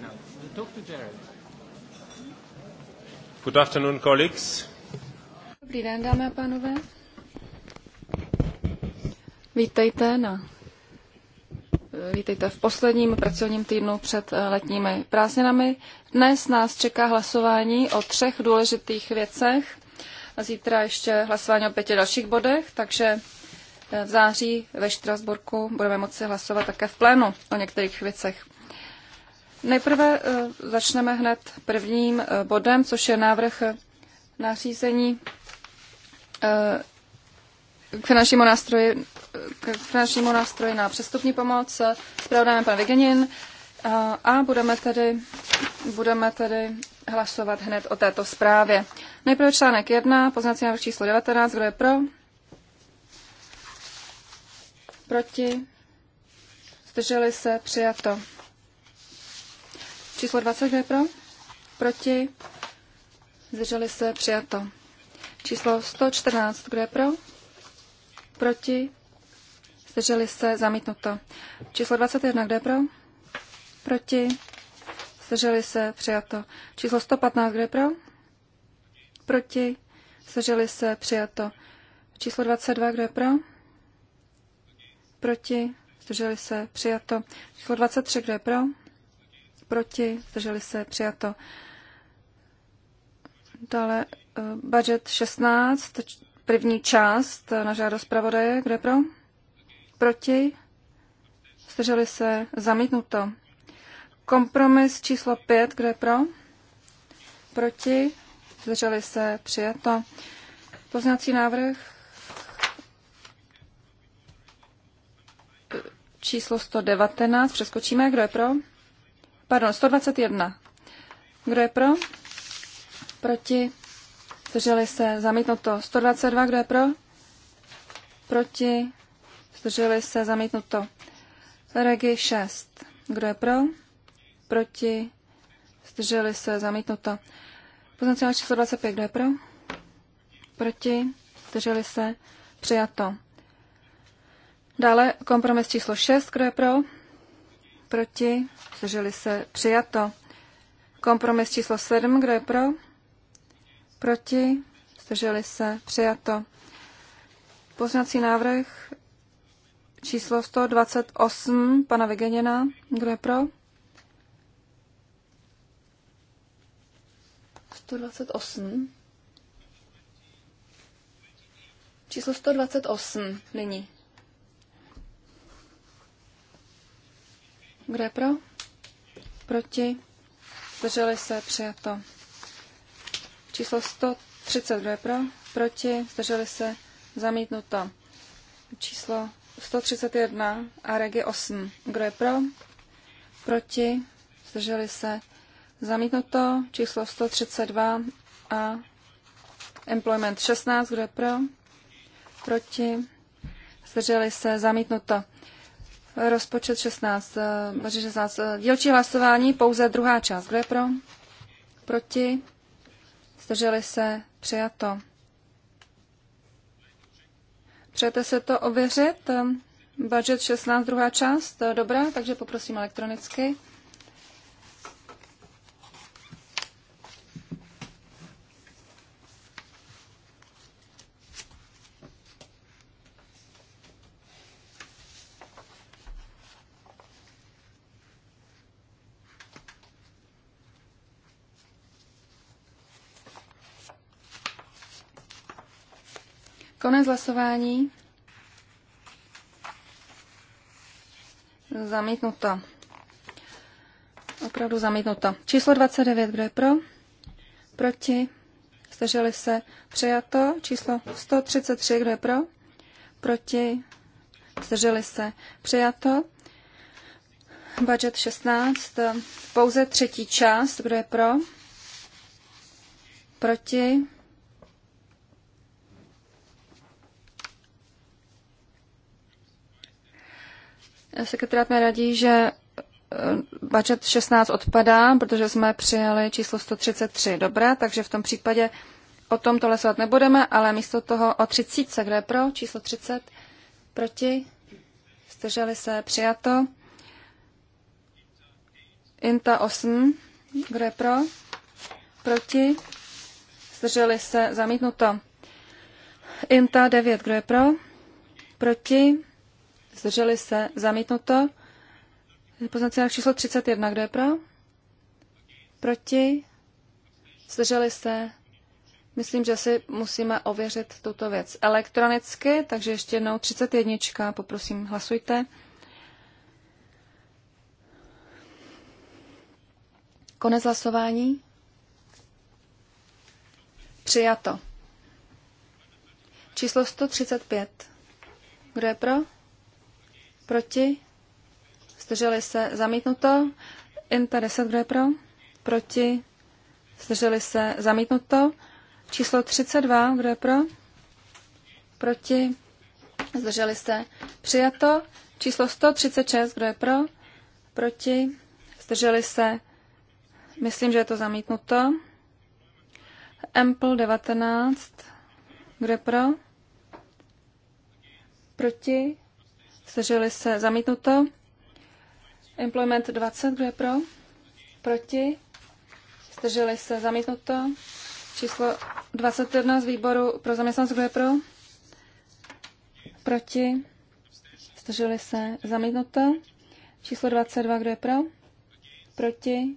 now. Talk to Jared. Good afternoon, colleagues. Dobrý den, dámy a pánové. Vítejte na Vítejte v posledním pracovním týdnu před eh, letními prázdninami. Dnes nás čeká hlasování o třech důležitých věcech. A zítra ještě hlasování o pěti dalších bodech, takže eh, v září ve Štrasburku budeme moci hlasovat také v plénu o některých věcech. Nejprve eh, začneme hned prvním eh, bodem, což je návrh nařízení eh, k finančnímu nástroji, k finančnímu nástroji na přestupní pomoc. Zpravodajem pan Vigenin a budeme tedy, budeme tedy hlasovat hned o této zprávě. Nejprve článek 1, poznací návrh číslo 19, kdo je pro? Proti? Zdrželi se, přijato. Číslo 20, je pro? Proti? Zdrželi se, přijato. Číslo 114, kdo je pro? Proti? Zdrželi se, zamítnuto. Číslo 21, kdo je pro? Proti? Zdrželi se, přijato. Číslo 115, kdo je pro? Proti? Zdrželi se, přijato. Číslo 22, kdo je pro? Proti? Zdrželi se, přijato. Číslo 23, kdo je pro? proti, proti, zdrželi se, přijato. Dále eh, budget 16, první část eh, na žádost pravodaje, kde pro? Proti, zdrželi se, zamítnuto. Kompromis číslo 5, kde pro? Proti, zdrželi se, přijato. Poznací návrh eh, číslo 119, přeskočíme, kdo je pro? Pardon, 121. Kdo je pro? Proti? Zdrželi se. Zamítnuto. 122. Kdo je pro? Proti? Zdrželi se. Zamítnuto. Regi 6. Kdo je pro? Proti? Zdrželi se. Zamítnuto. Poznací číslo 25. Kdo je pro? Proti? Zdrželi se. Přijato. Dále kompromis číslo 6. Kdo je pro? Proti? Zdrželi se? Přijato. Kompromis číslo 7. Kdo je pro? Proti? Zdrželi se? Přijato. Poznací návrh číslo 128 pana Vegeněna. Kdo je pro? 128. Číslo 128 nyní. Kdo je pro? Proti? Zdrželi se? Přijato. Číslo 130. Kdo je pro? Proti? Zdrželi se? Zamítnuto. Číslo 131 a regi 8. Kdo je pro? Proti? Zdrželi se? Zamítnuto. Číslo 132 a employment 16. Kdo je pro? Proti? Zdrželi se? Zamítnuto. Rozpočet 16, 16. Dělčí hlasování, pouze druhá část. Kdo je pro? Proti? Zdrželi se? Přijato. Přejete se to ověřit? Budget 16, druhá část. Dobrá, takže poprosím elektronicky. Konec hlasování. Zamítnuto. Opravdu zamítnuto. Číslo 29, kdo je pro? Proti? Zdrželi se? Přijato. Číslo 133, kdo je pro? Proti? Zdrželi se? Přijato. Budget 16. Pouze třetí část, kdo je pro? Proti? Sekretariat mě radí, že e, budget 16 odpadá, protože jsme přijali číslo 133. Dobrá, takže v tom případě o tom to lesovat nebudeme, ale místo toho o 30, kde je pro, číslo 30, proti, zdrželi se, přijato. Inta 8, kde je pro? Proti? Zdrželi se, zamítnuto. Inta 9, kdo je pro? Proti? zdrželi se, zamítnuto. Poznací návrh číslo 31, kdo je pro? Proti, zdrželi se. Myslím, že si musíme ověřit tuto věc elektronicky, takže ještě jednou 31, poprosím, hlasujte. Konec hlasování. Přijato. Číslo 135. Kdo je pro? Proti? Zdrželi se. Zamítnuto. Inta 10, kdo je pro? Proti? Zdrželi se. Zamítnuto. Číslo 32, kdo je pro? Proti? Zdrželi se. Přijato. Číslo 136, kdo je pro? Proti? Zdrželi se. Myslím, že je to zamítnuto. Ample 19. Kdo je pro? Proti? Zdrželi se zamítnuto. Employment 20, kdo je pro? Proti? Zdrželi se zamítnuto. Číslo 21 z výboru pro zaměstnanost, kdo je pro? Proti? Zdrželi se zamítnuto. Číslo 22, kdo je pro? Proti?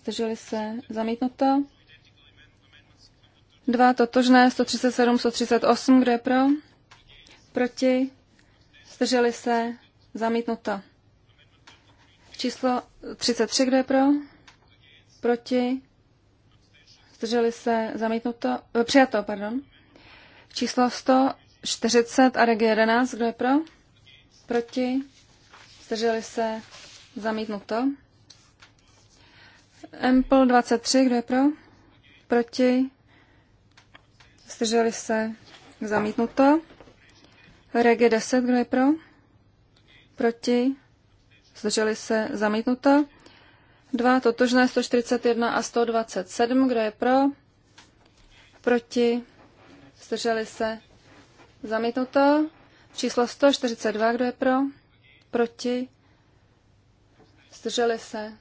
Zdrželi se zamítnuto. Dva totožné, 137, 138, kdo je pro? Proti? Zdrželi se? Zamítnuto. Číslo 33, kdo je pro? Proti? Zdrželi se? Zamítnuto? Eh, přijato, pardon. Číslo 140 a reg 11, kdo je pro? Proti? Zdrželi se? Zamítnuto. Empl 23, kdo je pro? Proti? Zdrželi se? Zamítnuto. Regie 10, kdo je pro? Proti? Zdrželi se zamítnuto. 2. Totožné 141 a 127. Kdo je pro? Proti? Zdrželi se zamítnuto. Číslo 142. Kdo je pro? Proti? Zdrželi se.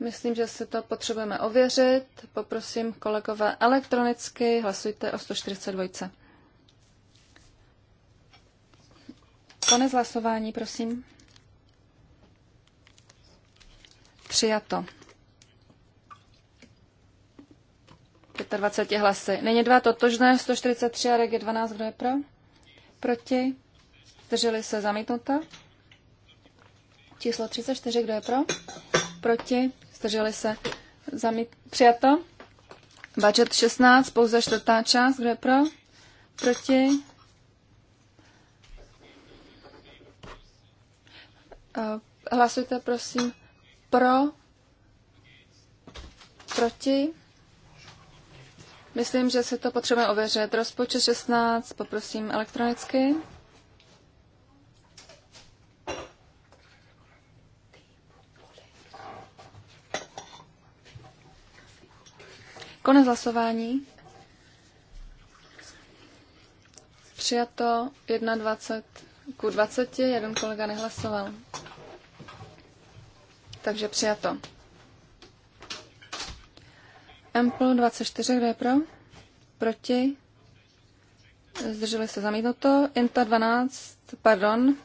Myslím, že se to potřebujeme ověřit. Poprosím kolegové elektronicky. Hlasujte o 142. Konec hlasování, prosím. Přijato. 25 hlasy. Není dva totožné, 143 a reg 12, kdo je pro? Proti? Zdrželi se zamítnuta. Číslo 34, kdo je pro? Proti? Zdrželi se zamít... přijato. Budget 16, pouze čtvrtá část, kdo je pro? Proti? Eh, hlasujte prosím pro, proti. Myslím, že se to potřebuje ověřit. Rozpočet 16 poprosím elektronicky. Konec hlasování. Přijato 21 ku 20, jeden kolega nehlasoval. Takže přijato. Ample 24, kdo je pro? Proti? Zdrželi se zamítnuto. Inta 12, pardon,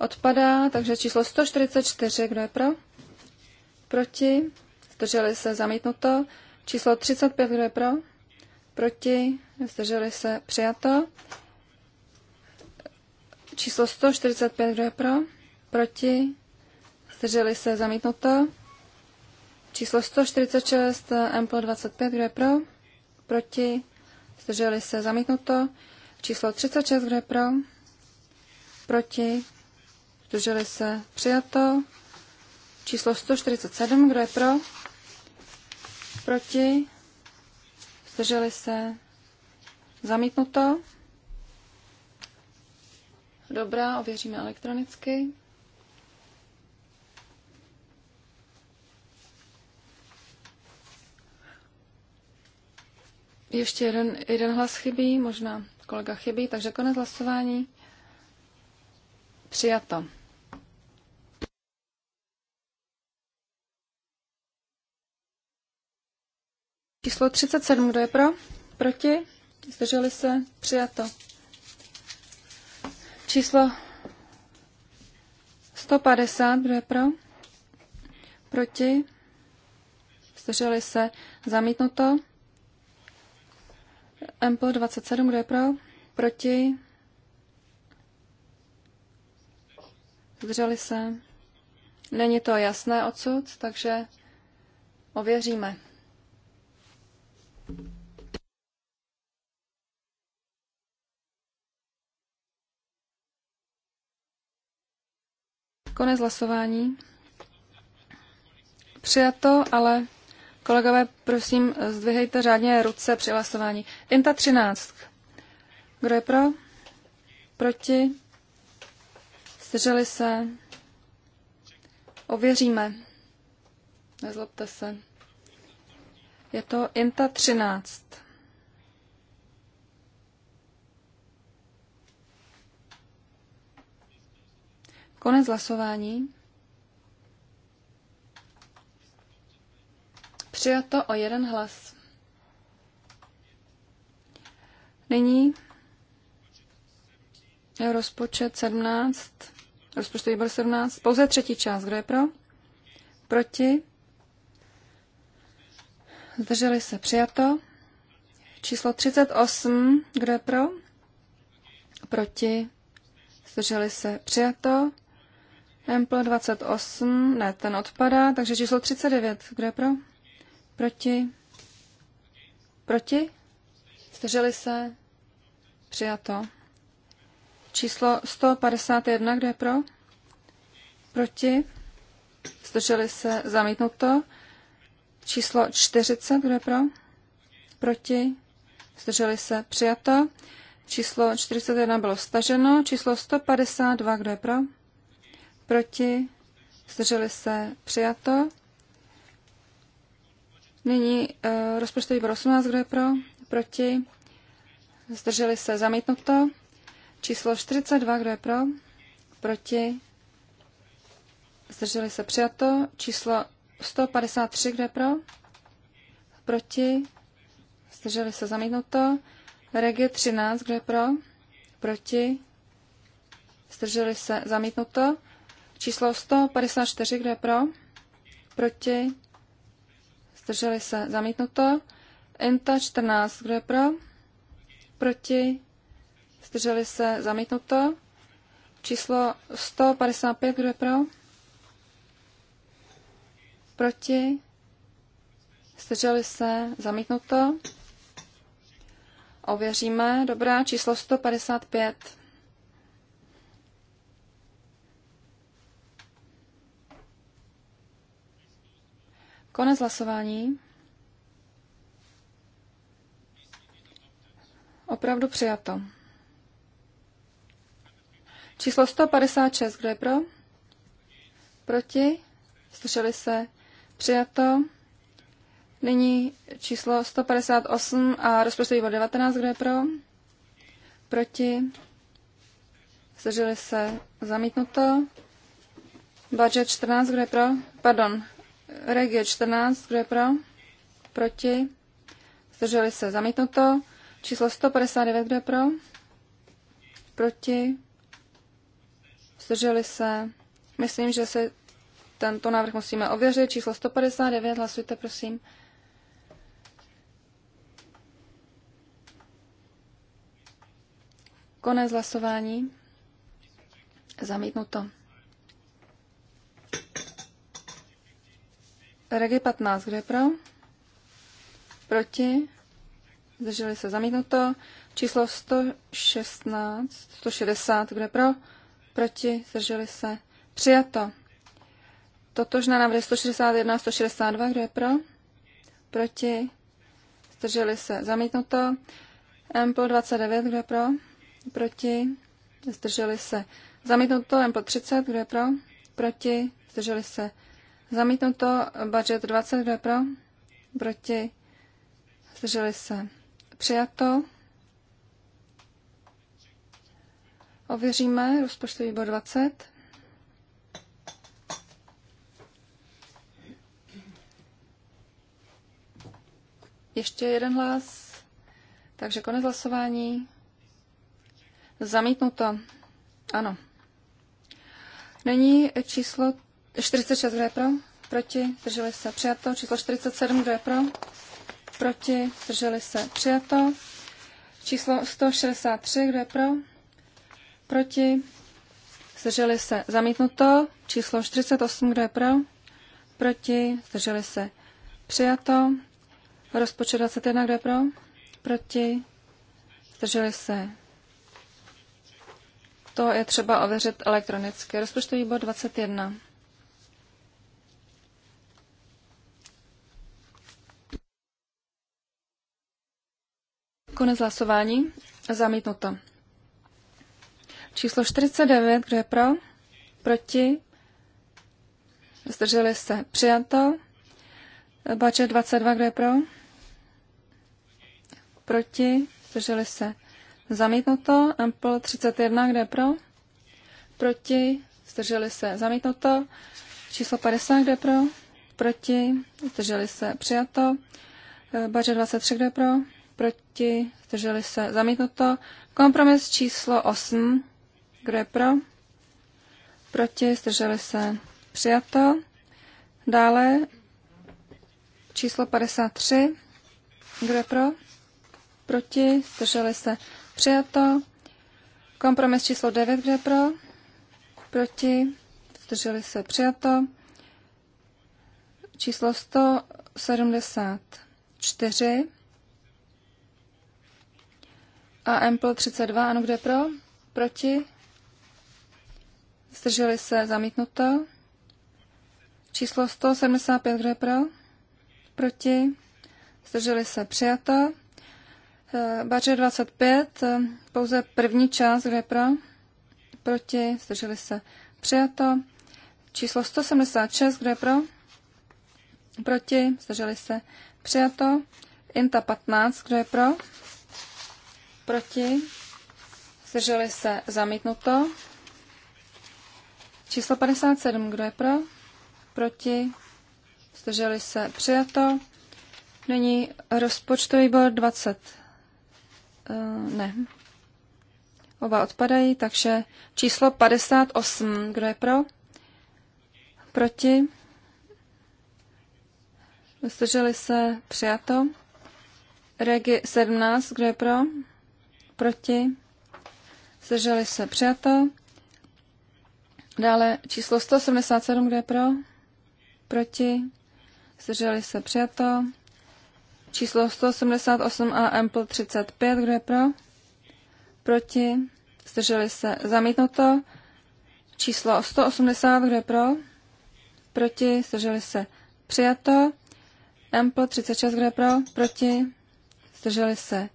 odpadá, takže číslo 144, kdo je pro? Proti? Zdrželi se zamítnuto. Číslo 35, kdo je pro? Proti? Zdrželi se přijato. Číslo 145, kdo je pro? Proti? Zdrželi se zamítnuto. Číslo 146, MPL 25, kdo je pro? Proti? Zdrželi se zamítnuto. Číslo 36, kdo je pro? Proti? Zdrželi se přijato. Číslo 147, kdo je pro? Proti? Zdrželi se zamítnuto. Dobrá, ověříme elektronicky. Ještě jeden, jeden hlas chybí, možná kolega chybí, takže konec hlasování. Přijato. Číslo 37, kdo je pro? Proti? Zdrželi se? Přijato. Číslo 150, kdo je pro? Proti? Zdrželi se. Zamítnuto. MPO 27, kdo je pro? Proti? Zdrželi se. Není to jasné odsud, takže ověříme. Konec hlasování. Přijato, ale kolegové, prosím, zdvihejte řádně ruce při hlasování. Inta 13. Kdo je pro? Proti? Zdrželi se? Ověříme. Nezlobte se. Je to INTA 13. Konec hlasování. Přijato o jeden hlas. Nyní je rozpočet 17, rozpočtový výbor 17, pouze třetí část. Kdo je pro? Proti? Zdrželi se přijato. Číslo 38, kdo je pro? Proti? Zdrželi se přijato. Empl 28, ne, ten odpadá, takže číslo 39. Kdo je pro? Proti? Proti? Zdrželi se? Přijato. Číslo 151, kdo je pro? Proti? Zdrželi se? Zamítnuto. Číslo 40, kdo je pro? Proti? Zdrželi se? Přijato. Číslo 41 bylo staženo. Číslo 152, kdo je pro? proti, zdrželi se, přijato. Nyní uh, rozpočtový výbor 18, kdo je pro, proti, zdrželi se, zamítnuto. Číslo 42, kdo je pro, proti, zdrželi se, přijato. Číslo 153, kdo je pro, proti, zdrželi se, zamítnuto. Regie 13, kdo je pro, proti, zdrželi se, zamítnuto. Číslo 154, kdo je pro? Proti? Zdrželi se. Zamítnuto. Inta 14, kdo je pro? Proti? Zdrželi se. Zamítnuto. Číslo 155, kdo je pro? Proti? Zdrželi se. Zamítnuto. Ověříme. Dobrá, číslo 155. Konec hlasování. Opravdu přijato. Číslo 156, kdo je pro? Proti? Slyšeli se? Přijato. Nyní číslo 158 a rozpočtový bod 19, kdo je pro? Proti? Slyšeli se? Zamítnuto. Budget 14, kdo je pro? Pardon, Regie 14, kdo je pro? Proti? Zdrželi se zamítnuto. Číslo 159, kdo je pro? Proti? Zdrželi se. Myslím, že se tento návrh musíme ověřit. Číslo 159, hlasujte, prosím. Konec hlasování. Zamítnuto. Regi 15, kde pro? Proti? Zdrželi se zamítnuto. Číslo 116, 160, kde pro? Proti? Zdrželi se. Přijato. Totožná návrhy 161, 162, kdo je pro? Proti? Zdrželi se. Zamítnuto. MPL 29, kdo je pro? Proti? Zdrželi se. Zamítnuto. MPL 30, kdo je pro? Proti? Zdrželi se. Zamítnuto budget 22 pro? Proti? Zdrželi se. Přijato. Ověříme rozpočtový bod 20. Ještě jeden hlas. Takže konec hlasování. Zamítnuto. Ano. Není číslo 46, kdo je pro? Proti, drželi se, přijato. Číslo 47, kdo je pro? Proti, drželi se, přijato. Číslo 163, kdo je pro? Proti, zdrželi se, zamítnuto. Číslo 48, kdo je pro? Proti, zdrželi se, přijato. Rozpočet 21, kdo je pro? Proti, zdrželi se, to je třeba ověřit elektronicky. Rozpočtový bod 21. Konec hlasování. Zamítnuto. Číslo 49, kdo je pro? Proti? Zdrželi se. Přijato. Bače 22, kdo je pro? Proti? Zdrželi se. Zamítnuto. Ampl 31, kdo je pro? Proti? Zdrželi se. Zamítnuto. Číslo 50, kdo je pro? Proti? Zdrželi se. Přijato. Bače 23, kdo je pro? proti, zdrželi se, zamítnuto. Kompromis číslo 8, kdo je pro, proti, zdrželi se, přijato. Dále číslo 53, kdo je pro, proti, zdrželi se, přijato. Kompromis číslo 9, kdo je pro, proti, zdrželi se, přijato. Číslo 174, a Ample 32, ano, kde pro? Proti? Zdrželi se, zamítnuto. Číslo 175, kdo je pro? Proti? Zdrželi se, přijato. Eh, Baře 25, eh, pouze první část, kdo je pro? Proti? Zdrželi se, přijato. Číslo 176, kdo je pro? Proti? Zdrželi se, přijato. Inta 15, kdo je pro? Proti? Zdrželi se zamítnuto. Číslo 57. Kdo je pro? Proti? Zdrželi se přijato. Nyní rozpočtový bod 20. Uh, eh, ne. Oba odpadají, takže číslo 58. Kdo je pro? Proti? Zdrželi se přijato. Regi 17. Kdo je pro? proti, zdrželi se přijato. Dále číslo 177, kde je pro, proti, zdrželi se přijato. Číslo 188 a Ample 35, kdo je pro, proti, zdrželi se zamítnuto. Číslo 180, kdo je pro, proti, zdrželi se přijato. Ample 36, kdo je pro, proti, zdrželi se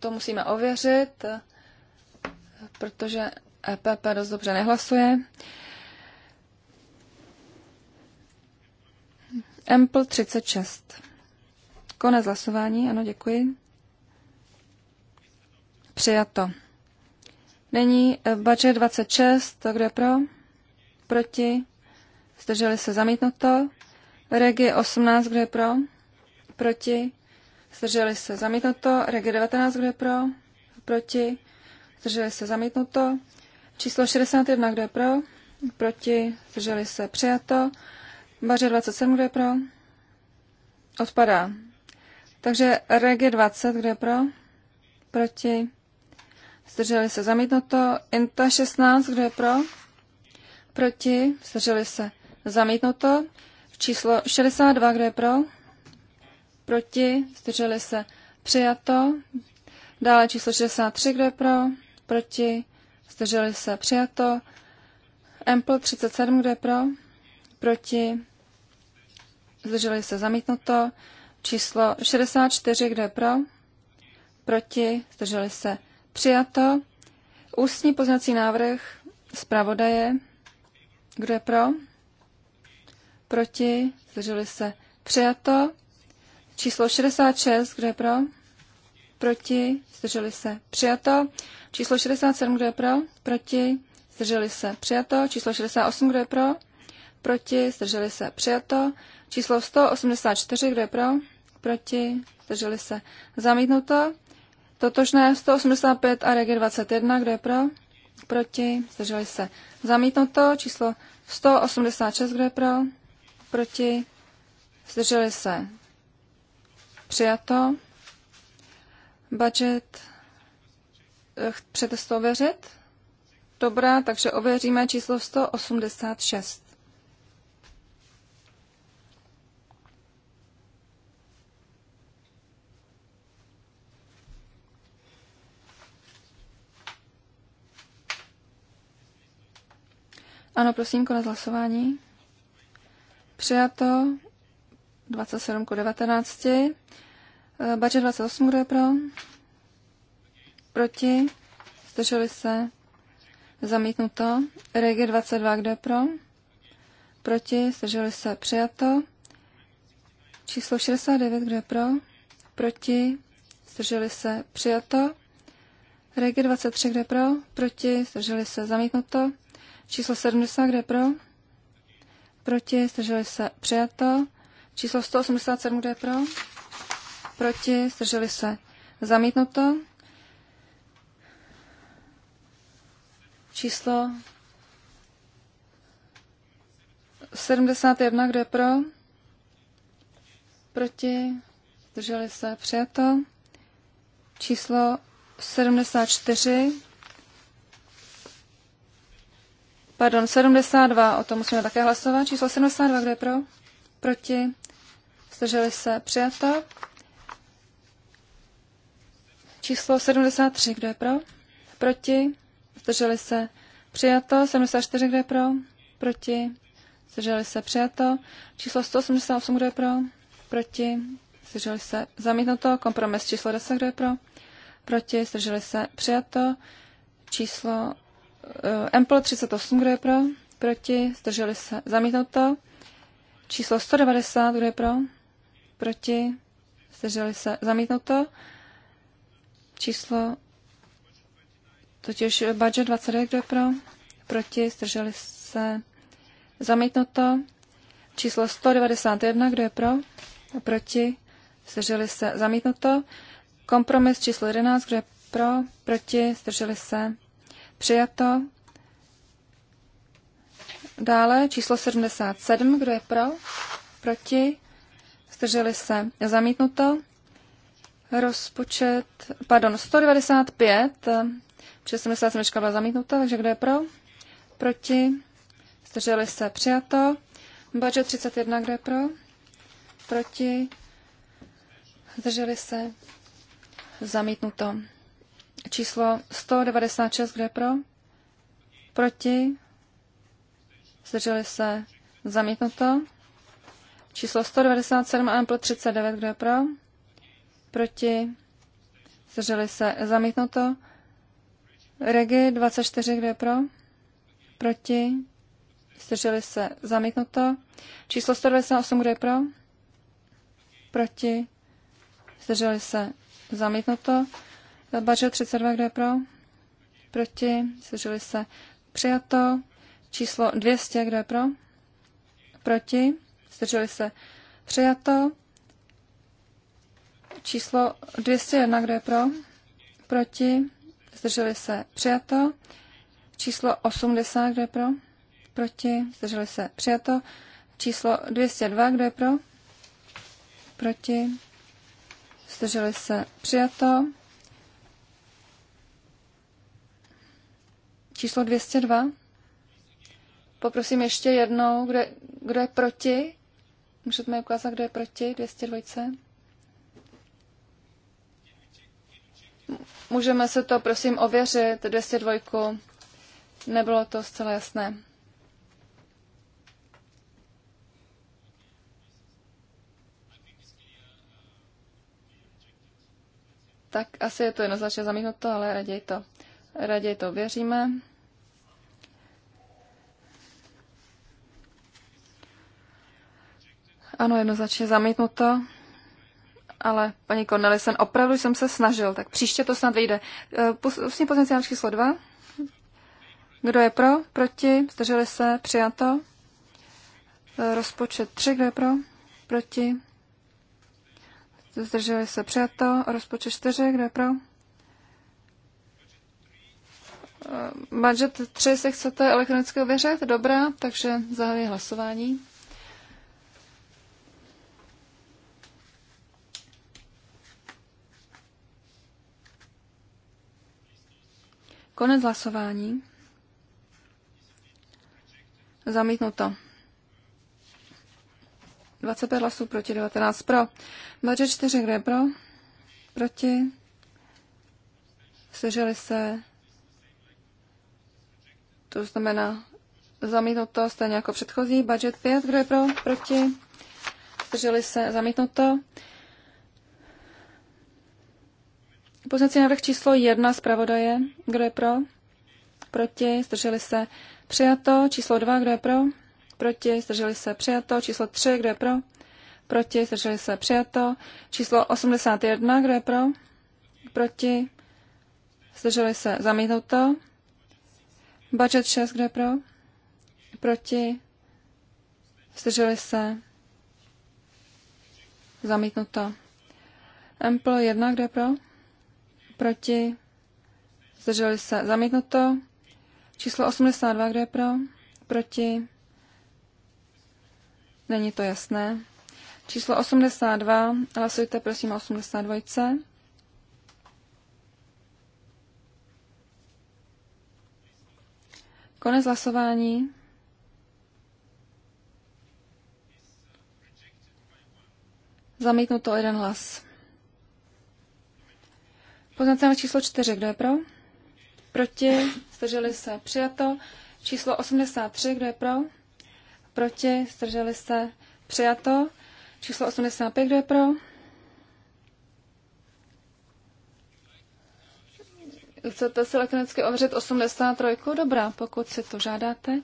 to musíme ověřit, protože EPP dost dobře nehlasuje. Ample 36. Konec hlasování, ano, děkuji. Přijato. Není budget 26, kdo je pro? Proti? Zdrželi se zamítnuto. Regi 18, kdo je pro? Proti? zdrželi se zamítnuto, Regi 19, kdo je pro, proti, zdrželi se zamítnuto, číslo 61, kdo je pro, proti, zdrželi se přijato, Baře 27, kdo je pro, odpadá. Takže Regi 20, kdo je pro, proti, zdrželi se zamítnuto, Inta 16, kdo je pro, proti, zdrželi se zamítnuto, číslo 62, kdo je pro, proti, zdrželi se přijato. Dále číslo 63, kdo je pro, proti, zdrželi se přijato. Ample 37, kdo je pro, proti, zdrželi se zamítnuto. Číslo 64, kdo je pro, proti, zdrželi se přijato. Ústní poznací návrh zpravodaje, kdo je pro, proti, zdrželi se přijato. Číslo 66, kdo je pro? Proti, zdrželi se, přijato. Číslo 67, kdo je pro? Proti, zdrželi se, přijato. Číslo 68, kdo je pro? Proti, zdrželi se, přijato. Číslo 184, kdo je pro? Proti, zdrželi se, zamítnuto. Totožné 185 a regi 21, kdo je pro? Proti, zdrželi se, zamítnuto. Číslo 186, kdo je pro? Proti, zdrželi se, Přijato. Budget. Eh, chcete to ověřit? Dobrá, takže ověříme číslo 186. Ano, prosím, konec hlasování. Přijato 27 k 19. Bače 28, kdo je pro? Proti? Zdrželi se? Zamítnuto. Regie 22, kdo je pro? Proti? Zdrželi se? Přijato. Číslo 69, kdo je pro? Proti? Zdrželi se? Přijato. Regie 23, je pro? Proti? Zdrželi se? Zamítnuto. Číslo 70, je pro? Proti? Zdrželi se? Přijato. Číslo 187, kdo je pro? Proti, zdrželi se. Zamítnuto. Číslo 71, kdo je pro? Proti, zdrželi se. Přijato. Číslo 74, Pardon, 72, o tom musíme také hlasovat. Číslo 72, kdo je pro? Proti? zdrželi se, přijato. Číslo 73, kdo je pro? Proti, zdrželi se, přijato. 74, kdo je pro? Proti, zdrželi se, přijato. Číslo 188, kdo je pro? Proti, zdrželi se, zamítnuto. Kompromis číslo 10, kdo je pro? Proti, zdrželi se, přijato. Číslo uh, MPL 38, kdo je pro? Proti, zdrželi se, zamítnuto. Číslo 190, kdo je pro? proti, zdrželi se, zamítnuto. Číslo, totiž budget 29, kdo je pro, proti, zdrželi se, zamítnuto. Číslo 191, kdo je pro, proti, zdrželi se, zamítnuto. Kompromis číslo 11, kdo je pro, proti, zdrželi se, přijato. Dále číslo 77, kdo je pro, proti, zdrželi se, zamítnuto. Rozpočet, pardon, 195, protože 77 byla zamítnuta, takže kdo je pro? Proti, zdrželi se, přijato. Budget 31, kdo je pro? Proti, zdrželi se, zamítnuto. Číslo 196, kdo je pro? Proti, zdrželi se, zamítnuto. Číslo 197 a ampl 39, kdo je pro? Proti? Zdrželi se. Zamítnuto. Regi 24, kdo je pro? Proti? Zdrželi se. Zamítnuto. Číslo 198, kdo je pro? Proti? Zdrželi se. Zamítnuto. Budget 32, kdo je pro? Proti? Zdrželi se. Přijato. Číslo 200, kdo je pro? Proti? zdrželi se přijato. Číslo 201, kdo je pro, proti, zdrželi se přijato. Číslo 80, kdo je pro, proti, zdrželi se přijato. Číslo 202, kdo je pro, proti, zdrželi se přijato. Číslo 202. Poprosím ještě jednou, kdo, kdo je proti? Můžete mi ukázat, kdo je proti 202? Můžeme se to, prosím, ověřit, 202. Nebylo to zcela jasné. Tak asi je to jednoznačně zamítnuto, ale raději to, raději to věříme. Ano, jednoznačně zamítnuto. Ale paní Cornelisen, opravdu jsem se snažil, tak příště to snad vyjde. E, Pustím pozici číslo dva. Kdo je pro? Proti? Zdrželi se? Přijato? E, rozpočet tři, Kdo je pro? Proti? Zdrželi se? Přijato? Rozpočet čtyři, Kdo je pro? E, budget 3 se chcete elektronicky ověřit? Dobrá, takže zahajuji hlasování. Konec hlasování. Zamítnuto. 25 hlasů proti 19 pro. 24 kde pro? Proti? Seželi se. To znamená zamítnuto, stejně jako předchozí. Budget 5, kdo je pro? Proti? Zdrželi se, zamítnuto. Pozici návrh číslo 1 zpravodaje. Kdo je pro? Proti. Zdrželi se. Přijato. Číslo 2. Kdo je pro? Proti. Zdrželi se. Přijato. Číslo 3. Kdo je pro? Proti. Zdrželi se. Přijato. Číslo 81. Kdo je pro? Proti. Zdrželi se. Zamítnuto. Budget 6. Kdo je pro? Proti. Zdrželi se. Zamítnuto. Ample 1. Kdo je pro? proti, zdrželi se zamítnuto. Číslo 82, kdo je pro, proti, není to jasné. Číslo 82, hlasujte prosím o 82. Konec hlasování. Zamítnuto jeden hlas. Poznací číslo 4, kdo je pro? Proti, zdrželi se, přijato. Číslo 83, kdo je pro? Proti, zdrželi se, přijato. Číslo 85, kdo je pro? Chcete si elektronicky ověřit 83? Dobrá, pokud si to žádáte.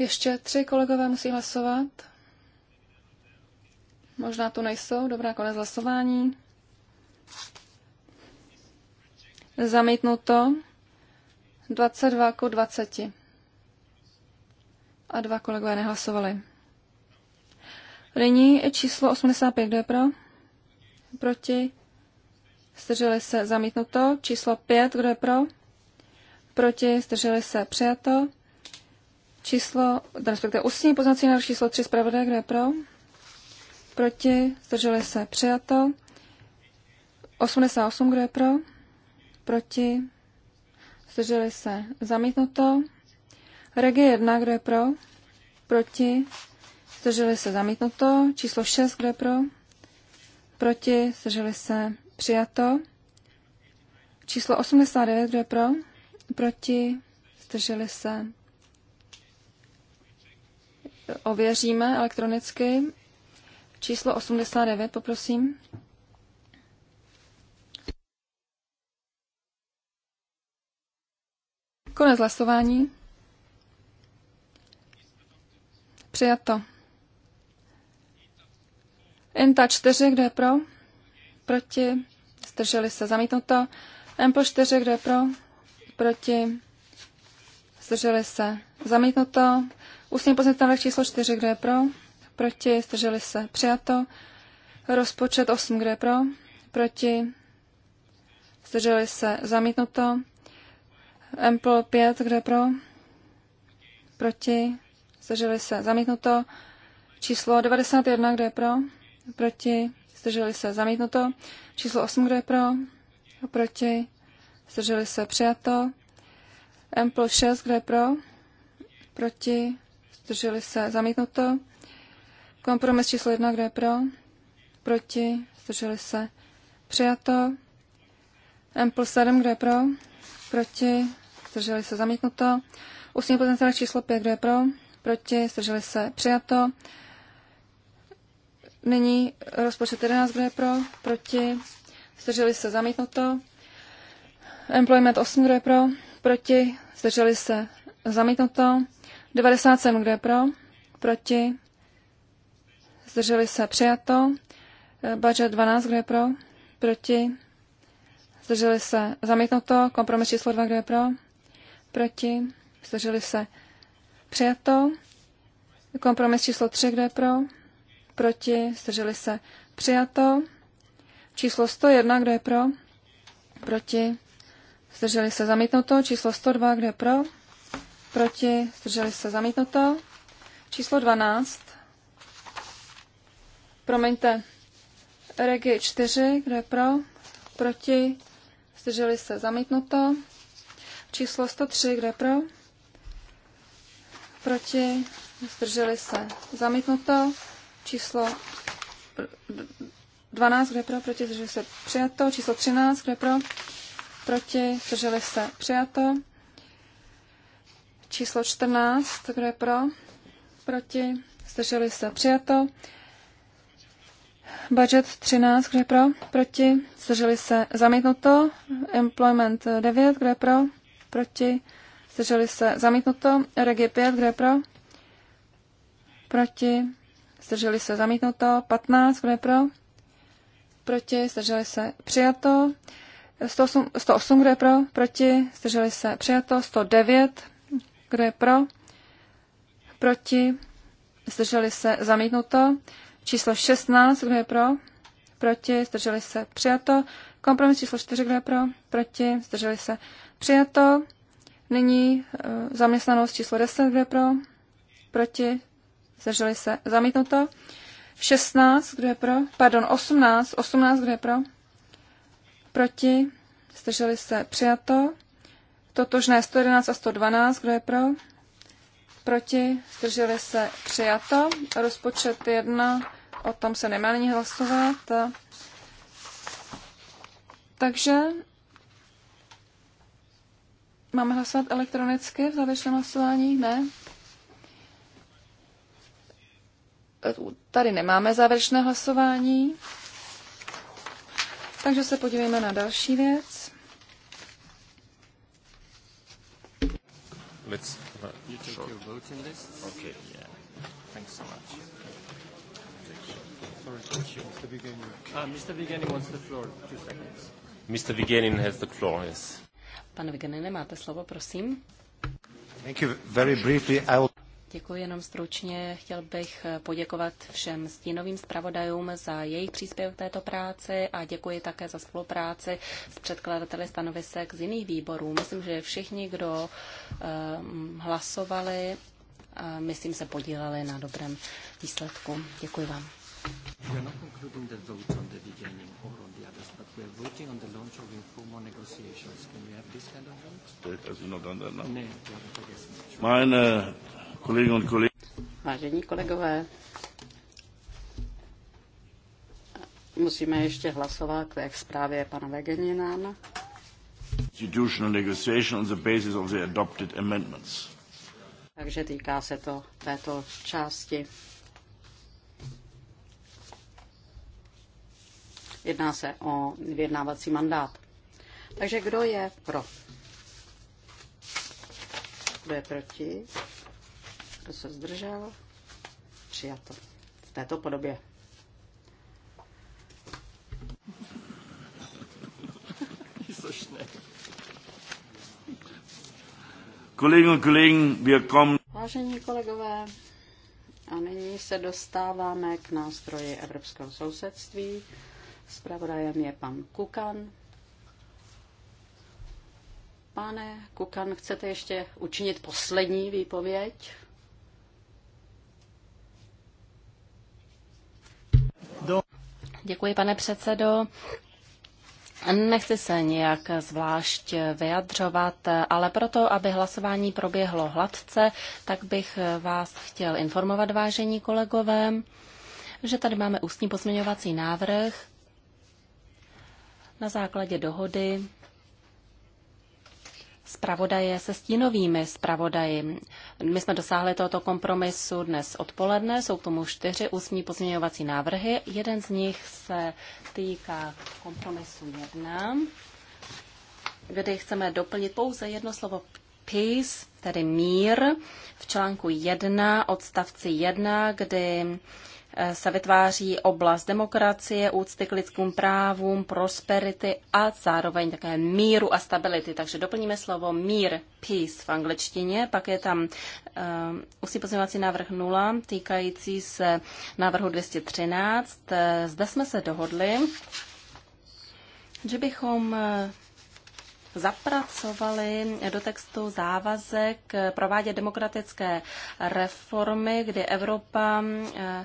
Ještě tři kolegové musí hlasovat. Možná tu nejsou. Dobrá, konec hlasování. Zamítnuto 22 ku 20. A dva kolegové nehlasovali. Nyní je číslo 85. Kdo je pro? Proti? Zdrželi se zamítnuto. Číslo 5. Kdo je pro? Proti? Zdrželi se přijato. Číslo, respektive ústní poznací návrh číslo 3 zpravodaj, kdo je pro? Proti, zdrželi se, přijato. 88, kdo je pro? Proti, zdrželi se, zamítnuto. Regie 1, kdo je pro? Proti, zdrželi se, zamítnuto. Číslo 6, kdo je pro? Proti, zdrželi se, přijato. Číslo 89, kdo je pro? Proti, zdrželi se, ověříme elektronicky. Číslo 89, poprosím. Konec hlasování. Přijato. Inta 4, kdo je pro? Proti. Zdrželi se zamítnuto. Empl 4, kdo je pro? Proti. Zdrželi se zamítnuto. Ústní pozměňovací návrh číslo 4, kdo je pro? Proti, zdrželi se, přijato. Rozpočet 8, kdo je pro? Proti, zdrželi se, zamítnuto. Empl 5, kdo je pro? Proti, zdrželi se, zamítnuto. Číslo 91, kdo je pro? Proti, zdrželi se, zamítnuto. Číslo 8, kdo je pro? Proti, zdrželi se, přijato. Empl 6, kdo je pro? Proti, Zdrželi se. Zamítnuto. Kompromis číslo jedna, kdo je pro? Proti. Zdrželi se. Přijato. M plus 7, kdo je pro? Proti. Zdrželi se. Zamítnuto. Ústní potenciál číslo 5, kdo je pro? Proti. Zdrželi se. Přijato. Nyní rozpočet 11, kdo je pro? Proti. Zdrželi se. Zamítnuto. Employment 8, kdo je pro? Proti. Zdrželi se. Zamítnuto. 97, kdo je pro? Proti? Zdrželi se přijato. Budget 12, kdo je pro? Proti? Zdrželi se zamítnuto. Kompromis číslo 2, kdo je pro? Proti? Zdrželi se přijato. Kompromis číslo 3, kdo je pro? Proti? Zdrželi se přijato. Číslo 101, kdo je pro? Proti? Zdrželi se zamítnuto. Číslo 102, kdo je pro? proti, zdrželi se zamítnuto. Číslo 12, promiňte, Regi 4, kdo je pro, proti, zdrželi se zamítnuto. Číslo 103, kdo je pro, proti, zdrželi se zamítnuto. Číslo 12, kde pro, proti, zdrželi se přijato. Číslo 13, kde pro, proti, zdrželi se přijato. Číslo 14, kdo je pro? Proti? Zdrželi se přijato. Budget 13, kdo je pro? Proti? Zdrželi se zamítnuto. Employment 9, kdo je pro? Proti? Zdrželi se zamítnuto. Regie 5, kdo je pro? Proti? Zdrželi se zamítnuto. 15, kdo je pro? Proti? Zdrželi se přijato. 108, 108 kdo je pro? Proti? Zdrželi se přijato. 109 kdo je pro? Proti? Zdrželi se zamítnuto. Číslo 16. Kdo je pro? Proti? Zdrželi se přijato. Kompromis číslo 4. Kdo je pro? Proti? Zdrželi se přijato. Nyní eh, zaměstnanost číslo 10. Kdo je pro? Proti? Zdrželi se zamítnuto. 16. Kdo je pro? Pardon, 18. 18. Kdo je pro? Proti? Zdrželi se přijato totožné 111 a 112, kdo je pro? Proti, zdrželi se, přijato. Rozpočet 1, o tom se nemá nyní hlasovat. Takže máme hlasovat elektronicky v závěrečném hlasování? Ne? Tady nemáme závěrečné hlasování. Takže se podívejme na další věc. let's. a you take short. your voting list. Okay. Yeah. Thanks so much. Mr. Vigenin. Uh, Mr. Vigenin has the floor. Yes. Pane Vigenine, máte slovo, prosím. Thank you. Very briefly, I will... Děkuji jenom stručně. Chtěl bych poděkovat všem stínovým zpravodajům za jejich příspěvek této práci a děkuji také za spolupráci s předkladateli stanovisek z jiných výborů. Myslím, že všichni, kdo ehm, hlasovali, myslím, se podíleli na dobrém výsledku. Děkuji vám. We are not concluding the votes on the beginning or on the but we are voting on the launch of informal negotiations. Can we have this kind of vote? Has not done that now? No, I guess Meine Kolegům, Vážení kolegové, musíme ještě hlasovat k zprávě pana Vegeninana. Institutional negotiation on the basis of the adopted amendments. Takže týká se to této části. Jedná se o vyjednávací mandát. Takže kdo je pro? Kdo je proti? kdo se zdržel, přijato v této podobě. Kolegen, kolegen, wir Vážení kolegové, a nyní se dostáváme k nástroji evropského sousedství. Spravodajem je pan Kukan. Pane Kukan, chcete ještě učinit poslední výpověď? Děkuji, pane předsedo. Nechci se nějak zvlášť vyjadřovat, ale proto, aby hlasování proběhlo hladce, tak bych vás chtěl informovat, vážení kolegové, že tady máme ústní pozměňovací návrh na základě dohody zpravodaje se stínovými zpravodaji. My jsme dosáhli tohoto kompromisu dnes odpoledne, jsou k tomu čtyři ústní pozměňovací návrhy. Jeden z nich se týká kompromisu 1, kde chceme doplnit pouze jedno slovo peace, tedy mír, v článku 1, odstavci 1, kdy Eh, se vytváří oblast demokracie, úcty k lidským právům, prosperity a zároveň také míru a stability. Takže doplníme slovo mír, peace v angličtině, pak je tam uh, eh, ústí pozměňovací návrh 0 týkající se návrhu 213. Eh, zde jsme se dohodli, že bychom zapracovali do textu závazek provádět demokratické reformy, kdy Evropa uh,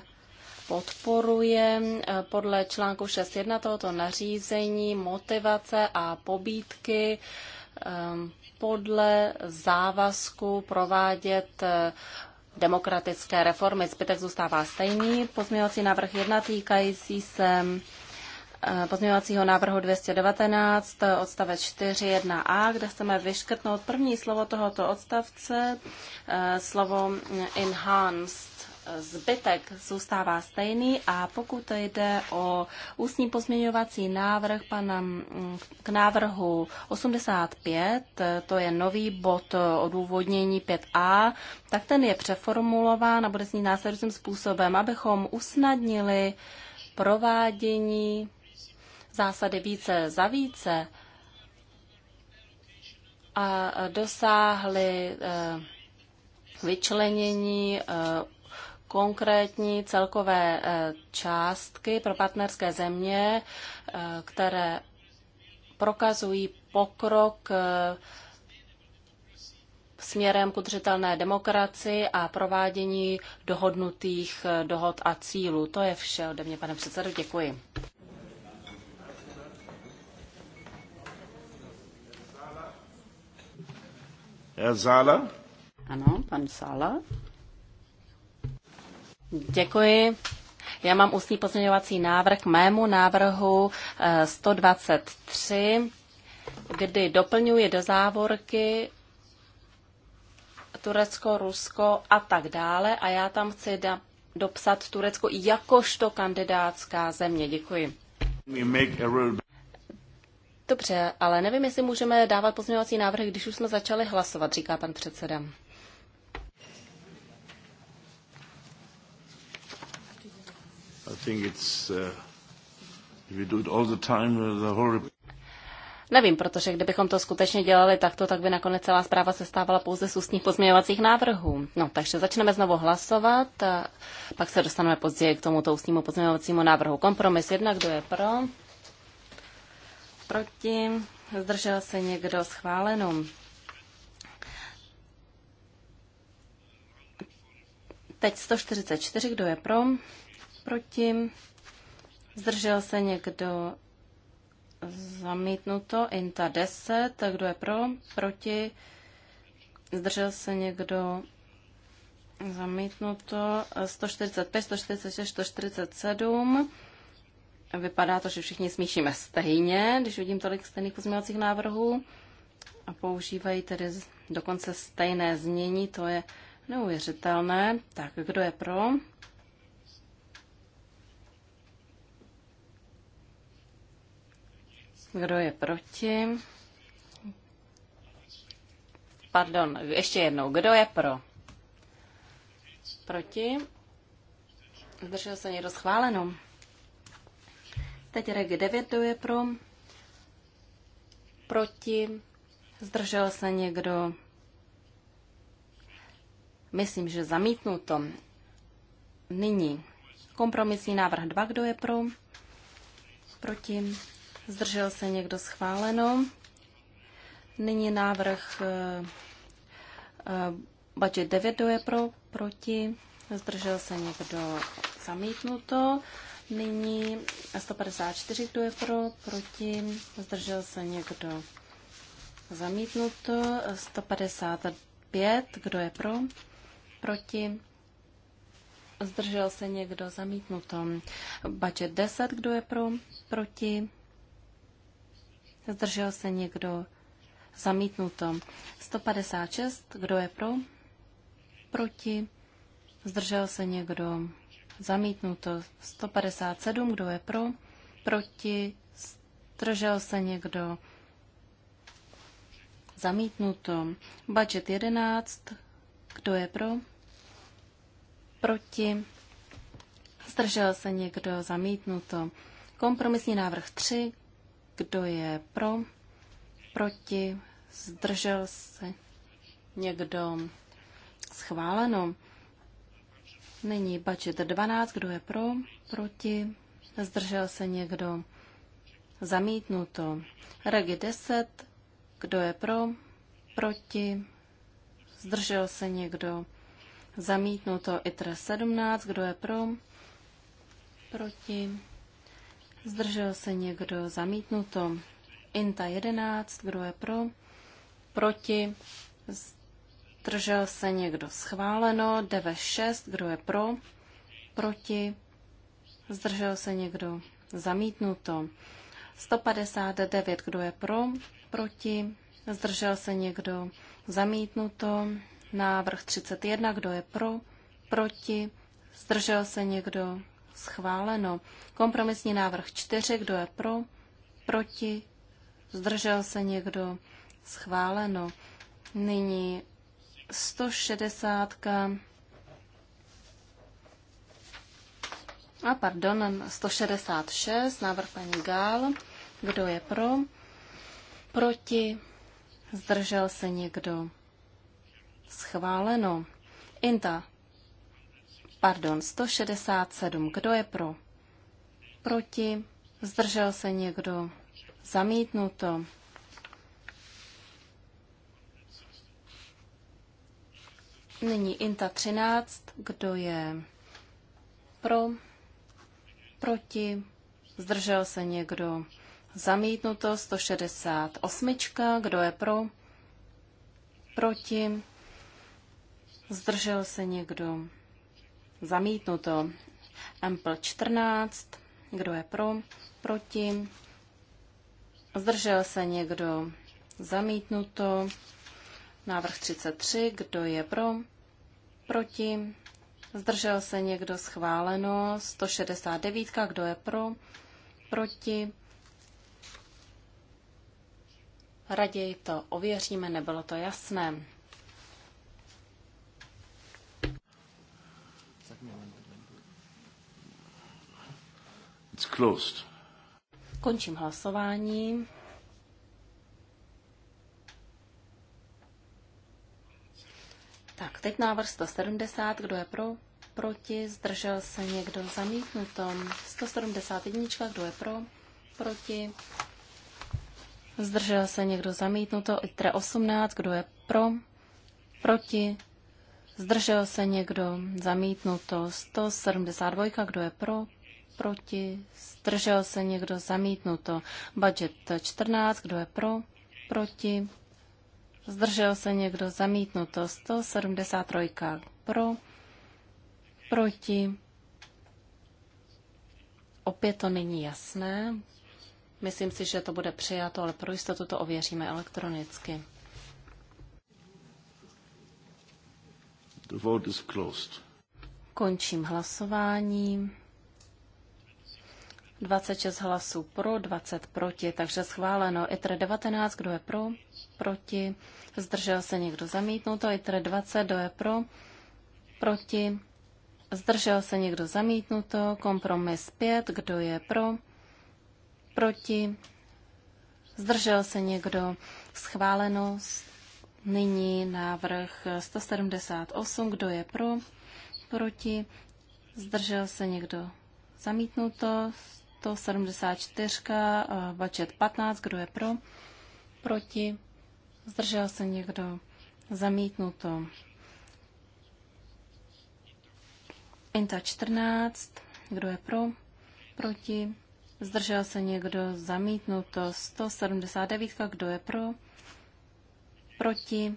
podporuje eh, podle článku 6.1 tohoto nařízení motivace a pobídky ehm, podle závazku provádět eh, demokratické reformy. Zbytek zůstává stejný. Pozměňovací návrh 1 týkající se eh, pozměňovacího návrhu 219 odstavec 4.1a, kde chceme vyškrtnout první slovo tohoto odstavce, slovo enhanced zbytek zůstává stejný a pokud jde o ústní pozměňovací návrh pana k návrhu 85, to je nový bod odůvodnění 5a, tak ten je přeformulován a bude ní následujícím způsobem, abychom usnadnili provádění zásady více za více a dosáhli eh, vyčlenění eh, konkrétní celkové eh, částky pro partnerské země, eh, které prokazují pokrok eh, směrem k udržitelné demokracii a provádění dohodnutých dohod a cílů. To je vše ode mě, pane předsedo. Děkuji. Herr Sala? Ano, pan Sala. Děkuji. Já mám ústní pozměňovací návrh k mému návrhu 123, eh, kdy doplňuji do závorky Turecko, Rusko a tak dále a já tam chci da- dopsat Turecko jakožto kandidátská země. Děkuji. Dobře, ale nevím, jestli můžeme dávat pozměňovací návrhy, když už jsme začali hlasovat, říká pan předseda. Nevím, protože kdybychom to skutečně dělali takto, tak by nakonec celá zpráva se stávala pouze z ústních pozměňovacích návrhů. No, takže začneme znovu hlasovat, a pak se dostaneme později k tomuto ústnímu pozměňovacímu návrhu. Kompromis jedna, kdo je pro? Proti? Zdržel se někdo schváleno? Teď 144, kdo je pro? proti, zdržel se někdo zamítnuto, INTA 10, tak kdo je pro, proti, zdržel se někdo zamítnuto, 145, 146, 147, Vypadá to, že všichni smíšíme stejně, když vidím tolik stejných pozměňovacích návrhů a používají tedy dokonce stejné znění, to je neuvěřitelné. Tak kdo je pro? Kdo je proti? Pardon, ještě jednou. Kdo je pro? Proti? Zdržel se někdo schváleno. Teď reg 9 kdo je pro. Proti? Zdržel se někdo? Myslím, že zamítnuto. Nyní kompromisní návrh 2, kdo je pro? Proti? Zdržel se někdo schváleno. Nyní návrh eh, eh, budget 9, je pro, proti. Zdržel se někdo zamítnuto. Nyní 154, kdo je pro, proti. Zdržel se někdo zamítnuto. 155, kdo je pro, proti. Zdržel se někdo zamítnuto. Budget 10, kdo je pro, proti. Zdržel se někdo? Zamítnuto. 156. Kdo je pro? Proti? Zdržel se někdo? Zamítnuto. 157. Kdo je pro? Proti? Zdržel se někdo? Zamítnuto. Budget 11. Kdo je pro? Proti? Zdržel se někdo? Zamítnuto. Kompromisní návrh 3. Kdo je pro? Proti? Zdržel se? Někdo? Schváleno. Nyní budget 12. Kdo je pro? Proti? Zdržel se někdo? Zamítnuto. Regi 10. Kdo je pro? Proti? Zdržel se někdo? Zamítnuto. ITRE 17. Kdo je pro? Proti? Zdržel se někdo? Zamítnuto. Inta 11. Kdo je pro? Proti? Zdržel se někdo? Schváleno. Deve 6. Kdo je pro? Proti? Zdržel se někdo? Zamítnuto. 159. Kdo je pro? Proti? Zdržel se někdo? Zamítnuto. Návrh 31. Kdo je pro? Proti? Zdržel se někdo? schváleno. Kompromisní návrh 4, kdo je pro, proti, zdržel se někdo, schváleno. Nyní 160. A pardon, 166, návrh paní Gál. Kdo je pro? Proti? Zdržel se někdo? Schváleno. Inta Pardon, 167. Kdo je pro? Proti? Zdržel se někdo? Zamítnuto. Nyní INTA 13. Kdo je pro? Proti? Zdržel se někdo? Zamítnuto 168. Kdo je pro? Proti? Zdržel se někdo? Zamítnuto. Ampl 14. Kdo je pro? Proti? Zdržel se někdo? Zamítnuto. Návrh 33. Kdo je pro? Proti? Zdržel se někdo? Schváleno. 169. Kdo je pro? Proti? Raději to ověříme, nebylo to jasné. It's closed. Končím hlasování. Tak, teď návrh 170. Kdo je pro? Proti? Zdržel se někdo? Zamítnuto. 171. Kdo je pro? Proti? Zdržel se někdo? Zamítnuto. ITRE 18. Kdo je pro? Proti? Zdržel se někdo? Zamítnuto. 172. Kdo je pro? proti, zdržel se někdo, zamítnuto. Budget 14, kdo je pro, proti, zdržel se někdo, zamítnuto. 173 pro, proti. Opět to není jasné. Myslím si, že to bude přijato, ale pro jistotu to ověříme elektronicky. The vote is closed. Končím hlasování. 26 hlasů pro, 20 proti, takže schváleno. ITR 19, kdo je pro, proti, zdržel se někdo zamítnuto. ITR 20, kdo je pro, proti, zdržel se někdo zamítnuto. Kompromis 5, kdo je pro, proti, zdržel se někdo schváleno. Nyní návrh 178, kdo je pro, proti, zdržel se někdo zamítnuto, 174, eh, budget 15, kdo je pro, proti, zdržel se někdo, zamítnuto. Inta 14, kdo je pro, proti, zdržel se někdo, zamítnuto. 179, kdo je pro, proti,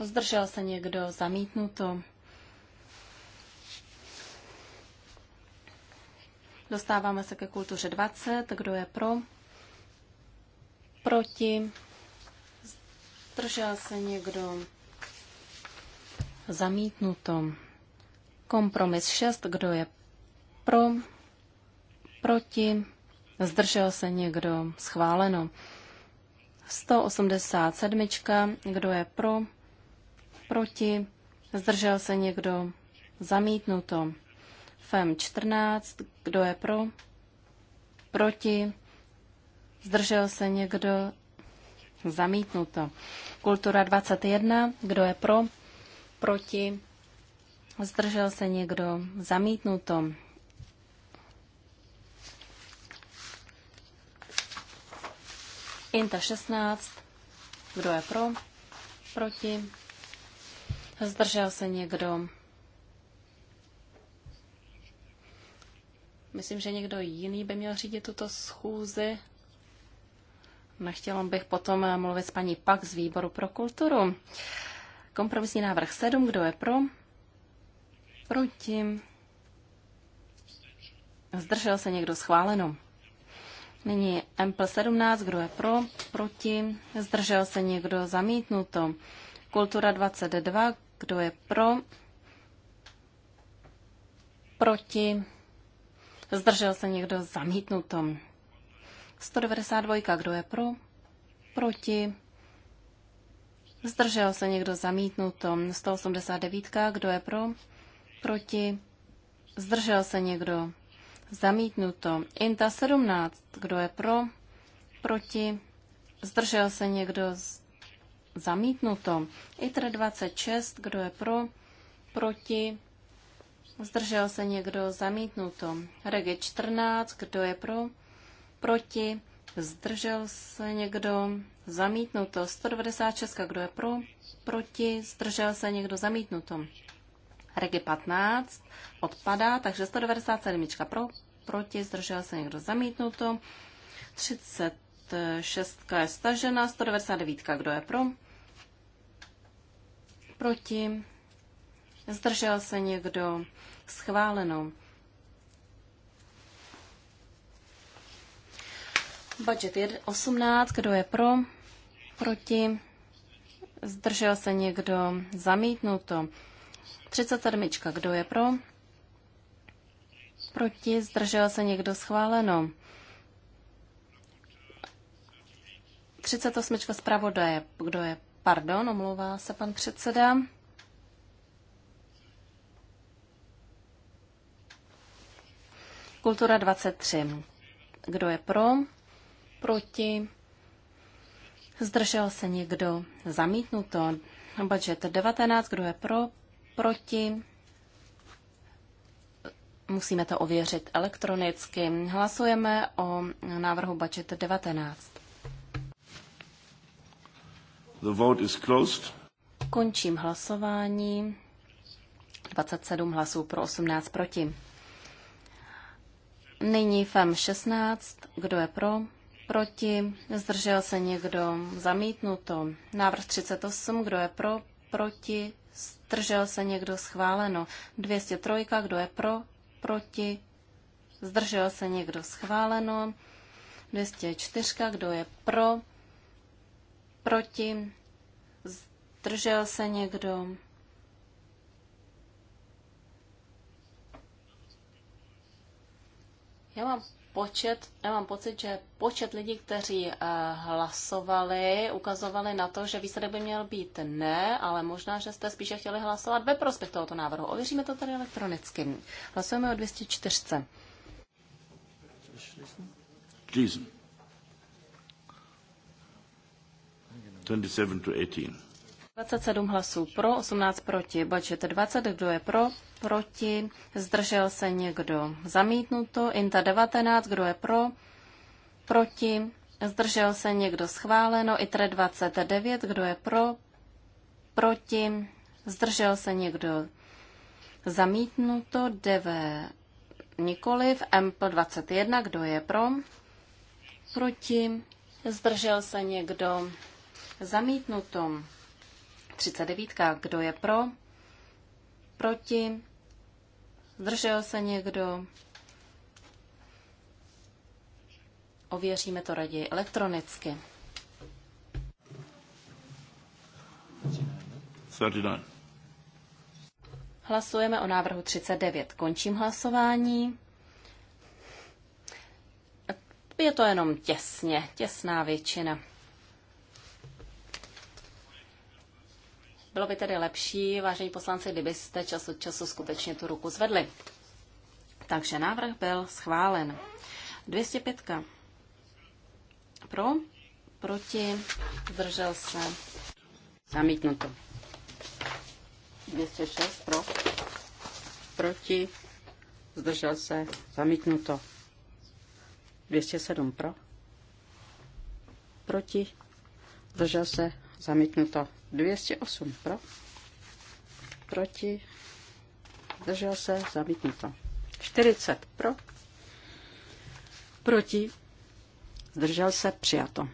zdržel se někdo, zamítnuto. Dostáváme se ke kultuře 20. Kdo je pro? Proti? Zdržel se někdo? Zamítnuto. Kompromis 6. Kdo je pro? Proti? Zdržel se někdo? Schváleno. 187. Kdo je pro? Proti? Zdržel se někdo? Zamítnuto. FEM 14. Kdo je pro? Proti? Zdržel se někdo? Zamítnuto. Kultura 21. Kdo je pro? Proti? Zdržel se někdo? Zamítnuto. Inta 16. Kdo je pro? Proti? Zdržel se někdo? Myslím, že někdo jiný by měl řídit tuto schůzi. Nechtěl bych potom mluvit s paní Pak z výboru pro kulturu. Kompromisní návrh 7, kdo je pro? Proti. Zdržel se někdo schváleno. Nyní MPL 17, kdo je pro? Proti. Zdržel se někdo zamítnuto. Kultura 22, kdo je pro? Proti. Zdržel se někdo zamítnutom? 192. Kdo je pro? Proti? Zdržel se někdo zamítnutom? 189. Kdo je pro? Proti? Zdržel se někdo? Zamítnuto. Inta 17. Kdo je pro? Proti? Zdržel se někdo? Zamítnuto. ITR 26. Kdo je pro? Proti? Zdržel se někdo zamítnuto. Regi 14, kdo je pro? Proti. Zdržel se někdo zamítnuto. 196, kdo je pro? Proti. Zdržel se někdo zamítnuto. Regi 15 odpadá, takže 197 pro, proti, zdržel se někdo zamítnuto. 36 je stažena, 199 kdo je pro? Proti Zdržel se někdo? Schváleno. Budget 18, kdo je pro? Proti? Zdržel se někdo? Zamítnuto. 37, kdo je pro? Proti? Zdržel se někdo? Schváleno. 38. zpravodaje, kdo je? Pardon, omlouvá se pan předseda. Kultura 23. Kdo je pro? Proti? Zdržel se někdo? Zamítnuto. Budget 19. Kdo je pro? Proti? Musíme to ověřit elektronicky. Hlasujeme o návrhu budget 19. The vote is closed. Končím hlasování. 27 hlasů pro 18 proti. Nyní FEM 16. Kdo je pro? Proti? Zdržel se někdo? Zamítnuto. Návrh 38. Kdo je pro? Proti? Zdržel se někdo? Schváleno. 203. Kdo je pro? Proti? Zdržel se někdo? Schváleno. 204. Kdo je pro? Proti? Zdržel se někdo? Já mám počet, já mám pocit, že počet lidí, kteří eh, hlasovali, ukazovali na to, že výsledek by měl být ne, ale možná, že jste spíše chtěli hlasovat ve prospěch tohoto návrhu. Ověříme to tady elektronicky. Hlasujeme o 204. Jason. 27 to 18. 27 hlasů pro, 18 proti. Budget 20, kdo je pro, proti, zdržel se někdo. Zamítnuto, INTA 19, kdo je pro, proti, zdržel se někdo. Schváleno, ITRE 29, kdo je pro, proti, zdržel se někdo. Zamítnuto, DV nikoliv, MP 21, kdo je pro, proti, zdržel se někdo. Zamítnuto, 39, kdo je pro, proti, Zdržel se někdo? Ověříme to raději elektronicky. 39. Hlasujeme o návrhu 39. Končím hlasování. Je to jenom těsně, těsná většina. Bylo by tedy lepší, vážení poslanci, kdybyste čas od času skutečně tu ruku zvedli. Takže návrh byl schválen. 205. Pro, proti, zdržel se. Zamítnuto. 206 pro, proti, zdržel se, zamítnuto. 207 pro, proti, zdržel se, Zamítnuto 208 pro. Proti. Držel se. Zamítnuto 40 pro. Proti. Zdržel se. Přijato.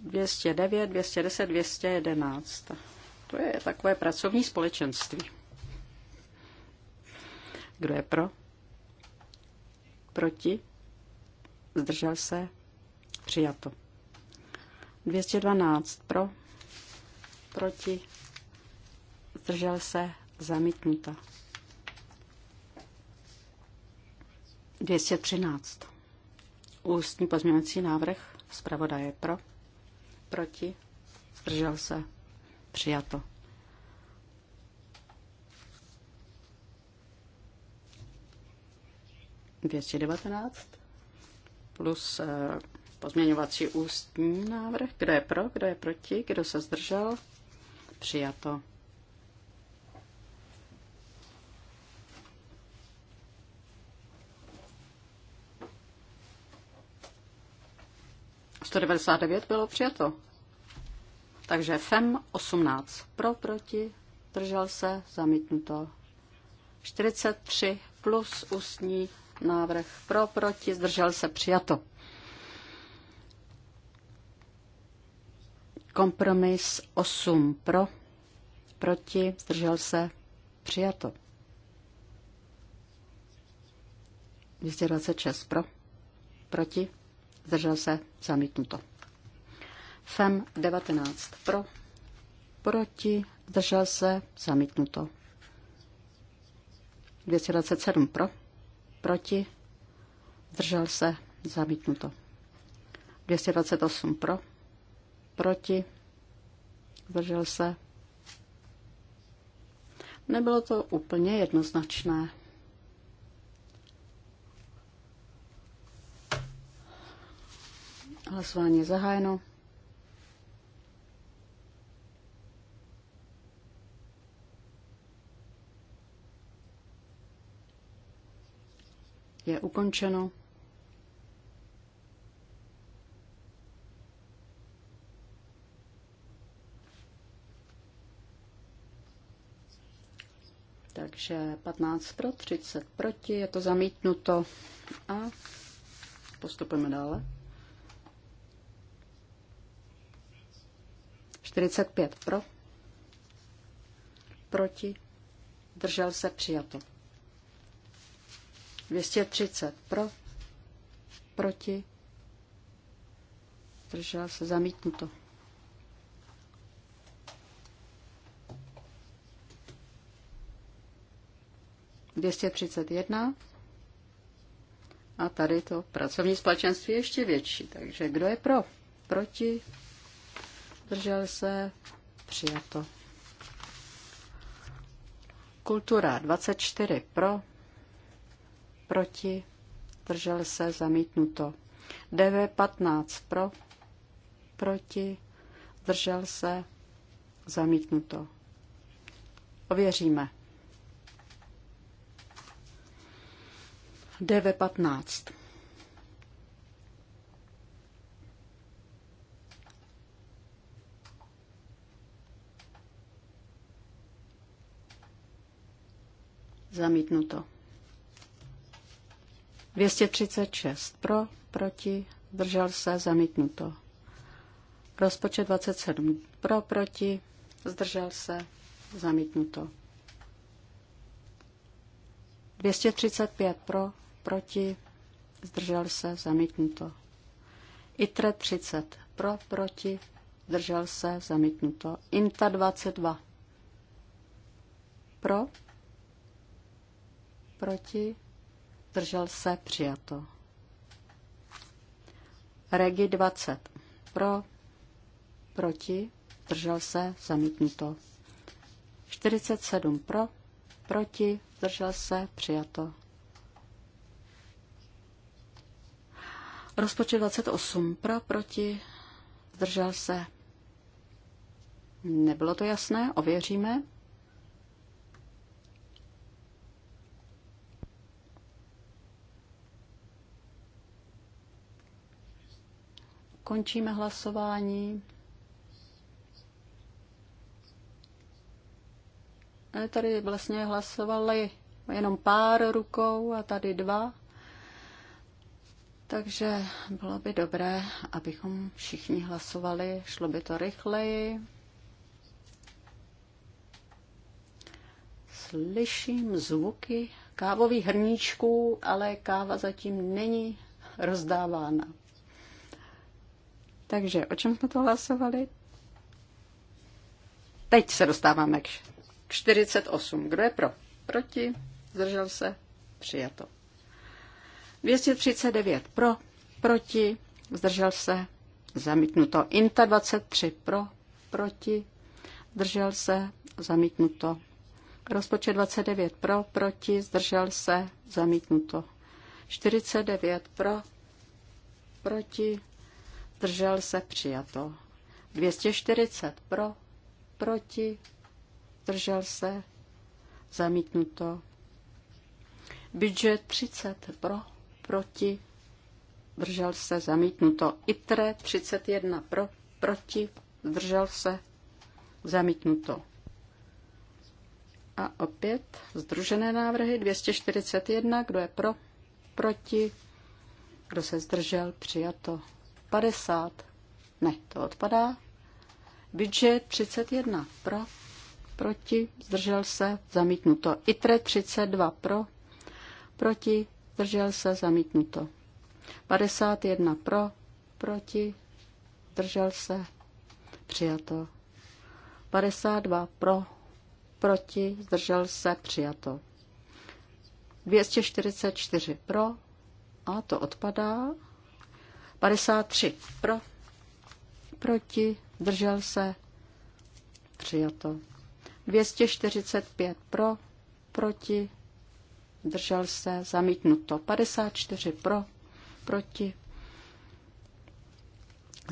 209, 210, 211. To je takové pracovní společenství. Kdo je pro? Proti? Zdržel se? Přijato. 212 pro, proti, zdržel se, zamítnuto. 213. Ústní pozměňovací návrh zpravodaje pro, proti, zdržel se, přijato. Dvěstě devatenáct plus eh, Pozměňovací ústní návrh. Kdo je pro, kdo je proti, kdo se zdržel? Přijato. Sto devadesát devět bylo přijato. Takže FEM 18 pro, proti, držel se, zamítnuto. 43 plus ústní návrh pro, proti, zdržel se, přijato. Kompromis 8 pro, proti, zdržel se, přijato. 226 pro, proti, zdržel se, zamítnuto. FEM 19 pro, proti, zdržel se, zamítnuto. 227 pro, proti, zdržel se, zamítnuto. 228 pro, proti, zdržel se. Nebylo to úplně jednoznačné. Hlasování je zahájeno. Je ukončeno. Takže 15 pro, 30 proti, je to zamítnuto. A postupujeme dále. 45 pro, proti, držel se přijato. 230 pro, proti, držel se zamítnuto. 231. A tady to pracovní společenství je ještě větší. Takže kdo je pro? Proti? Držel se? Přijato. Kultura 24 pro, proti, držel se, zamítnuto. DV 15 pro, proti, držel se, zamítnuto. Ověříme. DV15. Zamítnuto. 236 pro, proti, zdržel se, zamítnuto. Rozpočet 27 pro, proti, zdržel se, zamítnuto. 235 pro, proti, zdržel se, zamítnuto. ITRE 30 pro, proti, zdržel se, zamítnuto. INTA 22 pro, proti, zdržel se, přijato. Regi 20 pro, proti, zdržel se, zamítnuto. 47 pro, proti, zdržel se, přijato. Rozpočet 28 pro, proti, zdržel se. Nebylo to jasné, ověříme. Končíme hlasování. E, tady vlastně hlasovali jenom pár rukou a tady dva. Takže bylo by dobré, abychom všichni hlasovali, šlo by to rychleji. Slyším zvuky kávových hrníčků, ale káva zatím není rozdávána. Takže o čem jsme to hlasovali? Teď se dostáváme k 48. Kdo je pro? Proti? Zdržel se? Přijato. 239 pro, proti, zdržel se, zamítnuto. Inta 23 pro, proti, zdržel se, zamítnuto. Rozpočet 29 pro, proti, zdržel se, zamítnuto. 49 pro, proti, zdržel se, přijato. 240 pro, proti, zdržel se, zamítnuto. Budget 30 pro, proti, držel se, zamítnuto. ITRE 31 pro, proti, držel se, zamítnuto. A opět združené návrhy 241, kdo je pro, proti, kdo se zdržel, přijato. 50, ne, to odpadá. Budget 31 pro, proti, zdržel se, zamítnuto. ITRE 32 pro, proti, zdržel se, zamítnuto. 51 pro, proti, zdržel se, přijato. 52 pro, proti, zdržel se, přijato. 244 pro, a to odpadá. 53 pro, proti, zdržel se, přijato. 245 pro, proti, zdržel se, zamítnuto. 54 pro, proti,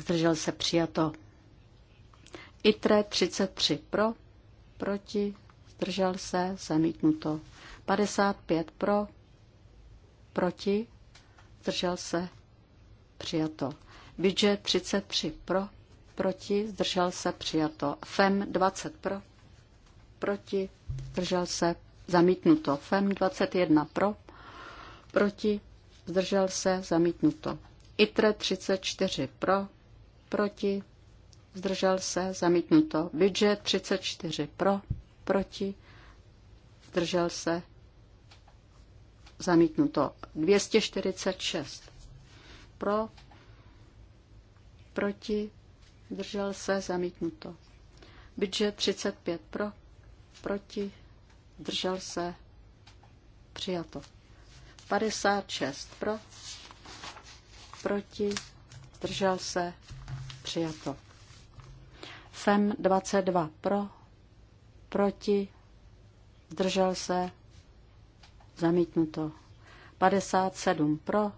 zdržel se, přijato. ITRE 33 pro, proti, zdržel se, zamítnuto. 55 pro, proti, zdržel se, přijato. Budget 33 pro, proti, zdržel se, přijato. FEM 20 pro, proti, zdržel se, zamítnuto. FEM 21 pro, proti, zdržel se, zamítnuto. ITRE 34 pro, proti, zdržel se, zamítnuto. Budget 34 pro, proti, zdržel se, zamítnuto. 246 pro, proti, zdržel se, zamítnuto. Budget 35 pro, proti, Držel se? Přijato. 56 pro? Proti? Držel se? Přijato. FEM 22 pro? Proti? Držel se? Zamítnuto. 57 pro?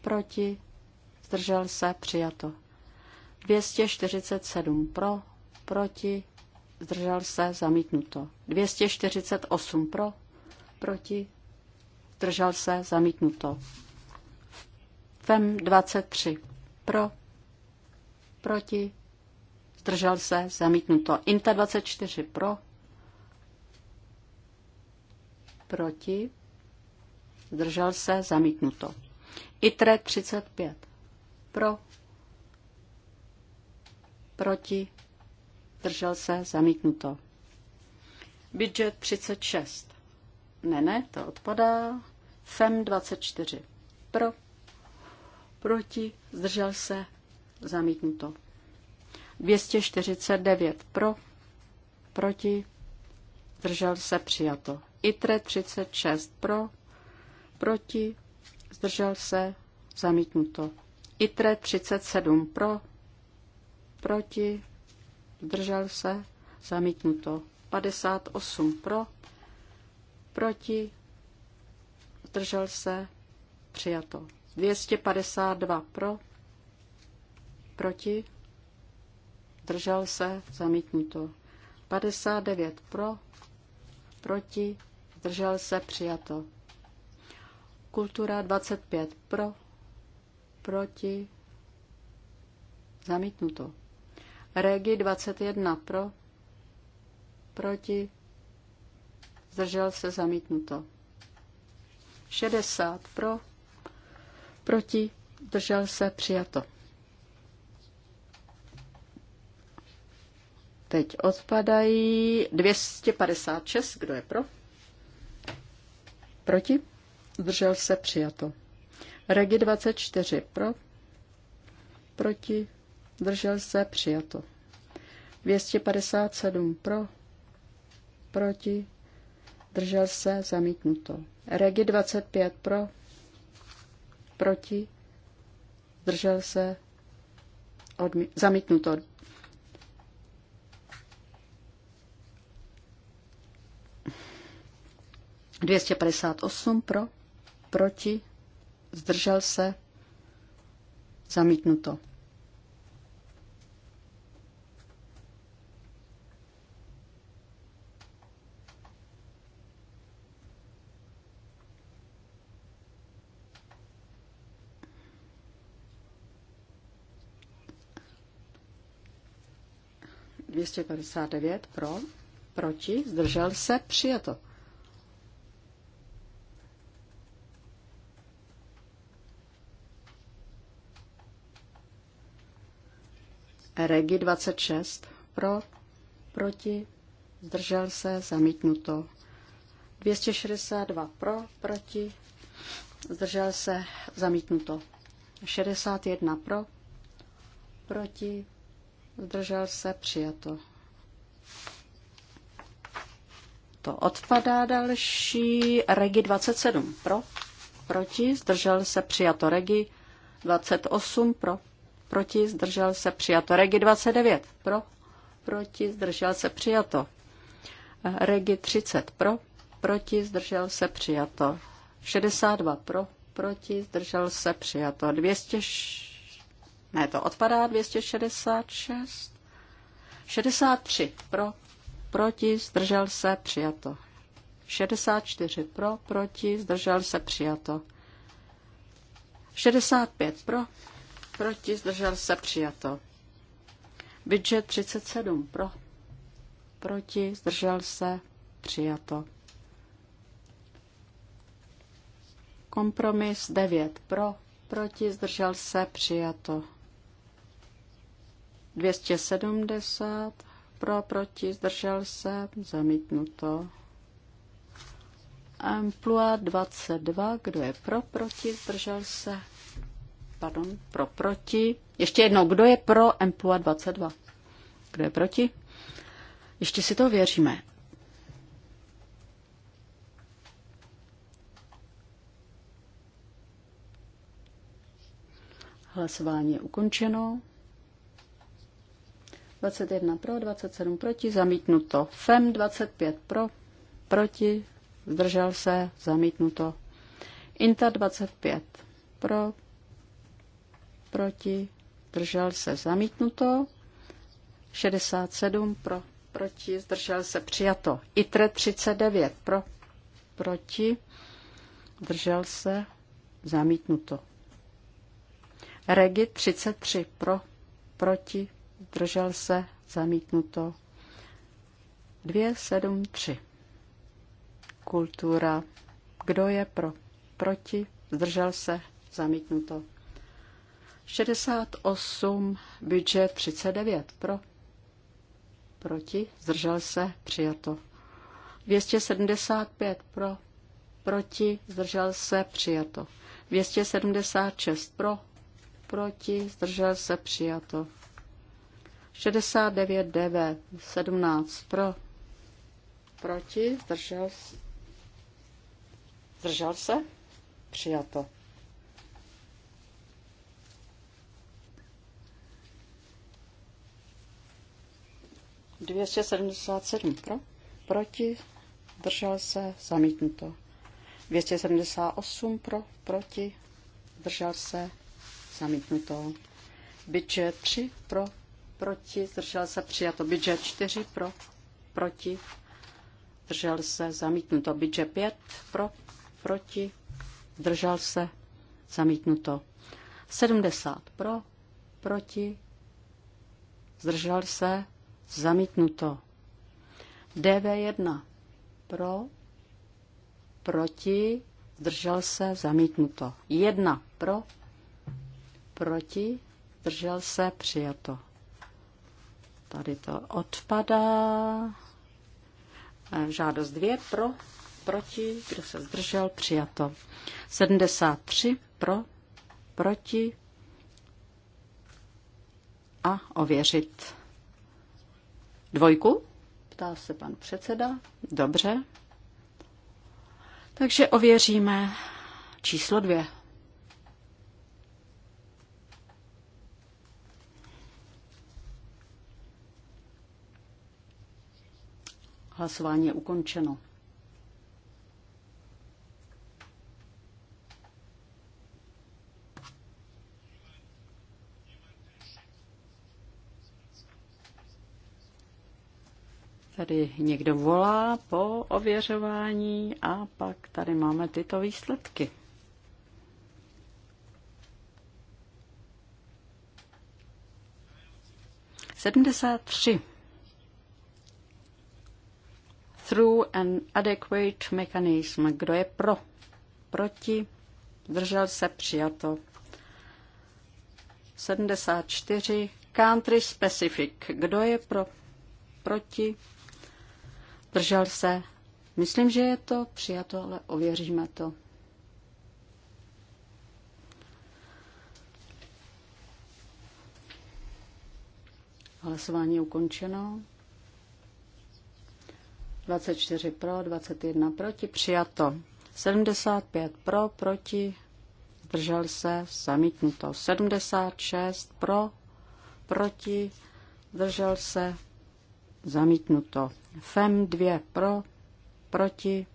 Proti? Zdržel se? Přijato. 247 pro? Proti? zdržel se, zamítnuto. 248 pro, proti, zdržel se, zamítnuto. FEM 23 pro, proti, zdržel se, zamítnuto. INTA 24 pro, proti, zdržel se, zamítnuto. ITRE 35 pro, proti, zdržel se, zamítnuto. Budget 36. Ne, ne, to odpadá. FEM 24. Pro, proti, zdržel se, zamítnuto. 249 pro, proti, zdržel se, přijato. ITRE 36 pro, proti, zdržel se, zamítnuto. ITRE 37 pro, proti, zdržel se, zamítnuto. 58 pro, proti, zdržel se, přijato. 252 pro, proti, zdržel se, zamítnuto. 59 pro, proti, zdržel se, přijato. Kultura 25 pro, proti, zamítnuto. Regi 21 pro, proti, zdržel se zamítnuto. 60 pro, proti, držel se přijato. Teď odpadají 256, kdo je pro? Proti? držel se přijato. Regi 24 pro, proti, zdržel se, přijato. 257 pro, proti, držel se, zamítnuto. Regi 25 pro, proti, držel se, odmi- zamítnuto. Dvěstě padesát osm pro, proti, zdržel se, zamítnuto. 259 pro, proti, zdržel se, přijato. Regi 26 pro, proti, zdržel se, zamítnuto. 262 pro, proti, zdržel se, zamítnuto. 61 pro, proti, zdržel se, přijato. To odpadá další. Regi 27 pro, proti, zdržel se, přijato. Regi 28 pro, proti, zdržel se, přijato. Regi 29 pro, proti, zdržel se, přijato. Regi 30 pro, proti, zdržel se, přijato. 62 pro, proti, zdržel se, přijato. 200 ne, to odpadá 266. 63 pro, proti, zdržel se, přijato. 64 pro, proti, zdržel se, přijato. 65 pro, proti, zdržel se, přijato. Budget 37 pro, proti, zdržel se, přijato. Kompromis 9 pro, proti, zdržel se, přijato. 270 pro, proti, zdržel se, zamítnuto. Amplua 22, kdo je pro, proti, zdržel se, pardon, pro, proti. Ještě jednou, kdo je pro Emplua 22? Kdo je proti? Ještě si to věříme. Hlasování je ukončeno. 21 pro, 27 proti, zamítnuto. FEM 25 pro, proti, zdržel se, zamítnuto. INTA 25 pro, proti, zdržel se, zamítnuto. 67 pro, proti, zdržel se, přijato. ITRE 39 pro, proti, zdržel se, zamítnuto. REGI 33 pro, proti, držel se, zamítnuto. 273. Kultura. Kdo je pro? Proti? Zdržel se? Zamítnuto. 68. Budget 39. Pro? Proti? Zdržel se? Přijato. 275. Pro? Proti? Zdržel se? Přijato. 276. Pro? Proti? Zdržel se? Přijato. 69 DV, 17 pro, proti, zdržel, se. zdržel se, přijato. Dvěstě pro, proti, zdržel se, zamítnuto. 278 pro, proti, zdržel se, zamítnuto. Byče 3 pro, proti, zdržel se přijato. Budget 4 pro, proti, zdržel se zamítnuto. Budget 5 pro, proti, zdržel se zamítnuto. 70 pro, proti, zdržel se zamítnuto. DV1 pro, proti, zdržel se, zamítnuto. 1 pro, proti, zdržel se, přijato. Tady to odpadá. E, žádost dvě pro, proti, kdo se zdržel, přijato. 73 pro, proti a ověřit. Dvojku? Ptá se pan předseda. Dobře. Takže ověříme číslo dvě. Hlasování je ukončeno. Tady někdo volá po ověřování a pak tady máme tyto výsledky. Sedmdesát tři through an adequate mechanism. Kdo je pro? Proti? Zdržel se přijato. 74. Country specific. Kdo je pro? Proti? Držel se. Myslím, že je to přijato, ale ověříme to. Hlasování je ukončeno. 24 pro, 21 proti, přijato. 75 pro, proti, zdržel se, zamítnuto. 76 pro, proti, zdržel se, zamítnuto. FEM 2 pro, proti,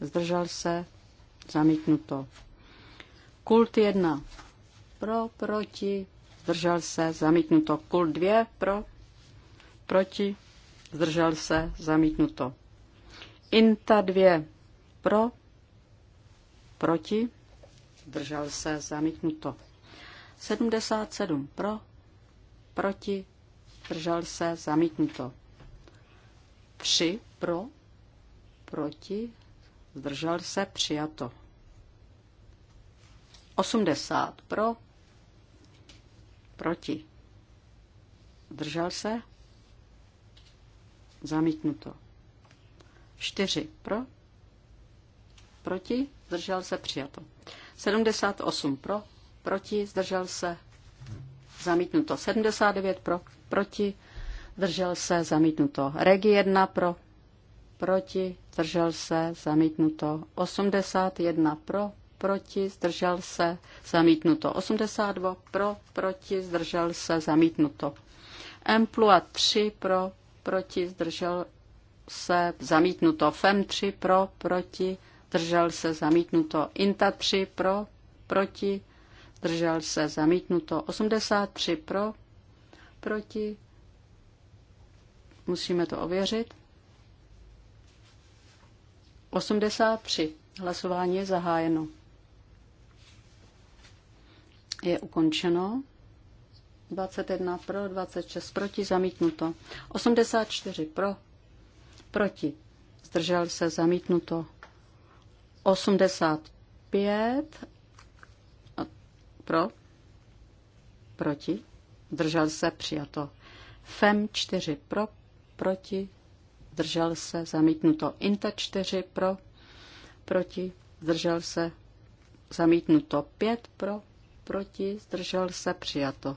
zdržel se, zamítnuto. Kult 1 pro, proti, zdržel se, zamítnuto. Kult 2 pro, proti, zdržel se, zamítnuto. Inta dvě. pro, proti, držel se zamítnuto. 77 pro, proti, držel se zamítnuto. 3 pro, proti, zdržel se přijato. 80 pro, proti, Držel se, zamítnuto. 4 pro, proti, zdržel se, přijato. 78 pro, proti, zdržel se, zamítnuto. 79 pro, proti, zdržel se, zamítnuto. Regi 1 pro, proti, zdržel se, zamítnuto. 81 pro, proti, zdržel se, zamítnuto. 82 pro, proti, zdržel se, zamítnuto. M plus 3 pro, proti, zdržel se zamítnuto FEM 3 pro, proti, držel se zamítnuto INTA 3 pro, proti, držel se zamítnuto 83 pro, proti, musíme to ověřit. 83. Hlasování je zahájeno. Je ukončeno. 21 pro, 26 proti, zamítnuto. 84 pro, proti, zdržel se, zamítnuto. 85 pro, proti, zdržel se, přijato. FEM 4 pro, proti, zdržel se, zamítnuto. INTA 4 pro, proti, zdržel se, zamítnuto. 5 pro, proti, zdržel se, přijato.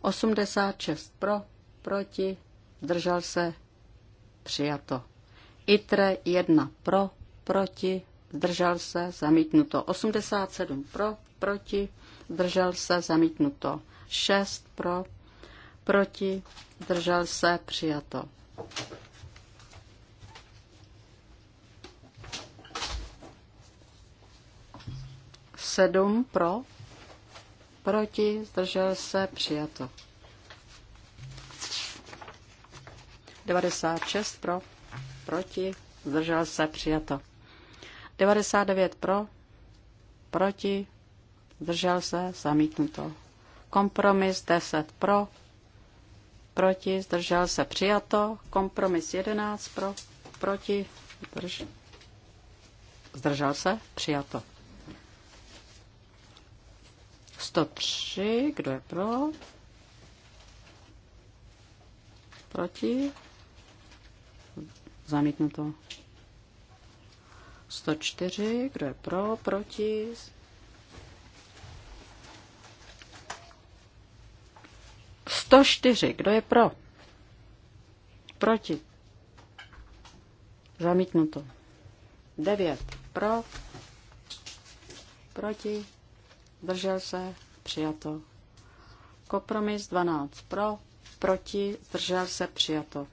86 pro, proti, zdržel se, přijato. ITRE 1 pro, proti, zdržel se, zamítnuto. 87 pro, proti, zdržel se, zamítnuto. 6 pro, proti, zdržel se, přijato. Sedm pro, proti, zdržel se, přijato. 96 pro, proti, zdržel se, přijato. 99 pro, proti, zdržel se, zamítnuto. Kompromis 10 pro, proti, zdržel se, přijato. Kompromis 11 pro, proti, drž, zdržel se, přijato. 103, kdo je pro? Proti? Zamítnuto. 104, kdo je pro, proti? Sto čtyři, kdo je pro? Proti. Zamítnuto. Devět, pro. Proti. Zdržel se. Přijato. Kompromis 12 pro. Proti. Zdržel se. Přijato.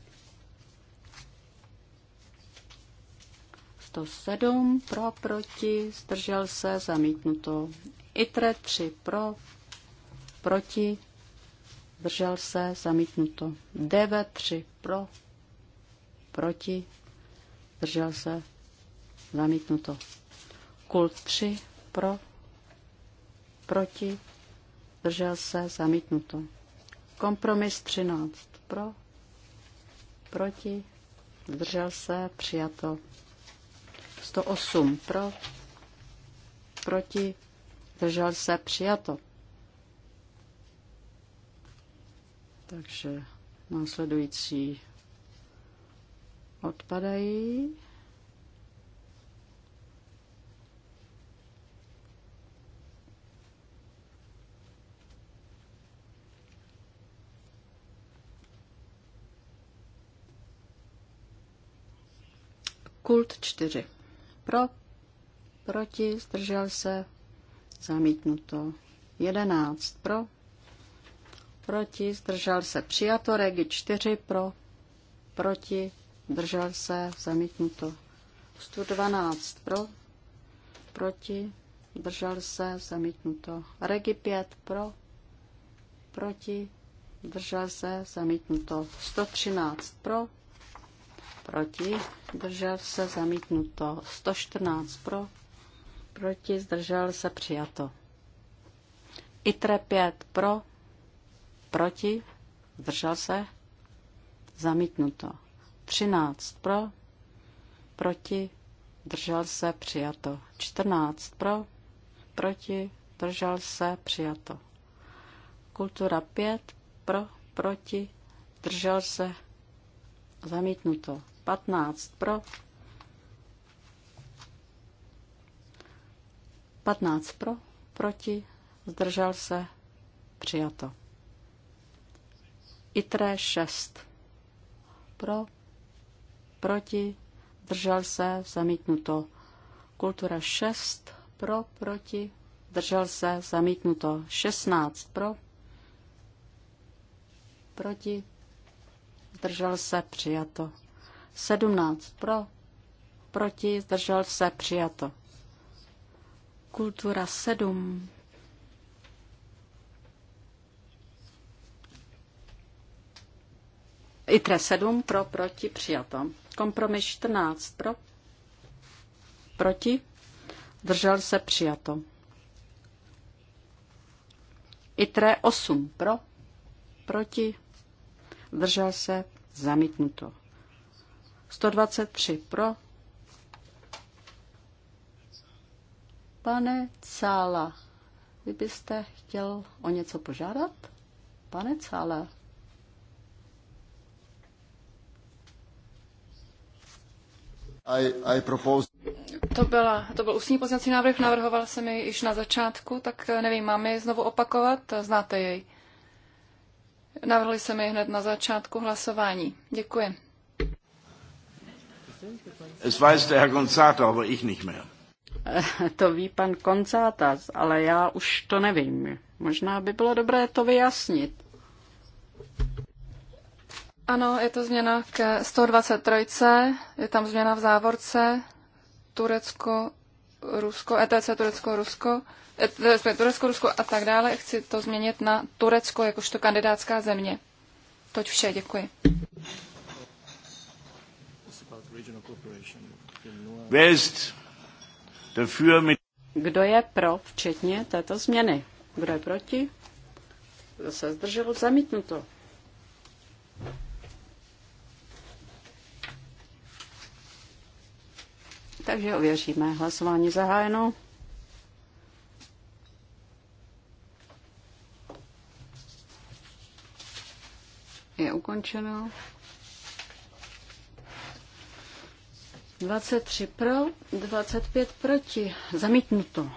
107 pro, proti, zdržel se, zamítnuto. ITRE 3 pro, proti, zdržel se, zamítnuto. DV 3 pro, proti, zdržel se, zamítnuto. KUL 3 pro, proti, zdržel se, zamítnuto. Kompromis 13 pro, proti, zdržel se, přijato. 108 pro, proti, držel se, přijato. Takže následující odpadají. Kult 4 pro, proti, zdržel se, zamítnuto. 11 pro, proti, zdržel se, přijato, regi 4 pro, proti, zdržel se, zamítnuto. 112 pro, proti, zdržel se, zamítnuto. Regi 5 pro, proti, zdržel se, zamítnuto. 113 pro, proti, zdržel se zamítnuto. 114 pro, proti, zdržel se přijato. ITRE 5 pro, proti, zdržel se, zamítnuto. 13 pro, proti, držel se, přijato. 14 pro, proti, držel se, přijato. Kultura 5 pro, proti, držel se, zamítnuto. 15 pro, 15 pro, proti, zdržel se, přijato. ITRE 6 pro, proti, zdržel se, zamítnuto. Kultura 6 pro, proti, zdržel se, zamítnuto. 16 pro, proti, zdržel se, přijato. 17 pro, proti, zdržel se, přijato. Kultura 7. ITRE 7 pro, proti, přijato. Kompromis 14 pro, proti, zdržel se, přijato. ITRE 8 pro, proti, zdržel se, zamítnuto. 123 pro. Pane Cála, vy byste chtěl o něco požádat? Pane Cála. I, I propose... To, byla, to byl ústní poznací návrh, navrhoval jsem jej již na začátku, tak nevím, mám je znovu opakovat, znáte jej. Navrhli jsem jej hned na začátku hlasování. Děkuji. Es weiß der Herr aber ich nicht mehr. Eh, to ví pan Koncátas, ale já už to nevím. Možná by bylo dobré to vyjasnit. Ano, je to změna ke 123. Je tam změna v závorce Turecko, Rusko, ETC Turecko, Rusko, ETC, eh, eh, Turecko, Rusko a tak dále. Chci to změnit na Turecko jakožto kandidátská země. Toť vše, děkuji. Kdo je pro, včetně této změny? Kdo je proti? Kdo se zdržel? Zamítnuto. Takže ověříme. Hlasování zahájeno. Je ukončeno. 23 pro, 25 proti. Zamítnuto.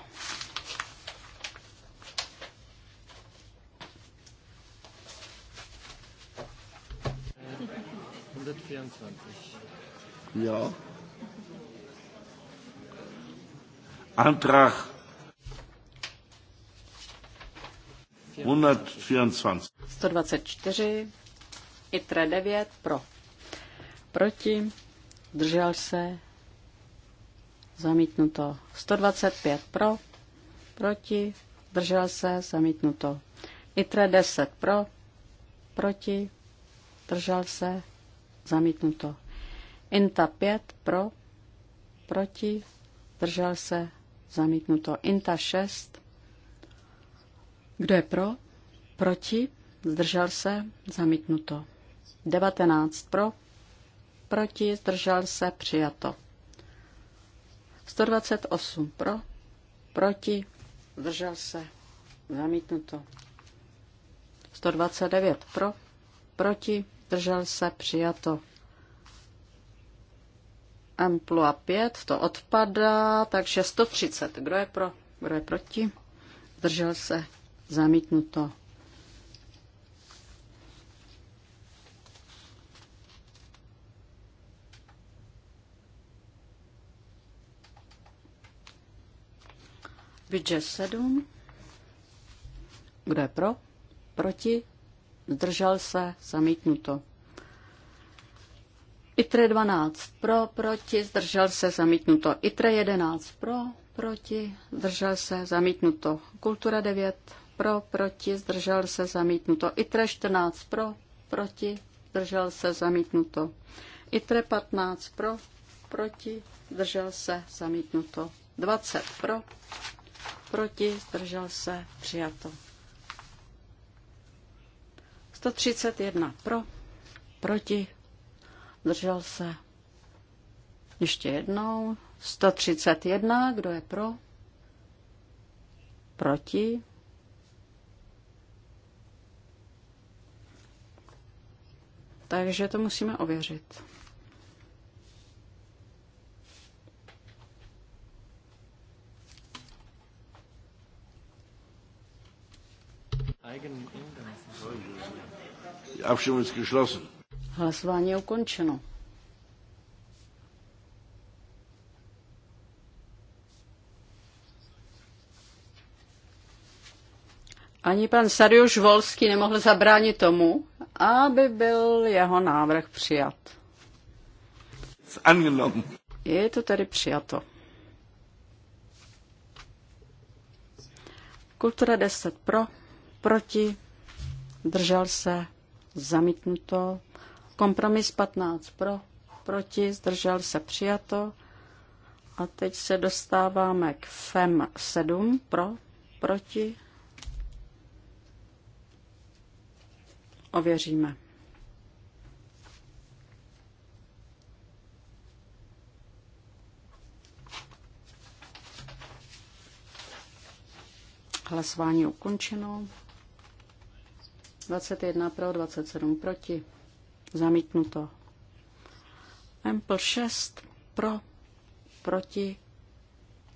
Ja. Antrag 124. 124. ITRE 9 pro. Proti zdržel se, zamítnuto. 125 pro, proti, zdržel se, zamítnuto. ITRE 10 pro, proti, zdržel se, zamítnuto. INTA 5 pro, proti, zdržel se, zamítnuto. INTA 6, kdo je pro, proti, zdržel se, zamítnuto. 19 pro, proti, zdržel se, přijato. 128 pro, proti, zdržel se, zamítnuto. 129 pro, proti, zdržel se, přijato. plus 5, to odpadá, takže 130. Kdo je pro? Kdo je proti? Zdržel se, zamítnuto. Budget 7. Kdo je pro? Proti? Zdržel se? Zamítnuto. ITRE 12 pro, proti, zdržel se, zamítnuto. ITRE 11 pro, proti, zdržel se, zamítnuto. Kultura 9 pro, proti, zdržel se, zamítnuto. ITRE 14 pro, proti, zdržel se, zamítnuto. ITRE 15 pro, proti, zdržel se, zamítnuto. 20 pro, proti, zdržel se, přijato. 131 pro, proti, zdržel se. Ještě jednou. 131, kdo je pro? Proti. Takže to musíme ověřit. Hlasování je ukončeno. Ani pan Sariuš Volský nemohl zabránit tomu, aby byl jeho návrh přijat. Je to tedy přijato. Kultura 10 pro proti, držel se, zamítnuto. Kompromis 15 pro, proti, zdržel se, přijato. A teď se dostáváme k FEM 7 pro, proti. Ověříme. Hlasování ukončeno. 21 pro, 27 proti. Zamítnuto. Empl 6 pro, proti,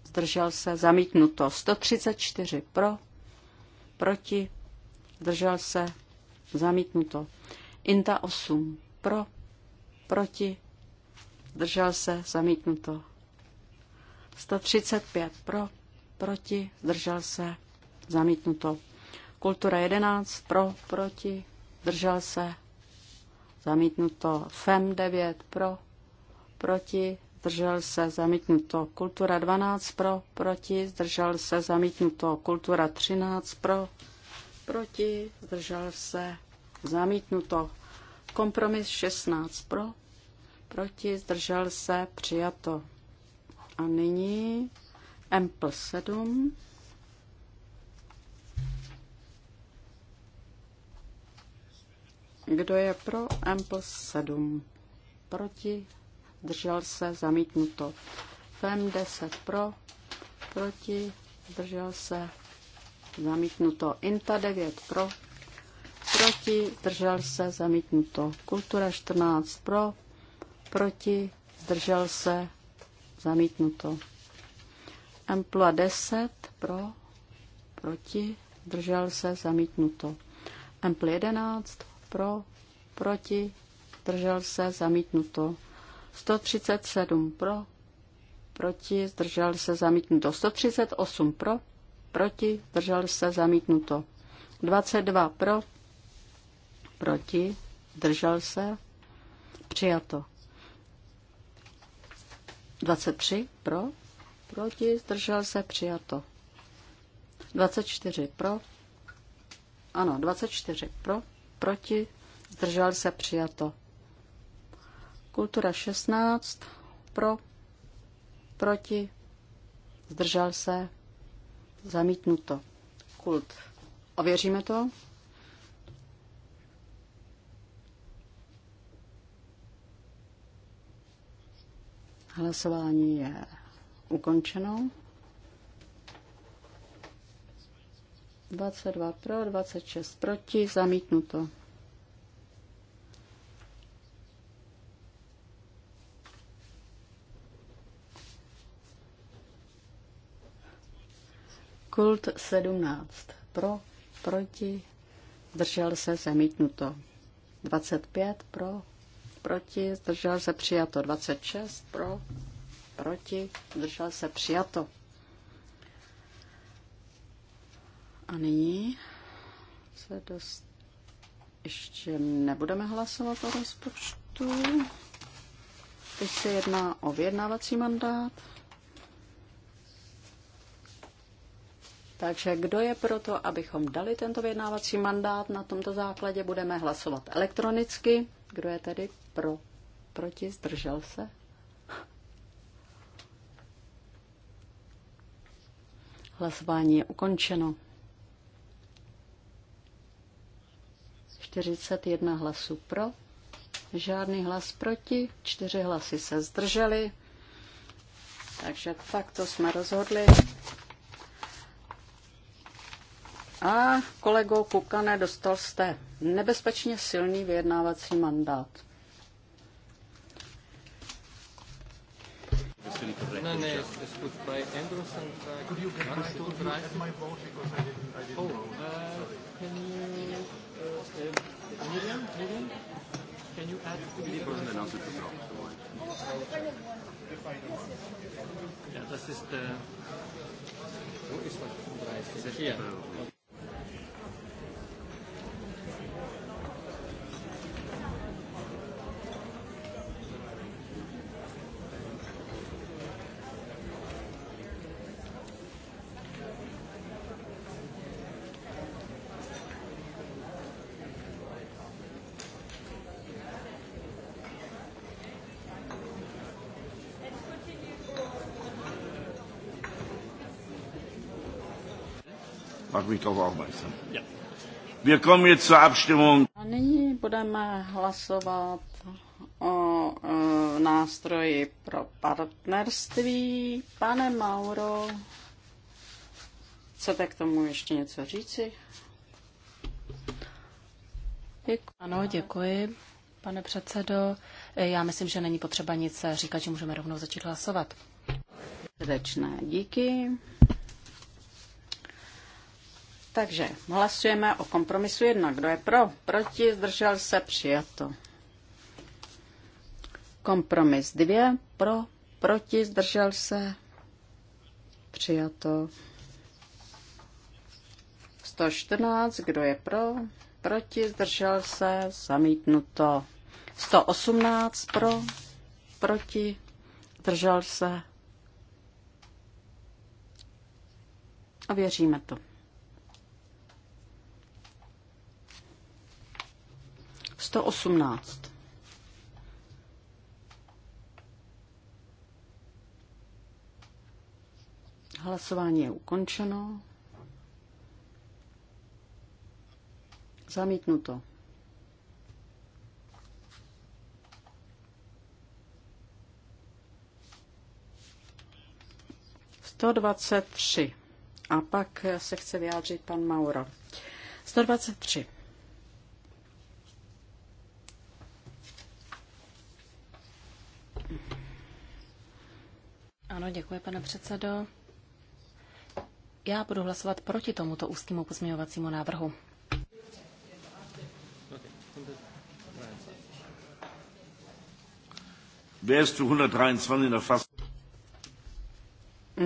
zdržel se, zamítnuto. 134 pro, proti, zdržel se, zamítnuto. Inta 8 pro, proti, zdržel se, zamítnuto. 135 pro, proti, zdržel se, zamítnuto. Kultura 11 pro, proti, držel se, zamítnuto. FEM 9 pro, proti, zdržel se, zamítnuto. Kultura 12 pro, proti, zdržel se, zamítnuto. Kultura 13 pro, proti, zdržel se, zamítnuto. Kompromis 16 pro, proti, zdržel se, přijato. A nyní M plus 7 Kdo je pro M plus 7? Proti? Držel se? Zamítnuto. FEM 10 pro? Proti? Držel se? Zamítnuto. INTA 9 pro? Proti? Držel se? Zamítnuto. Kultura 14 pro? Proti? Držel se? Zamítnuto. M plus 10 pro? Proti? Držel se? Zamítnuto. Ampl 11 pro, proti, zdržel se, zamítnuto. 137 pro, proti, zdržel se, zamítnuto. 138 pro, proti, zdržel se, zamítnuto. 22 pro, proti, zdržel se, přijato. 23 pro, proti, zdržel se, přijato. 24 pro, ano, 24 pro, proti, zdržel se přijato. Kultura 16 pro, proti, zdržel se, zamítnuto. Kult. Ověříme to. Hlasování je ukončeno. 22 pro, 26 proti, zamítnuto. Kult 17 pro, proti, zdržel se zamítnuto. 25 pro, proti, zdržel se přijato. 26 pro, proti, zdržel se přijato. A nyní se dost... Ještě nebudeme hlasovat o rozpočtu. Teď se jedná o vyjednávací mandát. Takže kdo je pro to, abychom dali tento vyjednávací mandát? Na tomto základě budeme hlasovat elektronicky. Kdo je tedy pro? Proti? Zdržel se? Hlasování je ukončeno. 41 hlasů pro, žádný hlas proti, čtyři hlasy se zdrželi, takže takto jsme rozhodli. A kolego Kukane, dostal jste nebezpečně silný vyjednávací mandát. No, no, Miriam, Miriam, can you add? Die wurden dann ausgetragen. Ja, das ist, äh, wo ist das? 35. Hier. Pak bych to Wir kommen jetzt zur Abstimmung. A nyní budeme hlasovat o e, nástroji pro partnerství. Pane Mauro, chcete k tomu ještě něco říci? Děkuji. Ano, děkuji, pane předsedo. Já myslím, že není potřeba nic říkat, že můžeme rovnou začít hlasovat. Srdečné díky. Takže hlasujeme o kompromisu jedna. Kdo je pro? Proti? Zdržel se? Přijato. Kompromis dvě. Pro? Proti? Zdržel se? Přijato. 114. Kdo je pro? Proti? Zdržel se? Zamítnuto. 118. Pro? Proti? Zdržel se? A věříme to. 118. Hlasování je ukončeno. Zamítnuto. Sto dvacet tři. A pak se chce vyjádřit pan Mauro. 123. Ano, děkuji, pane předsedo. Já budu hlasovat proti tomuto úzkému pozměňovacímu návrhu.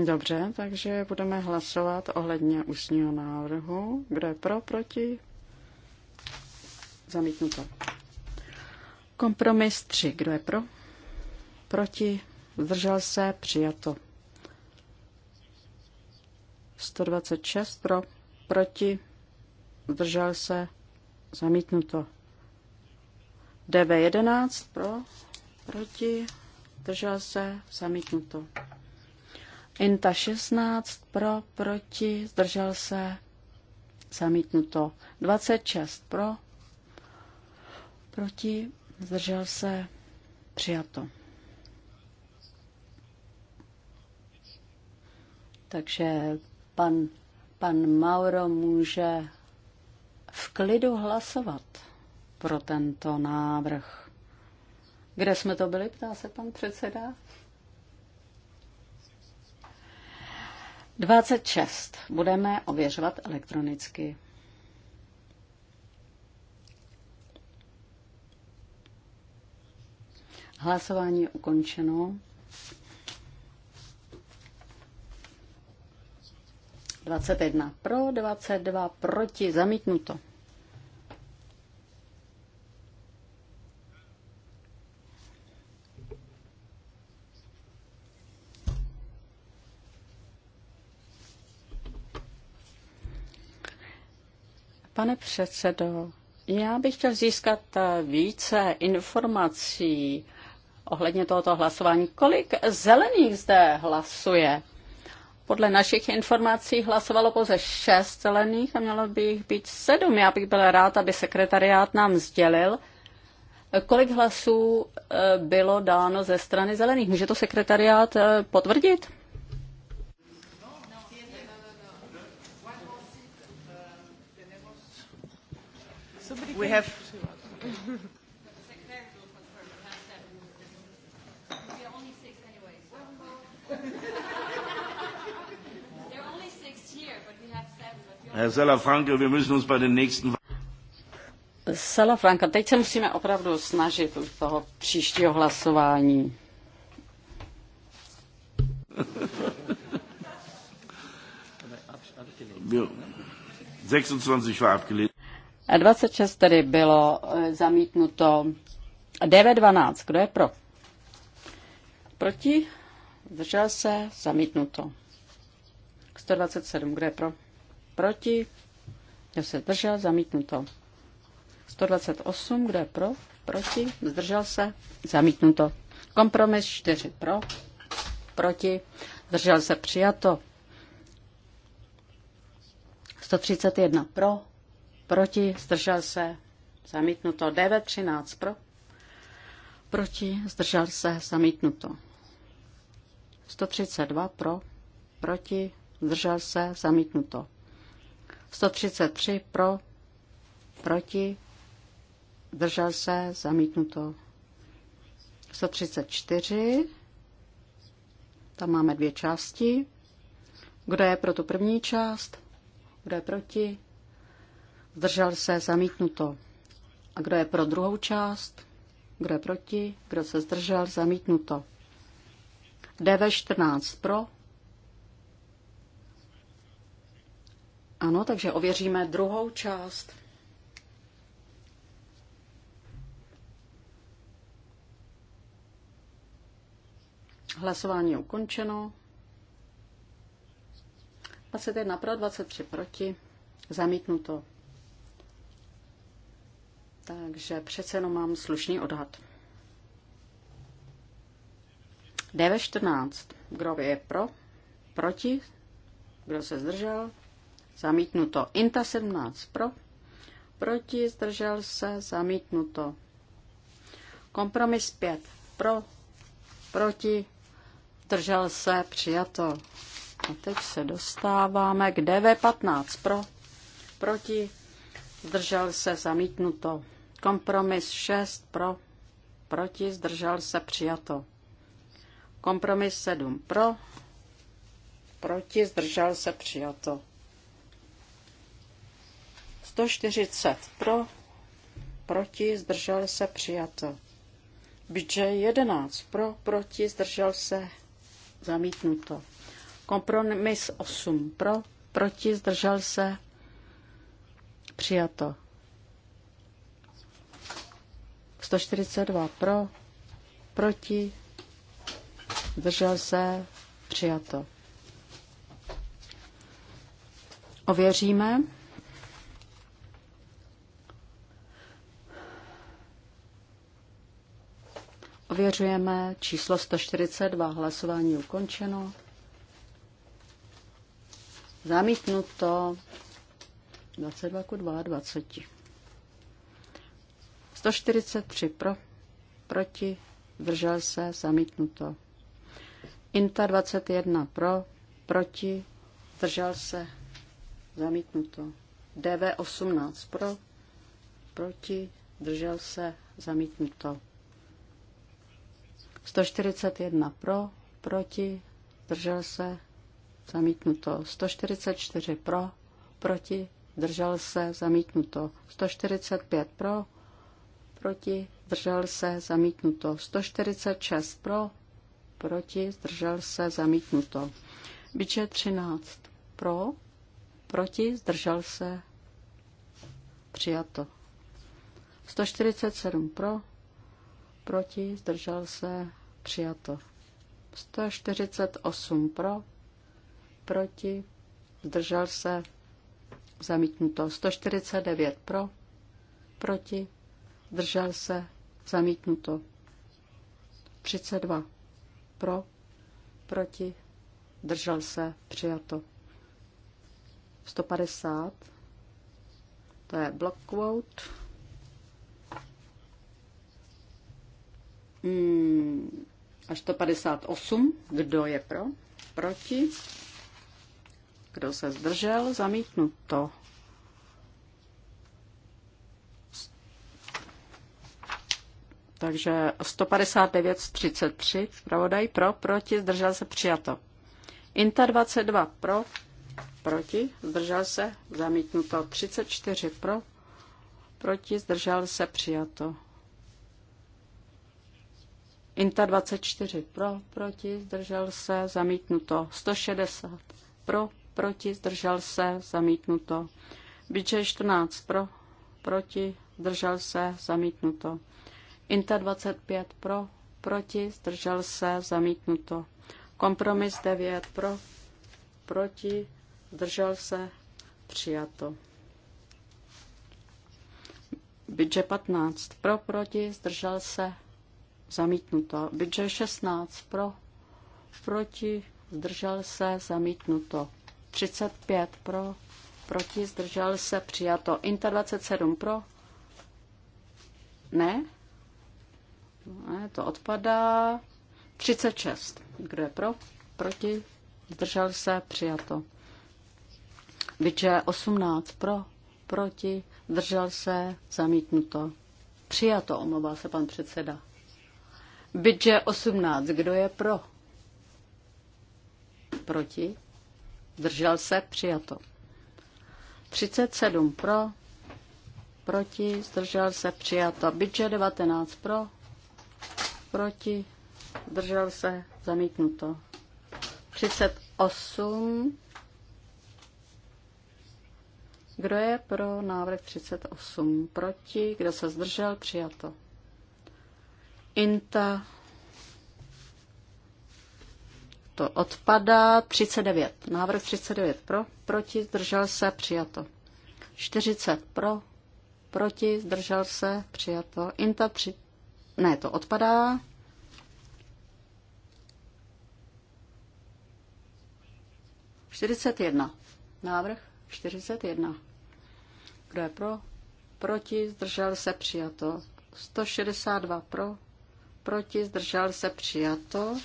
Dobře, takže budeme hlasovat ohledně ústního návrhu. Kdo je pro, proti? Zamítnuto. Kompromis 3. Kdo je pro? Proti? zdržel se, přijato. 126 pro, proti, zdržel se, zamítnuto. DV11 pro, proti, zdržel se, zamítnuto. INTA 16 pro, proti, zdržel se, zamítnuto. 26 pro, proti, zdržel se, přijato. Takže pan, pan Mauro může v klidu hlasovat pro tento návrh. Kde jsme to byli, ptá se pan předseda? 26. Budeme ověřovat elektronicky. Hlasování je ukončeno. 21 pro, 22 proti, zamítnuto. Pane předsedo, já bych chtěl získat eh, více informací ohledně tohoto hlasování. Kolik zelených zde hlasuje? Podle našich informací hlasovalo pouze šest zelených a mělo by jich být sedm. Já bych byl rád, aby sekretariát nám sdělil, kolik hlasů e, bylo dáno ze strany zelených. Může to sekretariát e, potvrdit? We have Herr Salafranca, wir müssen uns bei den nächsten Salafranca, teď se musíme opravdu snažit u toho příštího hlasování. Byl 26 war abgelehnt. 26 tedy bylo eh, zamítnuto. 9.12. Kdo je pro? Proti? Zdržel se? Zamítnuto. 127. Kdo je pro? proti, kdo se zdržel, zamítnuto. 128, kdo je pro, proti, zdržel se, zamítnuto. Kompromis 4 pro, proti, zdržel se, přijato. 131 pro, proti, zdržel se, zamítnuto. 913 pro, proti, zdržel se, zamítnuto. 132 pro, proti, zdržel se, zamítnuto. 133 pro, proti, držel se, zamítnuto. 134, tam máme dvě části. Kdo je pro tu první část? Kdo je proti? Zdržel se, zamítnuto. A kdo je pro druhou část? Kdo je proti? Kdo se zdržel? Zamítnuto. DV14 pro, Ano, takže ověříme druhou část. Hlasování je ukončeno. 21 pro, 23 proti. Zamítnuto. Takže přece jenom mám slušný odhad. DV14. Kdo je pro? Proti? Kdo se zdržel? zamítnuto. Inta 17 pro, proti, zdržel se, zamítnuto. Kompromis 5 pro, proti, zdržel se, přijato. A teď se dostáváme k DV15 pro, proti, zdržel se, zamítnuto. Kompromis 6 pro, proti, zdržel se, přijato. Kompromis 7 pro, proti, zdržel se, přijato. 140 pro, proti, zdržel se, přijato. BJ 11 pro, proti, zdržel se, zamítnuto. Kompromis 8 pro, proti, zdržel se, přijato. 142 pro, proti, zdržel se, přijato. Ověříme. Ověřujeme číslo 142. Hlasování ukončeno. Zamítnuto 22 ku 22. 143 pro, proti, držel se, zamítnuto. Inta 21 pro, proti, držel se, zamítnuto. DV 18 pro, proti, držel se, zamítnuto. 141 pro, proti, držel se, zamítnuto. 144 pro, proti, držel se, zamítnuto. 145 pro, proti, držel se, zamítnuto. 146 pro, proti, zdržel se, zamítnuto. Byče 13 pro, proti, zdržel se, přijato. 147 pro, proti, zdržel se, přijato. 148 pro, proti, zdržel se, zamítnuto. 149 pro, proti, zdržel se, zamítnuto. 32 pro, proti, zdržel se, přijato. 150, to je block quote. Hmm, až 158. Kdo je pro? Proti? Kdo se zdržel? zamítnu to. Takže 159 z 33, zpravodaj pro, proti, zdržel se, přijato. Inta 22 pro, proti, zdržel se, zamítnuto. 34 pro, proti, zdržel se, přijato. Inta 24 pro, proti, zdržel se, zamítnuto. 160 pro, proti, zdržel se, zamítnuto. Biče 14 pro, proti, zdržel se, zamítnuto. Inta 25 pro, proti, zdržel se, zamítnuto. Kompromis 9 pro, proti, zdržel se, přijato. Biče 15 pro, proti, zdržel se, zamítnuto. Budget 16 pro, proti, zdržel se, zamítnuto. 35 pro, proti, zdržel se, přijato. Inter 27 pro, ne, ne, to odpadá. 36. Kdo je pro? Proti? Zdržel se? Přijato. Vidže 18. Pro? Proti? Zdržel se? Zamítnuto. Přijato, omlouvá se pan předseda. Bydže 18. Kdo je pro? Proti? Držel se? Přijato. 37 pro, proti, zdržel se, přijato. Bydže 19 pro, proti, zdržel se, zamítnuto. 38. Kdo je pro návrh 38? Proti, kdo se zdržel, přijato. Inta to odpadá. 39. Návrh 39 pro, proti, zdržel se, přijato. 40 pro, proti, zdržel se, přijato. Inta při... Ne, to odpadá. Čtyřicet jedna. Návrh čtyřicet jedna. Kdo je pro? Proti, zdržel se, přijato. sto šedesát dva pro, proti, zdržel se přijato.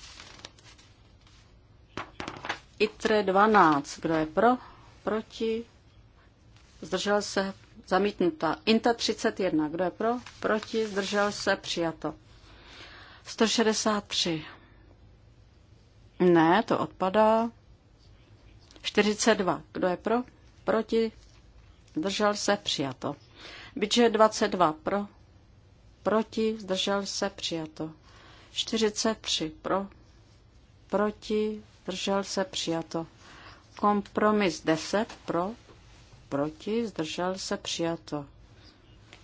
ITRE 12, kdo je pro, proti, zdržel se zamítnuta. INTA 31, kdo je pro, proti, zdržel se přijato. 163. Ne, to odpadá. 42. Kdo je pro? Proti? Držel se? Přijato. Byče 22. Pro? proti, zdržel se, přijato. 43 pro, proti, zdržel se, přijato. Kompromis 10 pro, proti, zdržel se, přijato.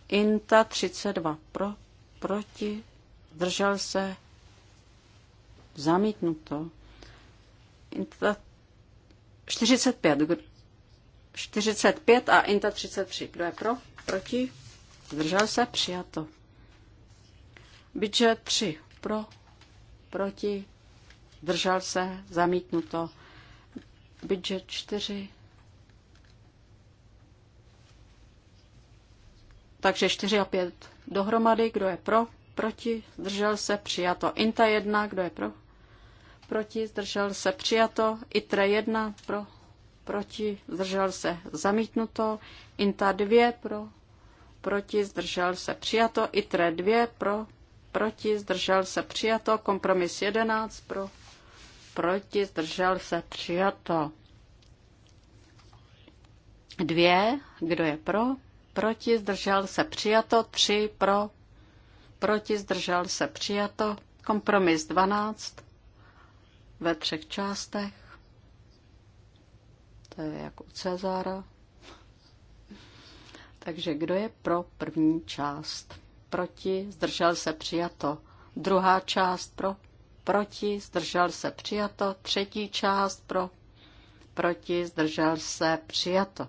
Inta 32 pro, proti, zdržel se, zamítnuto. Inta 45, 45 a Inta 33. Kdo je pro? Proti? Zdržel se? Přijato. Byče 3 pro, proti, držel se, zamítnuto. Byče 4. Takže 4 a 5 dohromady, kdo je pro, proti, zdržel se, přijato. Inta 1, kdo je pro, proti, zdržel se, přijato. Itre 1, pro, proti, zdržel se, zamítnuto. Inta 2, pro, proti, zdržel se, přijato. Itre 2, pro, proti, zdržel se přijato. Kompromis 11 pro, proti, zdržel se přijato. Dvě, kdo je pro, proti, zdržel se přijato. Tři pro, proti, zdržel se přijato. Kompromis 12 ve třech částech. To je jako u Cezára. Takže kdo je pro první část? proti, zdržel se přijato. Druhá část pro, proti, zdržel se přijato. Třetí část pro, proti, zdržel se přijato.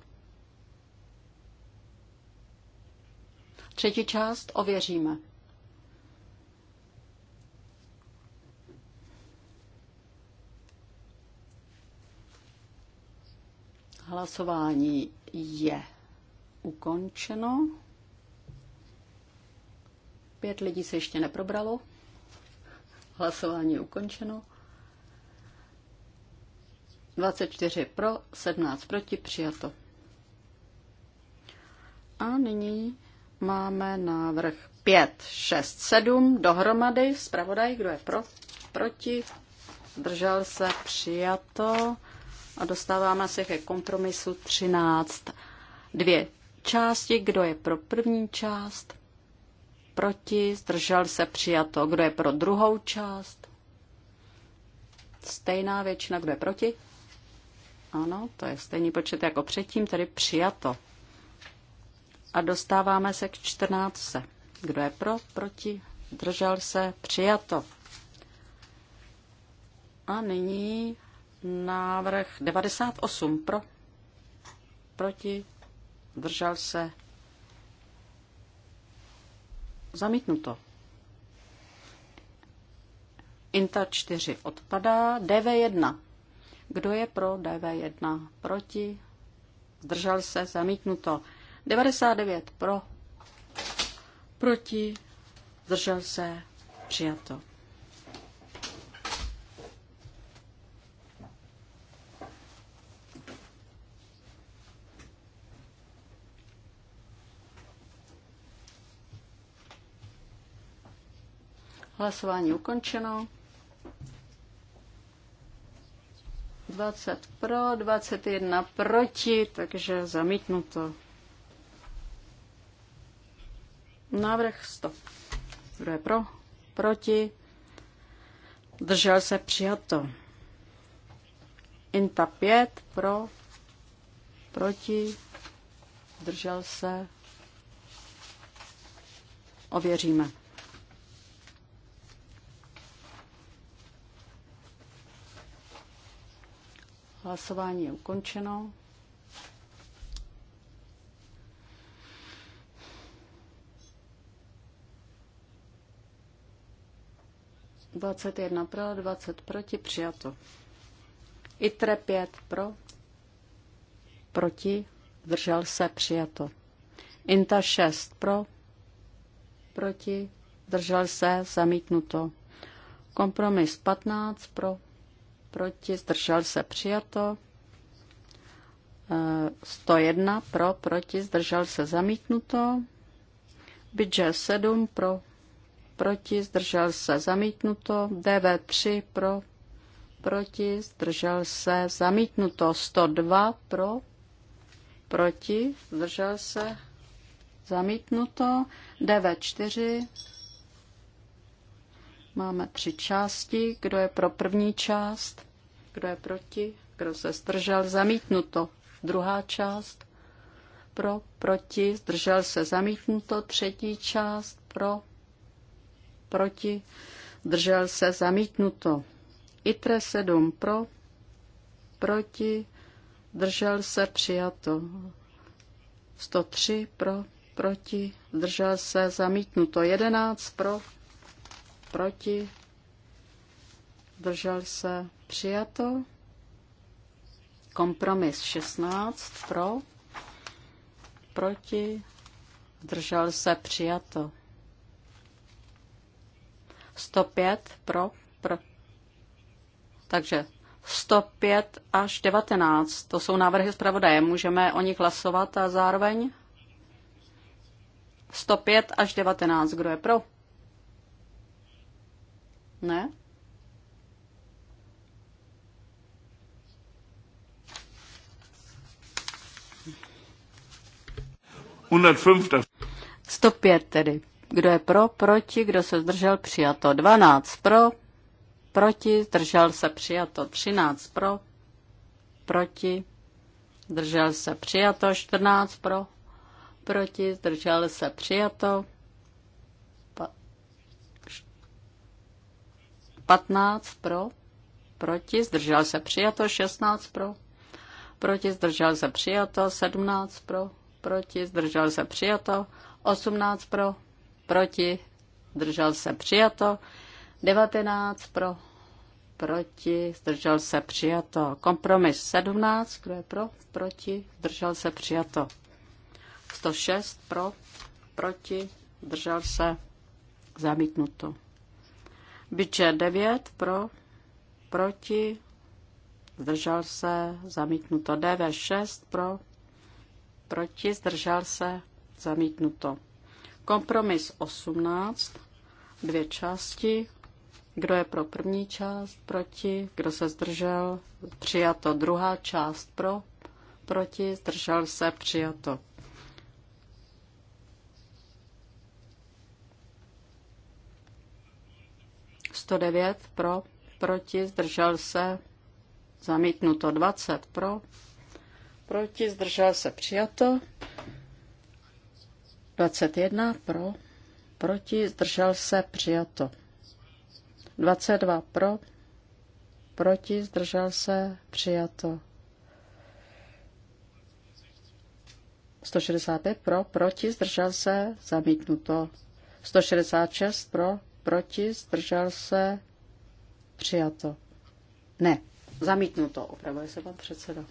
Třetí část ověříme. Hlasování je ukončeno. Pět lidí se ještě neprobralo. Hlasování je ukončeno. 24 pro, 17 proti, přijato. A nyní máme návrh 5, 6, 7 dohromady. Zpravodaj, kdo je pro, proti, držel se, přijato. A dostáváme se ke kompromisu 13. Dvě části, kdo je pro první část, proti, zdržel se přijato. Kdo je pro druhou část? Stejná většina, kdo je proti? Ano, to je stejný počet jako předtím, tedy přijato. A dostáváme se k 14. Kdo je pro, proti, zdržel se, přijato. A nyní návrh 98 pro, proti, držel se, Zamítnuto. Inta 4 odpadá. DV1. Kdo je pro DV1? Proti? Zdržel se? Zamítnuto. 99 pro. Proti? Zdržel se? Přijato. Hlasování ukončeno. 20 pro, 21 proti, takže zamítnuto. Návrh 100. Kdo je pro? Proti? Držel se přijato. Inta 5 pro, proti, držel se. Ověříme. Hlasování je ukončeno. Dvacet jedna pro, dvacet proti, přijato. ITRE pět pro, proti, zdržel se, přijato. INTA šest pro, proti, zdržel se, zamítnuto. Kompromis 15 pro, proti, zdržel se přijato. 101 eh, pro, proti, zdržel se zamítnuto. Bidže 7 pro, proti, zdržel se zamítnuto. DV3 pro, proti, zdržel se zamítnuto. 102 pro, proti, zdržel se zamítnuto. DV4 Máme tři části. Kdo je pro první část? Kdo je proti? Kdo se zdržel? Zamítnuto. Druhá část. Pro, proti, zdržel se zamítnuto. Třetí část. Pro, proti, zdržel se zamítnuto. ITRE 7 pro, proti, zdržel se přijato. 103 pro, proti, zdržel se zamítnuto. 11 pro, proti, držel se, přijato. Kompromis 16 pro, proti, držel se, přijato. 105 pro, pro. Takže 105 až 19, to jsou návrhy zpravodaje, můžeme o nich hlasovat a zároveň 105 až 19, kdo je pro? Ne? Hundertfünfter. 105 tedy. Kdo je pro, proti, kdo se zdržel, přijato. 12 pro, proti, zdržel se, přijato. 13 pro, proti, zdržel se, přijato. 14 pro, proti, zdržel se, přijato. 15 pro, proti, zdržel se přijato, 16 pro, proti, zdržel se přijato, 17 pro, proti, zdržel se přijato, 18 pro, proti, zdržel se přijato, 19 pro, proti, zdržel se přijato. Kompromis 17, kdo je pro, proti, zdržel se přijato. 106 pro, proti, zdržel se zamítnuto. Byče 9 pro, proti, zdržel se, zamítnuto. DV 6 pro, proti, zdržel se, zamítnuto. Kompromis 18, dvě části. Kdo je pro první část, proti, kdo se zdržel, přijato. Druhá část pro, proti, zdržel se, přijato. 109 pro, proti, zdržel se, zamítnuto 20 pro, proti, zdržel se, přijato 21 pro, proti, zdržel se, přijato 22 pro, proti, zdržel se, přijato 165 pro, proti, zdržel se, zamítnuto 166 pro, proti, zdržel se, přijato. Ne, zamítnuto, opravuje se pan předseda.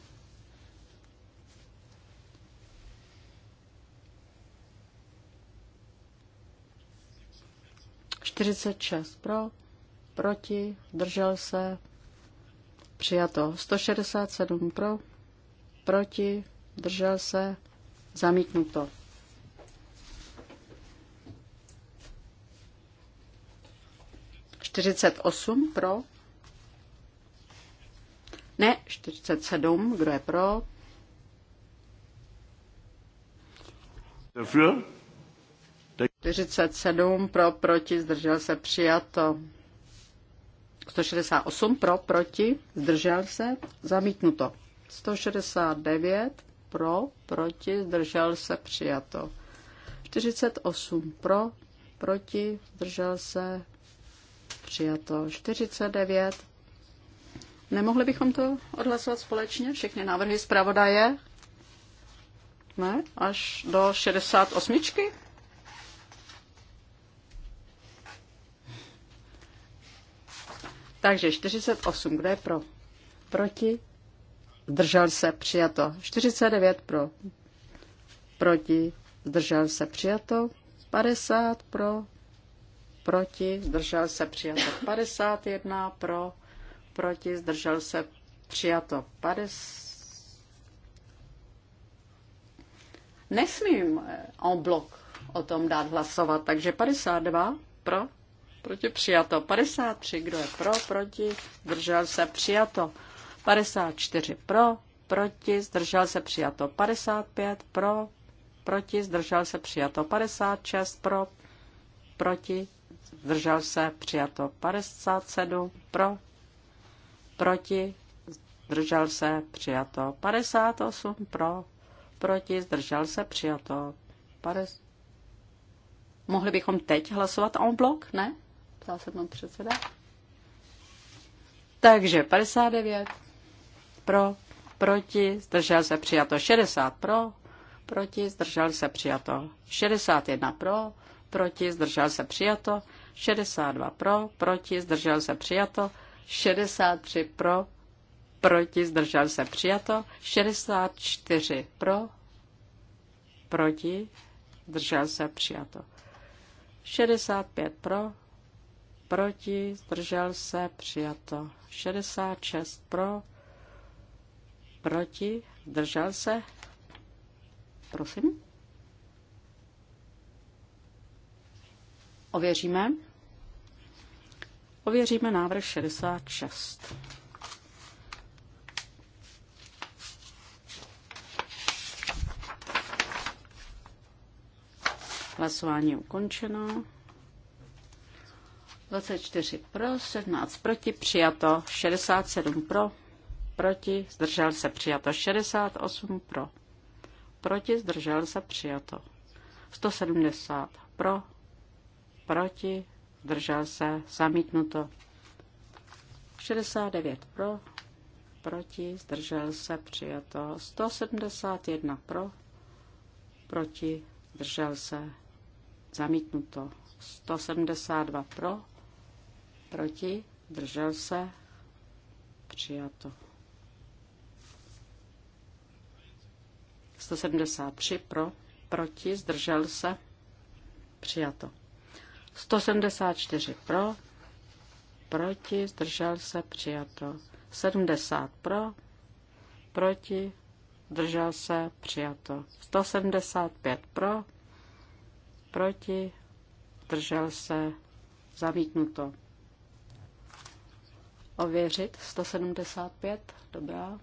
Čtyřicet šest pro, proti, držel se, přijato. 167 pro, proti, držel se, zamítnuto. 48 pro. Ne, 47, kdo je pro? Dafür? 47 pro, proti, zdržel se, přijato. 168 pro, proti, zdržel se, zamítnuto. 169 pro, proti, zdržel se, přijato. 48 pro, proti, zdržel se, Přijato 49. Nemohli bychom to odhlasovat společně? Všechny návrhy zpravodaje? Ne? Až do 68. Takže 48, kdo je pro? Proti? Zdržel se, přijato. 49 pro. Proti? Zdržel se, přijato. 50 pro proti, zdržel se přijato 51 pro, proti, zdržel se přijato 50. Nesmím eh, en blok o tom dát hlasovat, takže 52 pro, proti přijato 53, kdo je pro, proti, zdržel se přijato 54 pro, proti, zdržel se přijato 55 pro, proti, zdržel se přijato 56 pro, proti, zdržel se, přijato 57, pro, proti, zdržel se, přijato 58, pro, proti, zdržel se, přijato 50. Mohli bychom teď hlasovat en blok, ne? Ptá se pan předseda. Takže 59 pro, proti, zdržel se přijato 60 pro, proti, zdržel se přijato 61 pro, proti, zdržel se přijato 62 pro, proti, zdržel se přijato. 63 pro, proti, zdržel se přijato. 64 pro, proti, zdržel se přijato. 65 pro, proti, zdržel se přijato. 66 pro, proti, zdržel se. Prosím. Ověříme. Ověříme návrh 66. Hlasování je ukončeno. 24 pro, 17 proti, přijato 67 pro, proti, zdržel se přijato 68 pro, proti, zdržel se přijato 170 pro, proti, zdržel se, zamítnuto. 69 pro, proti, zdržel se, přijato. 171 pro, proti, zdržel se, zamítnuto. 172 pro, proti, zdržel se, přijato. 173 pro, proti, zdržel se, přijato. 174 pro, proti, zdržel se, přijato. 70 pro, proti, zdržel se, přijato. 175 pro, proti, zdržel se, zamítnuto. Ověřit 175, dobrá.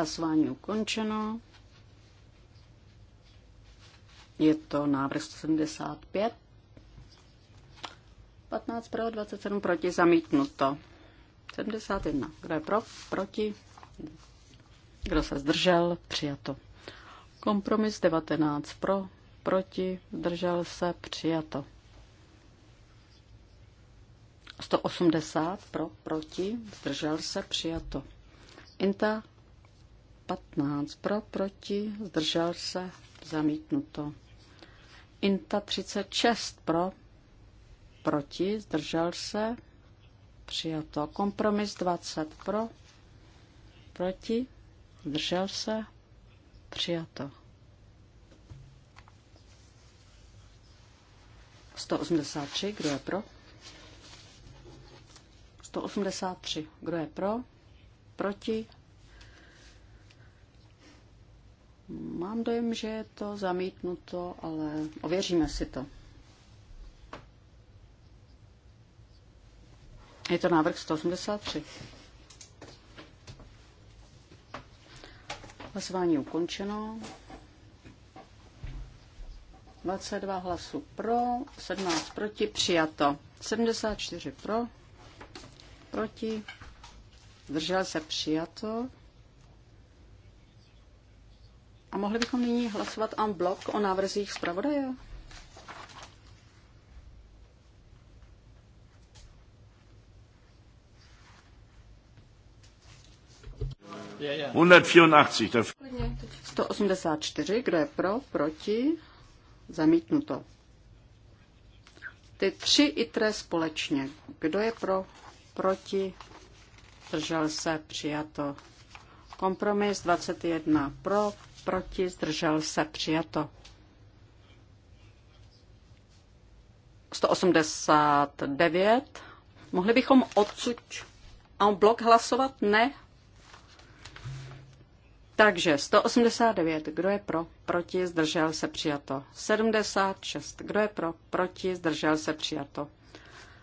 Hlasování ukončeno. Je to návrh 75. 15 pro, 27 proti, zamítnuto. 71. Kdo je pro? Proti? Kdo se zdržel? Přijato. Kompromis 19 pro, proti, zdržel se, přijato. 180 pro, proti, zdržel se, přijato. Inta 15 pro, proti, zdržel se, zamítnuto. Inta 36 pro, proti, zdržel se, přijato. Kompromis 20 pro, proti, zdržel se, přijato. 183, kdo je pro? 183, kdo je pro? Proti, Mám dojem, že je to zamítnuto, ale ověříme si to. Je to návrh 183. Hlasování ukončeno. 22 hlasů pro, 17 proti, přijato. 74 pro, proti, zdržel se přijato. A mohli bychom nyní hlasovat en blok o návrzích zpravodaje? Yeah, yeah. 184. kdo je pro, proti, zamítnuto. Ty tři itre společně. Kdo je pro, proti, držel se, přijato. Kompromis 21 pro, proti, zdržel se, přijato. 189. Mohli bychom odsuť a blok hlasovat? Ne. Takže 189, kdo je pro, proti, zdržel se, přijato. 76, kdo je pro, proti, zdržel se, přijato.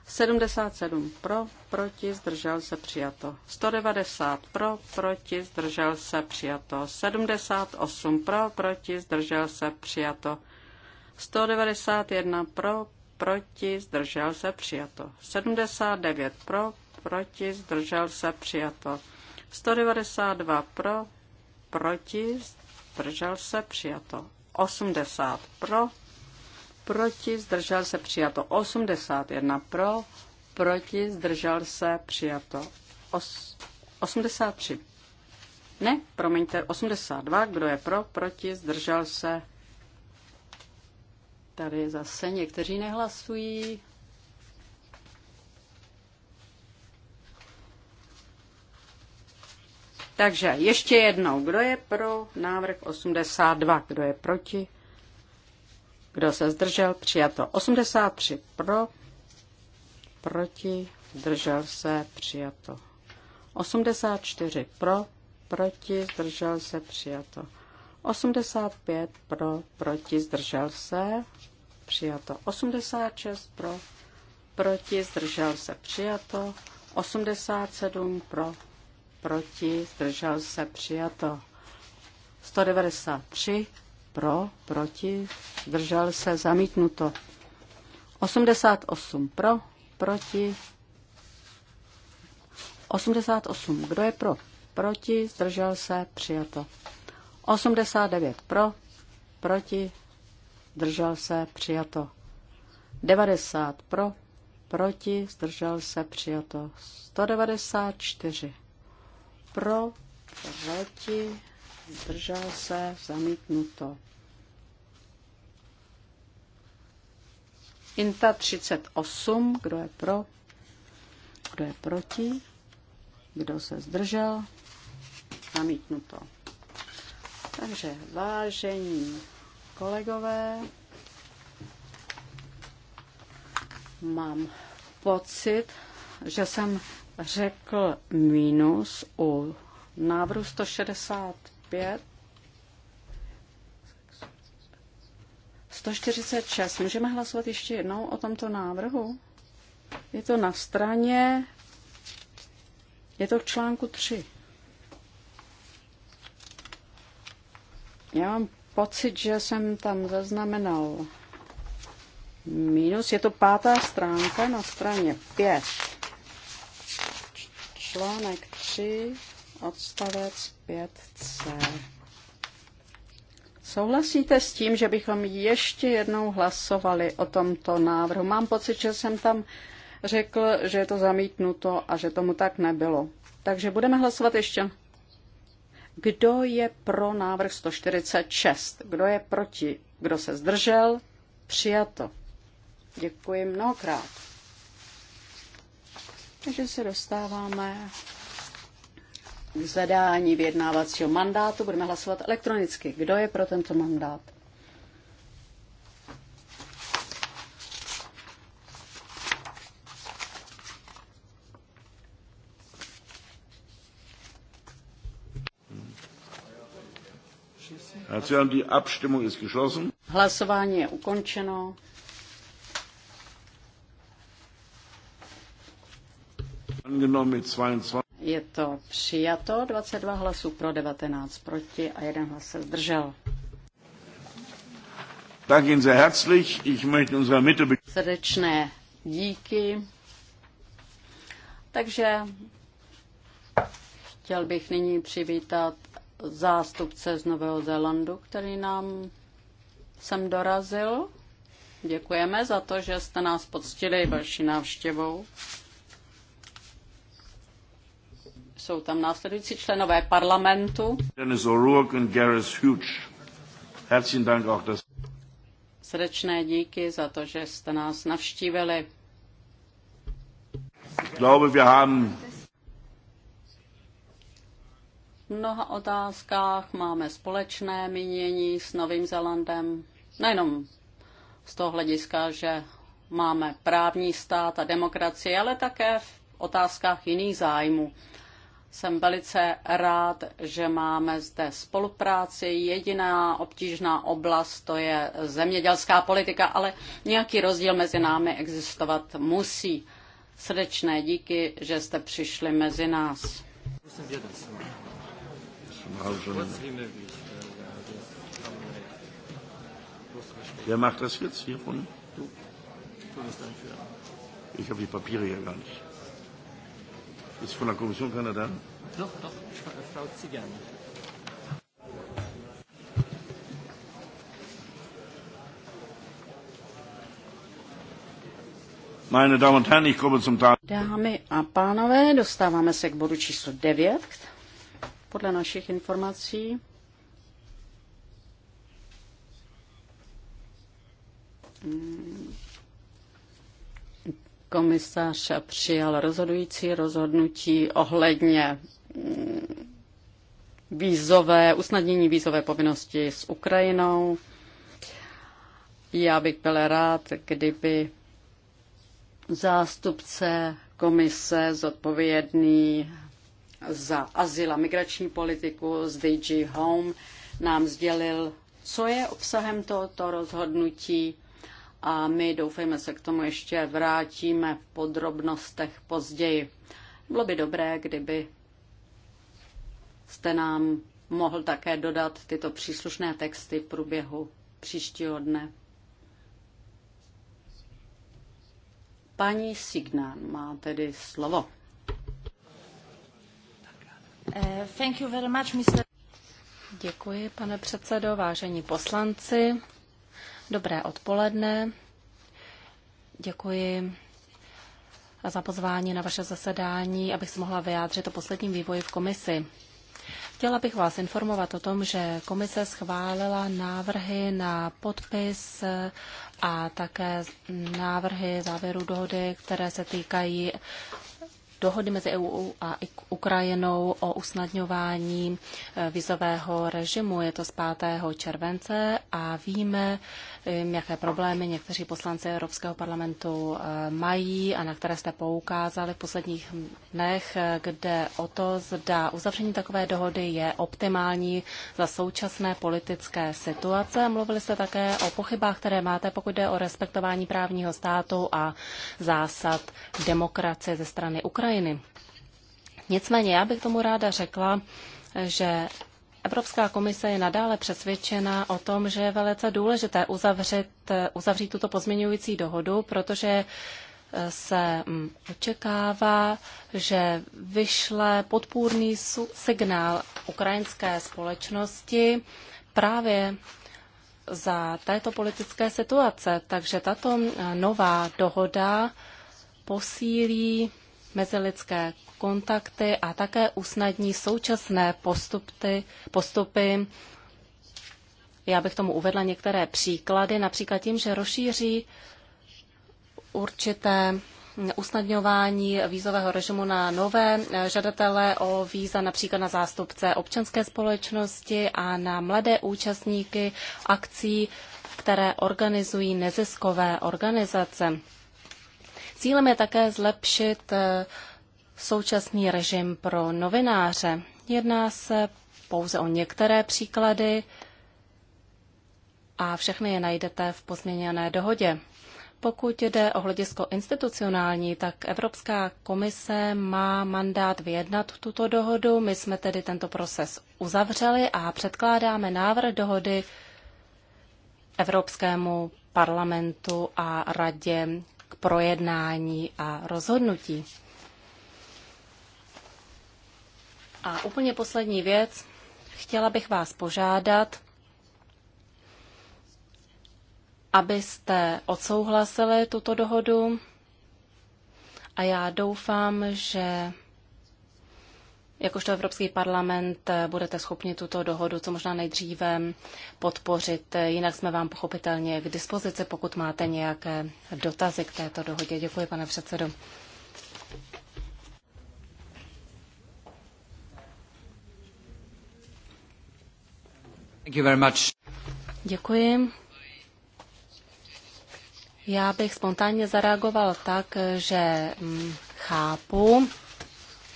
77 pro, proti, zdržel se přijato. 190 pro, proti, zdržel se přijato. 78 pro, proti, zdržel se přijato. 191 pro, proti, zdržel se přijato. 79 pro, proti, zdržel se přijato. 192 pro, proti, zdržel se přijato. 80 pro, proti, zdržel se přijato 81 pro, proti, zdržel se přijato os, 83. Ne, promiňte, 82, kdo je pro, proti, zdržel se. Tady zase někteří nehlasují. Takže ještě jednou, kdo je pro návrh 82, kdo je proti, kdo se zdržel? Přijato 83 pro, proti, zdržel se, přijato. 84 pro, proti, zdržel se, přijato. 85 pro, proti, zdržel se, přijato. 86 pro, proti, zdržel se, přijato. 87 pro, proti, zdržel se, přijato. 193 pro, proti, zdržel se, zamítnuto. 88 pro, proti, 88, kdo je pro, proti, zdržel se, přijato. 89 pro, proti, zdržel se, přijato. 90 pro, proti, zdržel se, přijato. 194 pro, proti, zdržel se, zamítnuto. Inta 38, kdo je pro, kdo je proti, kdo se zdržel, zamítnuto. Takže vážení kolegové, mám pocit, že jsem řekl minus u návrhu 165 146. Můžeme hlasovat ještě jednou o tomto návrhu? Je to na straně, je to v článku 3. Já mám pocit, že jsem tam zaznamenal minus. Je to pátá stránka na straně 5. Článek 3, odstavec 5c. Souhlasíte s tím, že bychom ještě jednou hlasovali o tomto návrhu? Mám pocit, že jsem tam řekl, že je to zamítnuto a že tomu tak nebylo. Takže budeme hlasovat ještě. Kdo je pro návrh 146? Kdo je proti? Kdo se zdržel? Přijato. Děkuji mnohokrát. Takže se dostáváme zadání vyjednávacího mandátu. Budeme hlasovat elektronicky. Kdo je pro tento mandát? Hlasování je ukončeno. Angenommen mit 22. Je to přijato, 22 hlasů pro, 19 proti a jeden hlas se zdržel. Danke sehr herzlich. Ich möchte unserer Mitte Srdečné díky. Takže chtěl bych nyní přivítat zástupce z Nového Zélandu, který nám sem dorazil. Děkujeme za to, že jste nás poctili vaší návštěvou. Jsou tam následující členové parlamentu. Dennis O'Rourke and Gareth Hughes. Herzlichen Dank auch das. Srdečné díky za to, že jste nás navštívili. Glaube, wir haben v mnoha otázkách máme společné mínění s Novým Zelandem, nejenom z toho hlediska, že máme právní stát a demokracii, ale také v otázkách jiných zájmů. Jsem velice rád, že máme zde spolupráci. Jediná obtížná oblast to je zemědělská politika, ale nějaký rozdíl mezi námi existovat musí. Srdečné díky, že jste přišli mezi nás. Wer macht das jetzt hier von? Du. Ich habe die Papiere hier gar nicht. Ist von der Kommission keiner da? Doch, doch, Frau Zigan. Dámy a pánové, dostáváme se k bodu číslo 9. Podle našich informací hmm, komisař přijal rozhodující rozhodnutí ohledně mm, vízové, usnadnění vízové povinnosti s Ukrajinou. Já bych byl rád, kdyby zástupce komise zodpovědný za azyl a migrační politiku z DG Home nám sdělil, co je obsahem tohoto rozhodnutí a my doufejme se k tomu ještě vrátíme v podrobnostech později. Bylo by dobré, kdyby jste nám mohl také dodat tyto příslušné texty v průběhu příštího dne. Paní Signán má tedy slovo. Eh, thank you very much, Mr. Děkuji, pane předsedo, vážení poslanci. Dobré odpoledne. Děkuji za pozvání na vaše zasedání, abych se mohla vyjádřit o posledním vývoji v komisi. Chtěla bych vás informovat o tom, že komise schválila návrhy na podpis a také návrhy závěru dohody, které se týkají dohody mezi EU a Ukrajinou o usnadňování e, vizového režimu. Je to z 5. července a víme, e, jaké problémy někteří poslanci Evropského parlamentu e, mají a na které jste poukázali v posledních dnech, kde o to, zda uzavření takové dohody je optimální za současné politické situace. Mluvili jste také o pochybách, které máte, pokud jde o respektování právního státu a zásad demokracie ze strany Ukrajiny. Ukrajiny. Nicméně já bych tomu ráda řekla, že Evropská komise je nadále přesvědčena o tom, že je velice důležité uzavřít, uzavřít tuto pozměňující dohodu, protože eh, se mm, očekává, že vyšle podpůrný signál ukrajinské společnosti právě za této politické situace. Takže tato mm, nová dohoda posílí mezilidské kontakty a také usnadní současné postupy, postupy. Já bych tomu uvedla některé příklady, například tím, že rozšíří určité usnadňování vízového režimu na nové žadatele o víza, například na zástupce občanské společnosti a na mladé účastníky akcí, které organizují neziskové organizace. Cílem je také zlepšit eh, současný režim pro novináře. Jedná se pouze o některé příklady a všechny je najdete v pozměněné dohodě. Pokud jde o hledisko institucionální, tak Evropská komise má mandát vyjednat tuto dohodu. My jsme tedy tento proces uzavřeli a předkládáme návrh dohody Evropskému parlamentu a radě k projednání a rozhodnutí. A úplně poslední věc. Chtěla bych vás požádat, abyste odsouhlasili tuto dohodu a já doufám, že jakožto Evropský parlament eh, budete schopni tuto dohodu co možná nejdříve podpořit. Eh, jinak jsme vám pochopitelně k dispozici, pokud máte nějaké dotazy k této dohodě. Děkuji, pane předsedo. Děkuji. Já bych spontánně zareagoval tak, eh, že mm, chápu,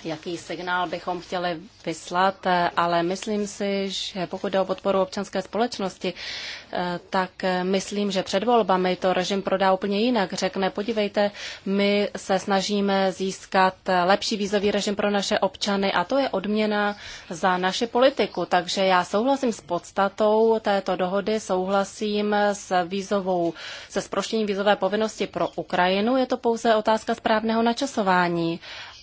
jaký signál bychom chtěli vyslat, eh, ale myslím si, že pokud jde o podporu občanské společnosti, eh, tak eh, myslím, že před volbami to režim prodá úplně jinak. Řekne, podívejte, my se snažíme získat lepší vízový režim pro naše občany a to je odměna za naši politiku. Takže já souhlasím s podstatou této dohody, souhlasím s vízovou, se sproštěním vízové povinnosti pro Ukrajinu. Je to pouze otázka správného načasování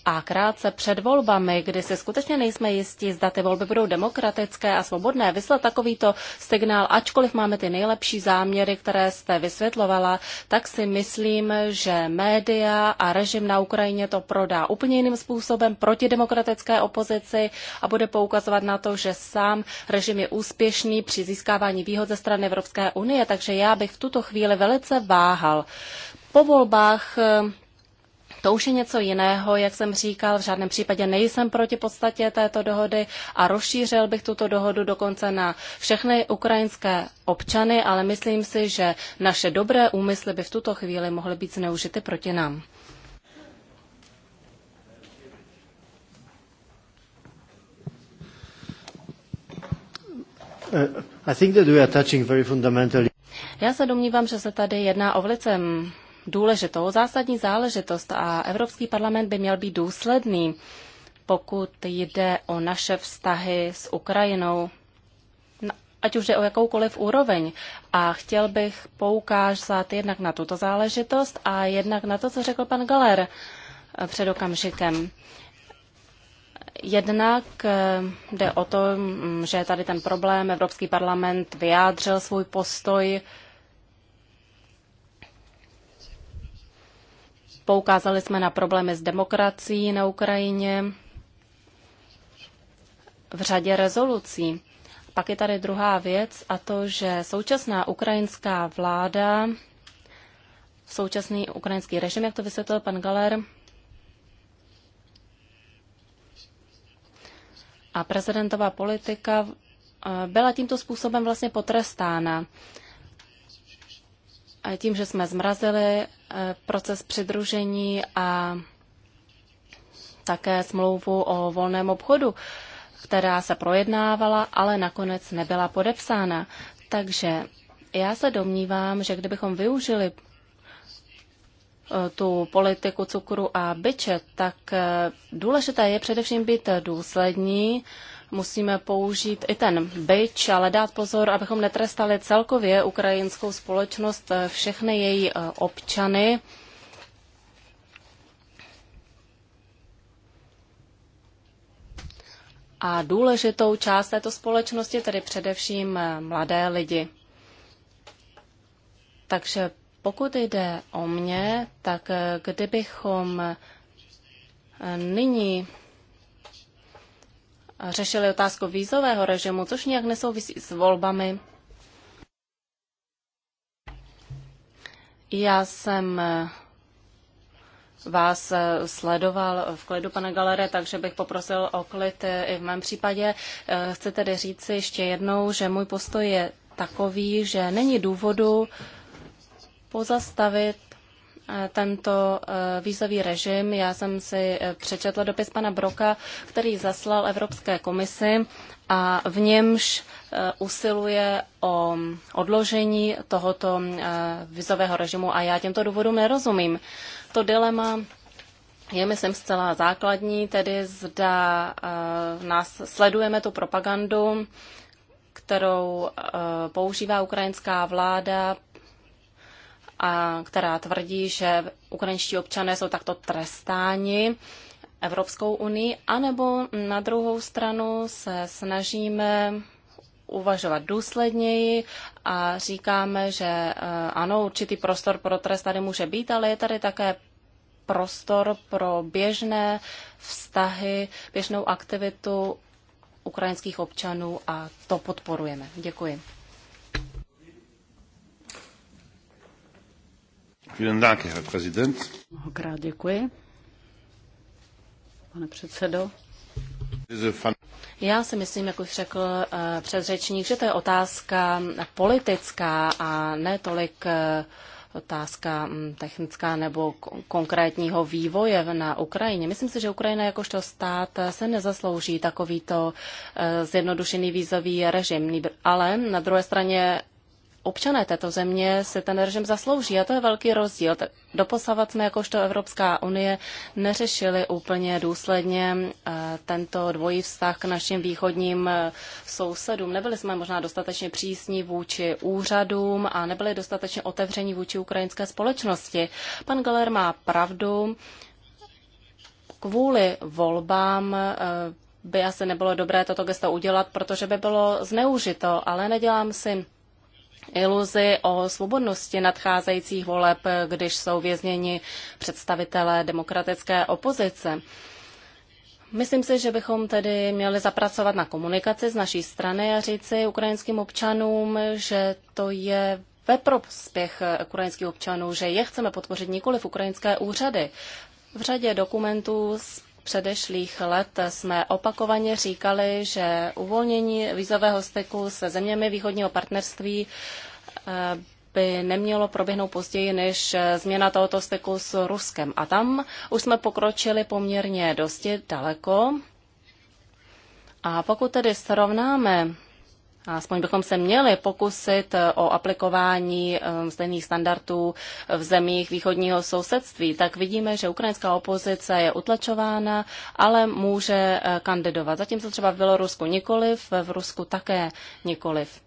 a krátce před volbami, kdy si skutečně nejsme jistí, zda ty volby budou demokratické a svobodné, vyslat takovýto signál, ačkoliv máme ty nejlepší záměry, které jste vysvětlovala, tak si myslím, že média a režim na Ukrajině to prodá úplně jiným způsobem proti demokratické opozici a bude poukazovat na to, že sám režim je úspěšný při získávání výhod ze strany Evropské unie, takže já bych v tuto chvíli velice váhal. Po volbách eh, to už je něco jiného, jak jsem říkal, v žádném případě nejsem proti podstatě této dohody a rozšířil bych tuto dohodu dokonce na všechny ukrajinské občany, ale myslím si, že naše dobré úmysly by v tuto chvíli mohly být zneužity proti nám. Uh, I think that we are touching very fundamentally. Já se domnívám, že se tady jedná o velice důležitou, zásadní záležitost a Evropský parlament by měl být důsledný, pokud jde o naše vztahy s Ukrajinou, ať už jde o jakoukoliv úroveň. A chtěl bych poukázat jednak na tuto záležitost a jednak na to, co řekl pan Galer eh, před okamžikem. Jednak eh, jde o to, mm, že tady ten problém Evropský parlament vyjádřil svůj postoj Poukázali jsme na problémy s demokracií na Ukrajině v řadě rezolucí. Pak je tady druhá věc a to, že současná ukrajinská vláda, současný ukrajinský režim, jak to vysvětlil pan Galer, a prezidentová politika eh, byla tímto způsobem vlastně potrestána tím, že jsme zmrazili eh, proces přidružení a také smlouvu o volném obchodu, která se projednávala, ale nakonec nebyla podepsána. Takže já se domnívám, že kdybychom využili eh, tu politiku cukru a byče, tak eh, důležité je především být důslední musíme použít i ten byč, ale dát pozor, abychom netrestali celkově ukrajinskou společnost, eh, všechny její eh, občany. A důležitou část této společnosti, tedy především eh, mladé lidi. Takže pokud jde o mě, tak kdybychom nyní řešili otázku vízového režimu, což nijak nesouvisí s volbami. Já jsem eh, vás eh, sledoval v klidu, pane Galere, takže bych poprosil o klid eh, i v mém případě. Chci tedy říci ještě jednou, že můj postoj je takový, že není důvodu pozastavit tento eh, vízový režim. Já jsem si eh, přečetla dopis pana Broka, který zaslal Evropské komisi a v němž eh, usiluje o odložení tohoto vizového režimu a já těmto důvodům nerozumím. To dilema je, myslím, zcela základní, tedy zda nás sledujeme tu propagandu, kterou používá ukrajinská vláda a která tvrdí, že ukrajinští občané jsou takto trestáni Evropskou unii, anebo na druhou stranu se snažíme uvažovat důsledněji a říkáme, že eh, ano, určitý prostor pro trest tady může být, ale je tady také prostor pro běžné vztahy, běžnou aktivitu ukrajinských občanů a to podporujeme. Děkuji. Vielen Dank, Herr Präsident. Mnohokrát děkuji, pane předsedo. Já si myslím, jak už řekl eh, předřečník, že to je otázka politická a ne tolik eh, otázka mm, technická nebo konkrétního vývoje na Ukrajině. Myslím si, že Ukrajina jakožto stát se nezaslouží takovýto eh, zjednodušený vízový režim, ale na druhé straně občané této země se ten režim zaslouží a to je velký rozdíl. Doposavat jsme jakožto Evropská unie neřešili úplně důsledně eh, tento dvojí vztah k našim východním eh, sousedům. Nebyli jsme možná dostatečně přísní vůči úřadům a nebyli dostatečně otevření vůči ukrajinské společnosti. Pan Galer má pravdu. Kvůli volbám eh, by asi nebylo dobré toto gesto udělat, protože by bylo zneužito, ale nedělám si iluzi o svobodnosti nadcházejících voleb, když jsou vězněni představitelé demokratické opozice. Myslím si, že bychom tedy měli zapracovat na komunikaci z naší strany a říci ukrajinským občanům, že to je ve prospěch ukrajinských občanů, že je chceme podpořit nikoli v ukrajinské úřady. V řadě dokumentů z předešlých let jsme opakovaně říkali, že uvolnění vízového styku se zeměmi východního partnerství eh, by nemělo proběhnout později než změna tohoto styku s Ruskem. A tam už jsme pokročili poměrně dosti daleko. A pokud tedy srovnáme Aspoň bychom se měli pokusit eh, o aplikování eh, stejných standardů v zemích východního sousedství. Tak vidíme, že ukrajinská opozice je utlačována, ale může eh, kandidovat. Zatímco třeba v Bělorusku nikoliv, v Rusku také nikoliv.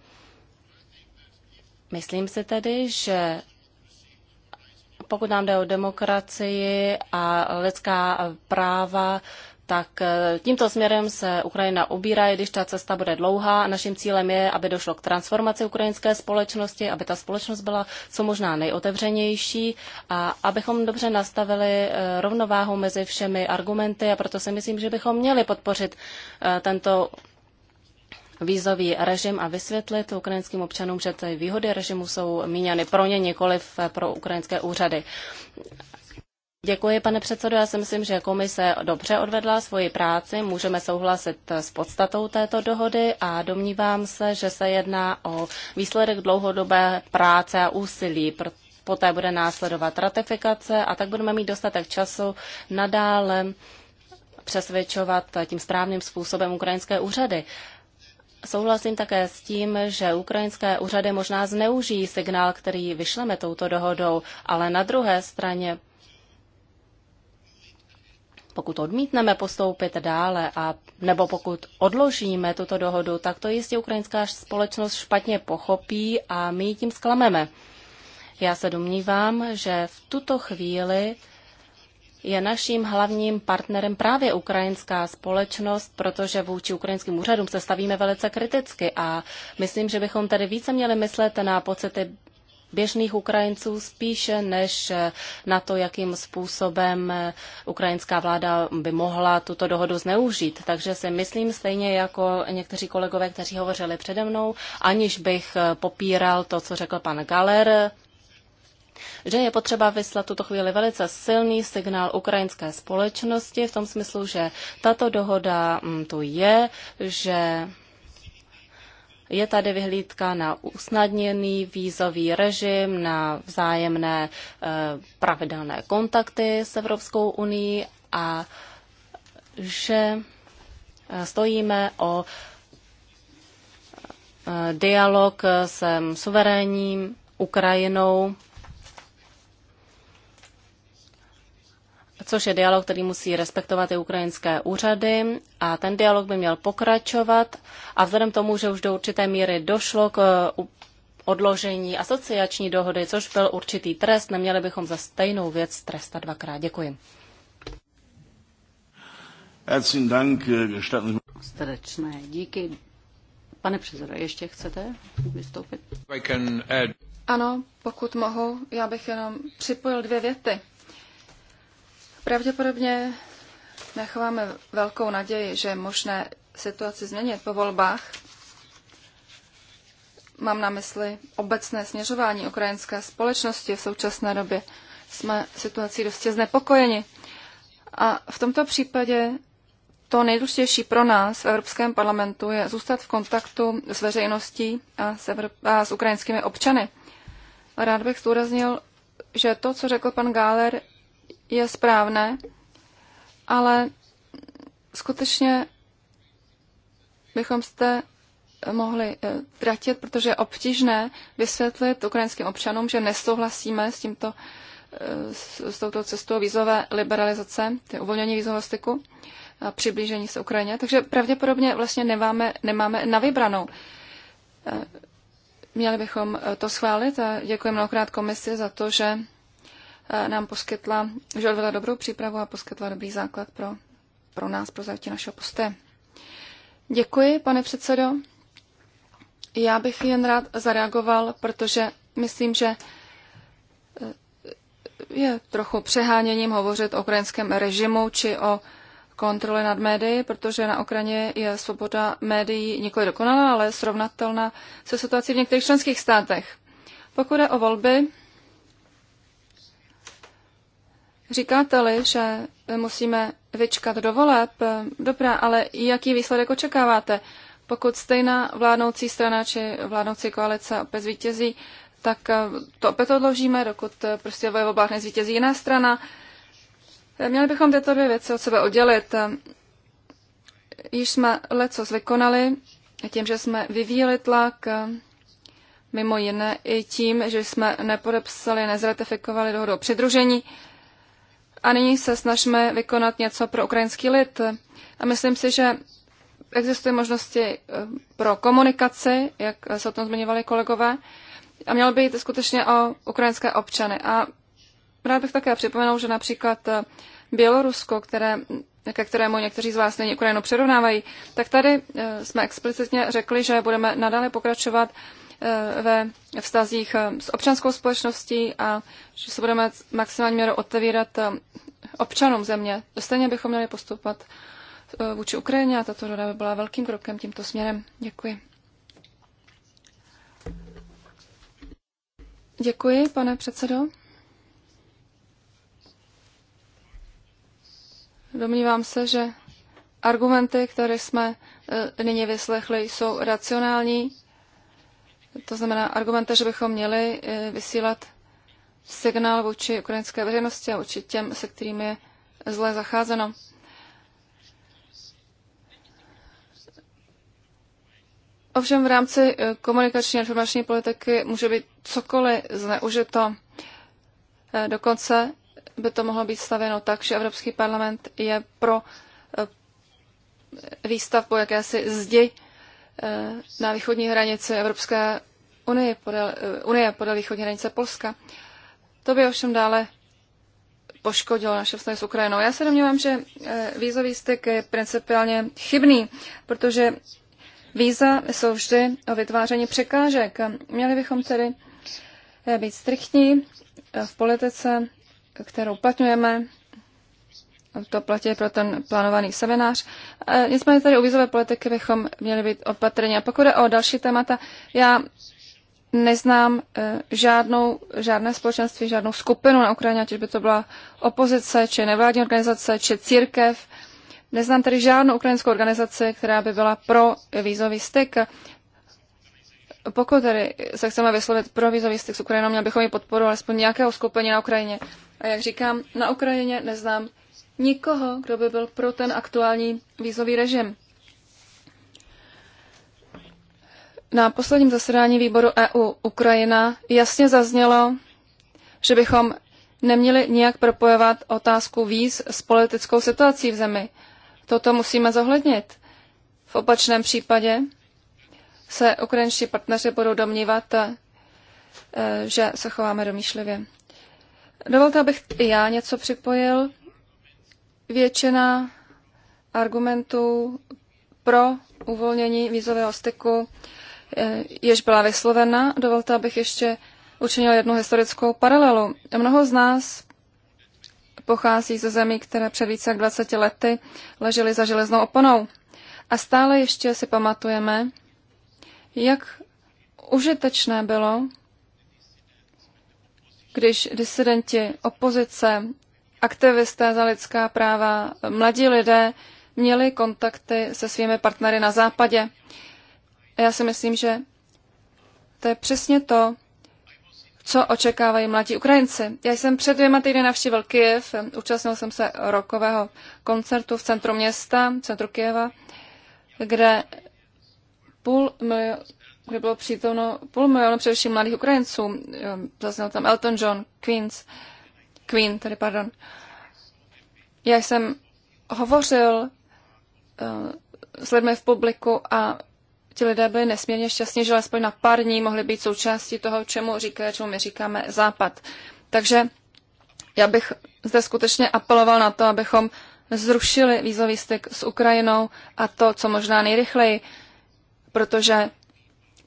Myslím si tedy, že pokud nám jde o demokracii a lidská práva, tak e, tímto směrem se Ukrajina ubírá, i když ta cesta bude dlouhá. Naším cílem je, aby došlo k transformaci ukrajinské společnosti, aby ta společnost byla co možná nejotevřenější a abychom dobře nastavili e, rovnováhu mezi všemi argumenty a proto si myslím, že bychom měli podpořit e, tento vízový režim a vysvětlit ukrajinským občanům, že ty výhody režimu jsou míněny pro ně, nikoliv pro ukrajinské úřady. Děkuji, pane předsedo. Já si myslím, že komise dobře odvedla svoji práci. Můžeme souhlasit s podstatou této dohody a domnívám se, že se jedná o výsledek dlouhodobé práce a úsilí. Poté bude následovat ratifikace a tak budeme mít dostatek času nadále přesvědčovat tím správným způsobem ukrajinské úřady. Souhlasím také s tím, že ukrajinské úřady možná zneužijí signál, který vyšleme touto dohodou, ale na druhé straně pokud odmítneme postoupit dále a nebo pokud odložíme tuto dohodu, tak to jistě ukrajinská společnost špatně pochopí a my ji tím zklameme. Já se domnívám, že v tuto chvíli je naším hlavním partnerem právě ukrajinská společnost, protože vůči ukrajinským úřadům se stavíme velice kriticky a myslím, že bychom tedy více měli myslet na pocity běžných Ukrajinců spíše než na to, jakým způsobem ukrajinská vláda by mohla tuto dohodu zneužít. Takže si myslím stejně jako někteří kolegové, kteří hovořili přede mnou, aniž bych popíral to, co řekl pan Galer, že je potřeba vyslat tuto chvíli velice silný signál ukrajinské společnosti v tom smyslu, že tato dohoda mm, tu je, že je tady vyhlídka na usnadněný vízový režim, na vzájemné eh, pravidelné kontakty s Evropskou unii a že eh, stojíme o eh, dialog se suverénním Ukrajinou což je dialog, který musí respektovat i ukrajinské úřady a ten dialog by měl pokračovat a vzhledem tomu, že už do určité míry došlo k uh, odložení asociační dohody, což byl určitý trest, neměli bychom za stejnou věc trestat dvakrát. Děkuji. Äh, Srdečné díky. Pane předsedo, ještě chcete vystoupit? Ano, pokud mohu, já bych jenom připojil dvě věty. Pravděpodobně necháváme velkou naději, že je možné situaci změnit po volbách. Mám na mysli obecné směřování ukrajinské společnosti v současné době. Jsme situací dosti znepokojeni. A v tomto případě to nejdůležitější pro nás v Evropském parlamentu je zůstat v kontaktu s veřejností a s, Evrop- a s ukrajinskými občany. Rád bych zdůraznil, že to, co řekl pan Gáler, je správné, ale skutečně bychom jste mohli eh, tratit, protože je obtížné vysvětlit ukrajinským občanům, že nesouhlasíme s tímto eh, s, s touto cestou vízové liberalizace, ty uvolnění vízového styku a přiblížení se Ukrajině. Takže pravděpodobně vlastně nemáme, nemáme na vybranou. Eh, měli bychom to schválit a děkuji mnohokrát komisi za to, že Eh, nám poskytla, že odvedla dobrou přípravu a poskytla dobrý základ pro, pro nás, pro zajetí našeho posté. Děkuji, pane předsedo. Já bych jen rád zareagoval, protože myslím, že eh, je trochu přeháněním hovořit o ukrajinském režimu či o kontrole nad médii, protože na Ukrajině je svoboda médií nikoli dokonalá, ale srovnatelná se situací v některých členských státech. Pokud je o volby, Říkáte-li, že musíme vyčkat do voleb, dobrá, ale jaký výsledek očekáváte? Pokud stejná vládnoucí strana či vládnoucí koalice opět zvítězí, tak eh, to opět odložíme, dokud eh, prostě ve volbách nezvítězí jiná strana. Eh, měli bychom tyto dvě věci od sebe oddělit. Již jsme leco vykonali tím, že jsme vyvíjeli tlak, mimo jiné i tím, že jsme nepodepsali, nezratifikovali dohodu o přidružení. A nyní se snažíme vykonat něco pro ukrajinský lid. A myslím si, že existují možnosti eh, pro komunikaci, jak eh, se o tom zmiňovali kolegové, a mělo by jít skutečně o ukrajinské občany. A rád bych také připomenul, že například eh, Bělorusko, které, ke kterému někteří z vás nyní Ukrajinu přirovnávají, tak tady jsme explicitně řekli, že budeme nadále pokračovat Eh, ve vztazích eh, s občanskou společností a že se budeme maximálně měru otevírat eh, občanům země. Stejně bychom měli postupovat vůči Ukrajině a tato doda by byla velkým krokem tímto směrem. Děkuji. Děkuji, pane předsedo. Domnívám se, že argumenty, které jsme nyní vyslechli, jsou racionální to znamená argumenty, že bychom měli eh, vysílat signál vůči ukrajinské veřejnosti a vůči těm, se kterými je zle zacházeno. Ovšem v rámci eh, komunikační a informační politiky může být cokoliv zneužito. Eh, dokonce by to mohlo být stavěno tak, že Evropský parlament je pro výstavbu jakési zdi Eh, na východní hranici Evropské unie podél, eh, unie podle východní hranice Polska. To by ovšem dále poškodilo naše vztahy s Ukrajinou. Já se domnívám, že eh, vízový styk je principiálně chybný, protože víza jsou vždy o vytváření překážek. Měli bychom tedy být striktní v politice, kterou uplatňujeme to platí pro ten plánovaný seminář. E, nicméně tady u vízové politiky bychom měli být opatrní. A pokud je o další témata, já neznám e, žádnou, žádné společenství, žádnou skupinu na Ukrajině, ať by to byla opozice, či nevládní organizace, či církev. Neznám tedy žádnou ukrajinskou organizaci, která by byla pro vízový styk. Pokud tedy se chceme vyslovit pro vízový styk s Ukrajinou, měl bychom ji podporu alespoň nějakého skupení na Ukrajině. A jak říkám, na Ukrajině neznám nikoho, kdo by byl pro ten aktuální vízový režim. Na posledním zasedání výboru EU Ukrajina jasně zaznělo, že bychom neměli nijak propojovat otázku víz s politickou situací v zemi. Toto musíme zohlednit. V opačném případě se ukrajinští partneři budou domnívat, eh, že se chováme domýšlivě. Dovolte, abych i já něco připojil. Většina argumentů pro uvolnění vízového styku eh, jež byla vyslovena. Dovolte, abych ještě učinil jednu historickou paralelu. Mnoho z nás pochází ze zemí, které před více jak 20 lety ležely za železnou oponou. A stále ještě si pamatujeme, jak užitečné bylo, když disidenti, opozice, aktivisté za lidská práva, mladí lidé měli kontakty se svými partnery na západě. A já si myslím, že to je přesně to, co očekávají mladí Ukrajinci. Já jsem před dvěma týdny navštívil Kyjev, účastnil jsem se rokového koncertu v centru města, v centru Kyjeva, kde, půl milion, kde bylo přítomno půl milionu především mladých Ukrajinců. Ehm, Zaznal tam Elton John, Queens, Queen, tedy pardon. Já jsem hovořil eh, s lidmi v publiku a ti lidé byli nesmírně šťastní, že alespoň na pár dní mohli být součástí toho, čemu říká, čemu my říkáme Západ. Takže já bych zde skutečně apeloval na to, abychom zrušili vízový styk s Ukrajinou a to, co možná nejrychleji, protože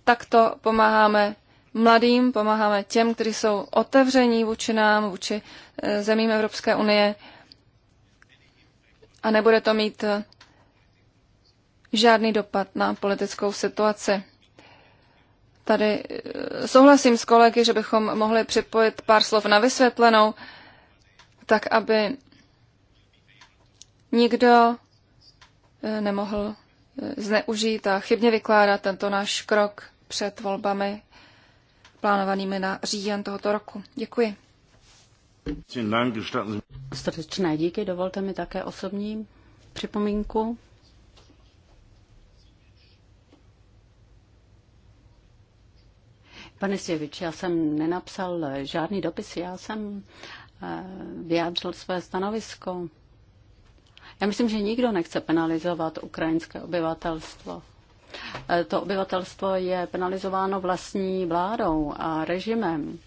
takto pomáháme mladým, pomáháme těm, kteří jsou otevření vůči nám, vůči eh, zemím Evropské unie a nebude to mít eh, žádný dopad na politickou situaci. Tady eh, souhlasím s kolegy, že bychom mohli připojit pár slov na vysvětlenou, tak aby nikdo nemohl zneužít a chybně vykládat tento náš krok před volbami plánovanými na říjen tohoto roku. Děkuji. Srdečné díky, dovolte mi také osobní připomínku. Pane Sjevič, já jsem nenapsal žádný dopis, já jsem eh, vyjádřil své stanovisko. Já myslím, že nikdo nechce penalizovat ukrajinské obyvatelstvo. Eh, to obyvatelstvo je penalizováno vlastní vládou a režimem.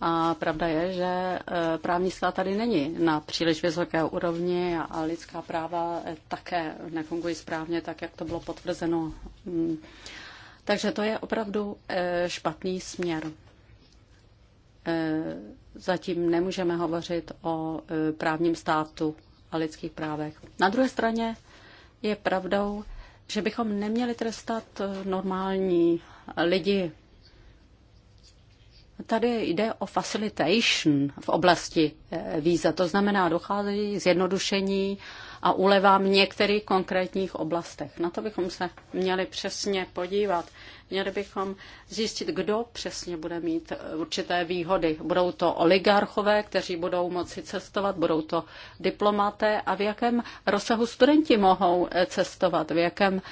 A pravda je, že eh, právní stát tady není na příliš vysoké úrovni a lidská práva eh, také nefungují správně, tak jak to bylo potvrzeno. Mm. Takže to je opravdu špatný směr. Zatím nemůžeme hovořit o právním státu a lidských právech. Na druhé straně je pravdou, že bychom neměli trestat eh, normální eh, lidi. Tady jde o facilitation v oblasti eh, víza, to znamená, dochází zjednodušení a uleva v některých konkrétních oblastech. Na to bychom se měli přesně podívat. Měli bychom zjistit, kdo přesně bude mít eh, určité výhody. Budou to oligarchové, kteří budou moci cestovat, budou to diplomaté a v jakém rozsahu studenti mohou eh, cestovat, v jakém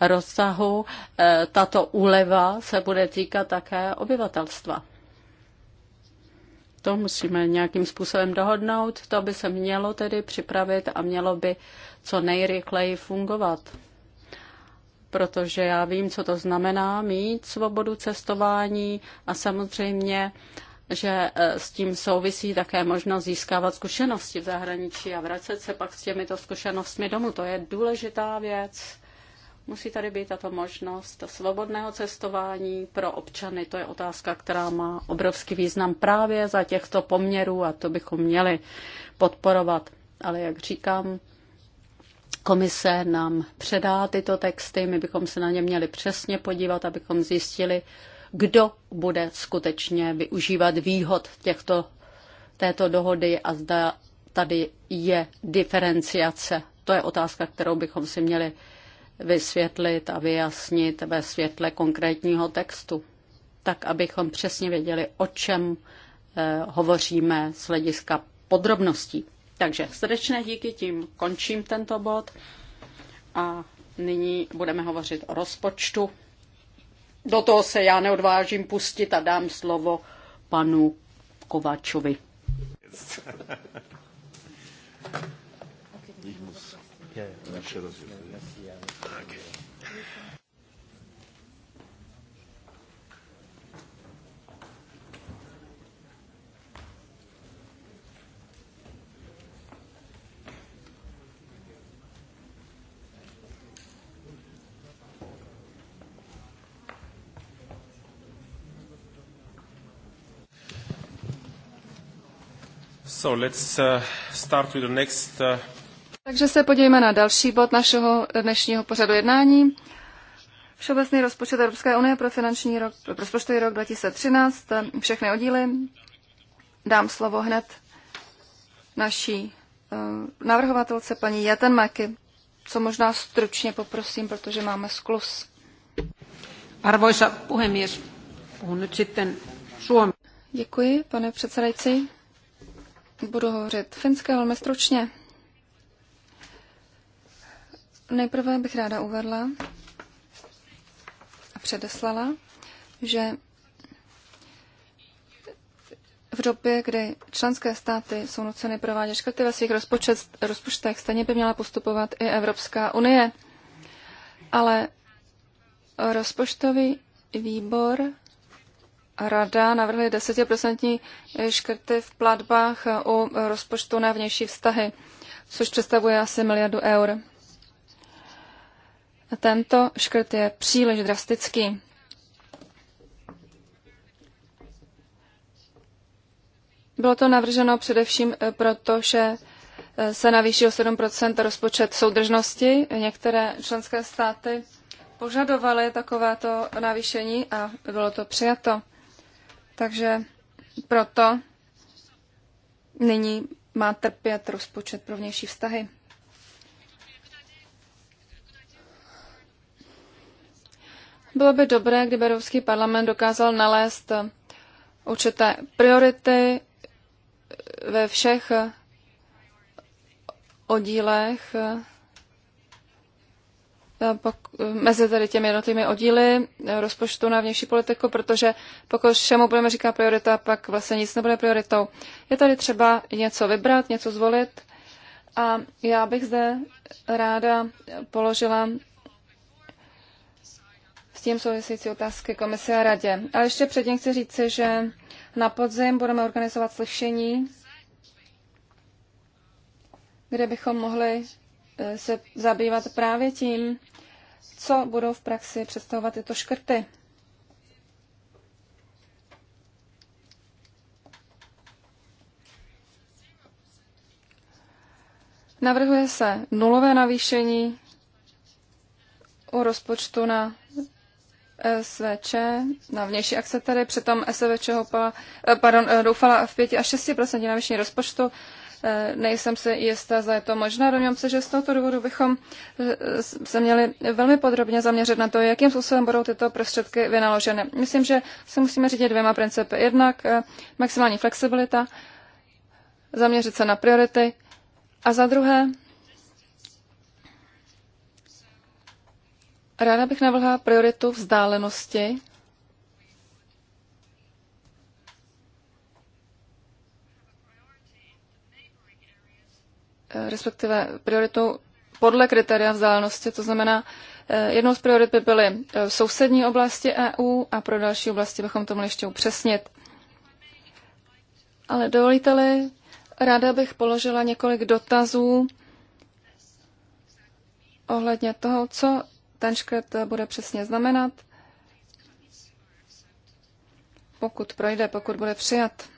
rozsahu eh, tato úleva se bude týkat také obyvatelstva. To musíme nějakým způsobem dohodnout, to by se mělo tedy připravit a mělo by co nejrychleji fungovat. Protože já vím, co to znamená mít svobodu cestování a samozřejmě, že eh, s tím souvisí také možnost získávat zkušenosti v zahraničí a vracet se pak s těmito zkušenostmi domů. To je důležitá věc. Musí tady být tato možnost svobodného cestování pro občany. To je otázka, která má obrovský význam právě za těchto poměrů a to bychom měli podporovat. Ale jak říkám, komise nám předá tyto texty, my bychom se na ně měli přesně podívat, abychom zjistili, kdo bude skutečně využívat výhod těchto, této dohody a zda tady je diferenciace. To je otázka, kterou bychom si měli vysvětlit a vyjasnit ve světle konkrétního textu, tak abychom přesně věděli, o čem eh, hovoříme z hlediska podrobností. Takže srdečné díky, tím končím tento bod a nyní budeme hovořit o rozpočtu. Do toho se já neodvážím pustit a dám slovo panu Kováčovi. Yeah, yeah. So let's uh, start with the next uh, takže se podívejme na další bod našeho dnešního pořadu jednání. Všeobecný rozpočet Evropské unie pro finanční rok, pro rok 2013, všechny oddíly. Dám slovo hned naší uh, navrhovatelce paní Maky, co možná stručně poprosím, protože máme sklus. Arvoisa puhemies, puhun nyt sitten Suomi. Děkuji, pane předsedající. Budu hovořit finské velmi stručně. Nejprve bych ráda uvedla a předeslala, že v době, kdy členské státy jsou nuceny provádět škrty ve svých rozpočet, rozpočtech, stejně by měla postupovat i Evropská unie. Ale rozpočtový výbor a rada navrhly 10 škrty v platbách u rozpočtu na vnější vztahy, což představuje asi miliardu eur tento škrt je příliš drastický. Bylo to navrženo především eh, proto, že eh, se navýší o 7 rozpočet soudržnosti. Některé členské státy požadovaly takovéto navýšení a bylo to přijato. Takže proto nyní má trpět rozpočet pro vnější vztahy. Bylo by dobré, kdyby Evropský parlament dokázal nalézt určité priority ve všech oddílech eh, mezi tedy těmi jednotlivými oddíly eh, rozpočtu na vnější politiku, protože pokud všemu budeme říkat priorita, pak vlastně nic nebude prioritou. Je tady třeba něco vybrat, něco zvolit a já bych zde ráda položila s tím související otázky komise a radě. Ale ještě předtím chci říci, že na podzim budeme organizovat slyšení, kde bychom mohli e, se zabývat právě tím, co budou v praxi představovat tyto škrty. Navrhuje se nulové navýšení u rozpočtu na SVČ na vnější akce tady, přitom SVČ hopala, eh, pardon, eh, doufala v 5 až 6% navýšení rozpočtu. Eh, nejsem si jistá, zda je to možné. Domnívám se, že z tohoto důvodu bychom se měli velmi podrobně zaměřit na to, jakým způsobem budou tyto prostředky vynaloženy. Myslím, že se musíme řídit dvěma principy. Jednak maximální flexibilita, zaměřit se na priority a za druhé Ráda bych navrhla prioritu vzdálenosti. Eh, respektive prioritu podle kritéria vzdálenosti, to znamená, eh, jednou z priorit by byly eh, sousední oblasti EU a pro další oblasti bychom to měli ještě upřesnit. Ale dovolíte-li, ráda bych položila několik dotazů ohledně toho, co ten škrt bude přesně znamenat, pokud projde, pokud bude přijat.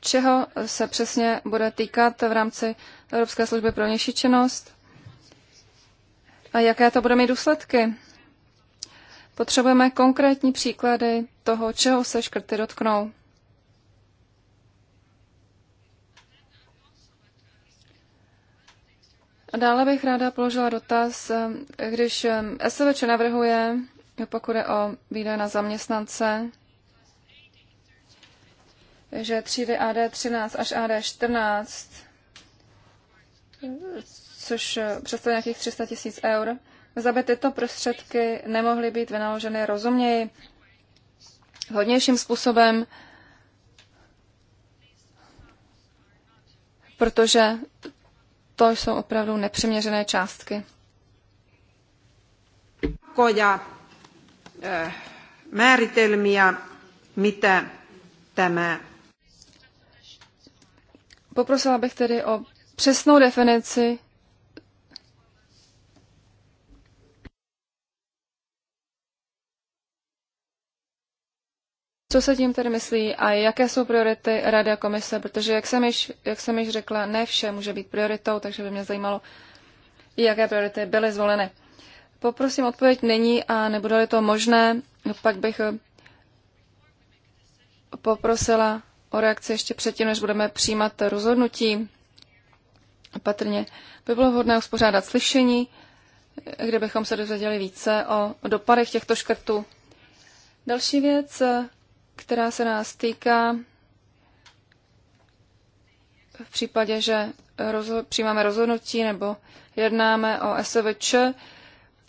Čeho se přesně bude týkat v rámci Evropské služby pro vnější činnost a jaké to bude mít důsledky? Potřebujeme konkrétní příklady toho, čeho se škrty dotknou. Dále bych ráda položila dotaz, eh, když eh, SVČ navrhuje, pokud je o výdaje na zaměstnance, že třídy AD 13 až AD 14, což eh, představuje nějakých 300 tisíc eur, za by tyto prostředky nemohly být vynaloženy rozuměji, hodnějším způsobem, protože to jsou opravdu nepřiměřené částky. Koja e, määritelmiä, mitä tämä... Poprosila bych tedy o přesnou definici Co se tím tedy myslí a jaké jsou priority Rady a komise? Protože, jak jsem, již, jak jsem již řekla, ne vše může být prioritou, takže by mě zajímalo, jaké priority byly zvoleny. Poprosím odpověď není a nebude-li to možné, pak bych eh, poprosila o reakci ještě předtím, než budeme přijímat rozhodnutí. Patrně by bylo vhodné uspořádat slyšení, kde bychom se dozvěděli více o dopadech těchto škrtů. Další věc, eh, která se nás týká v případě, že rozho- přijímáme rozhodnutí nebo jednáme o SVČ,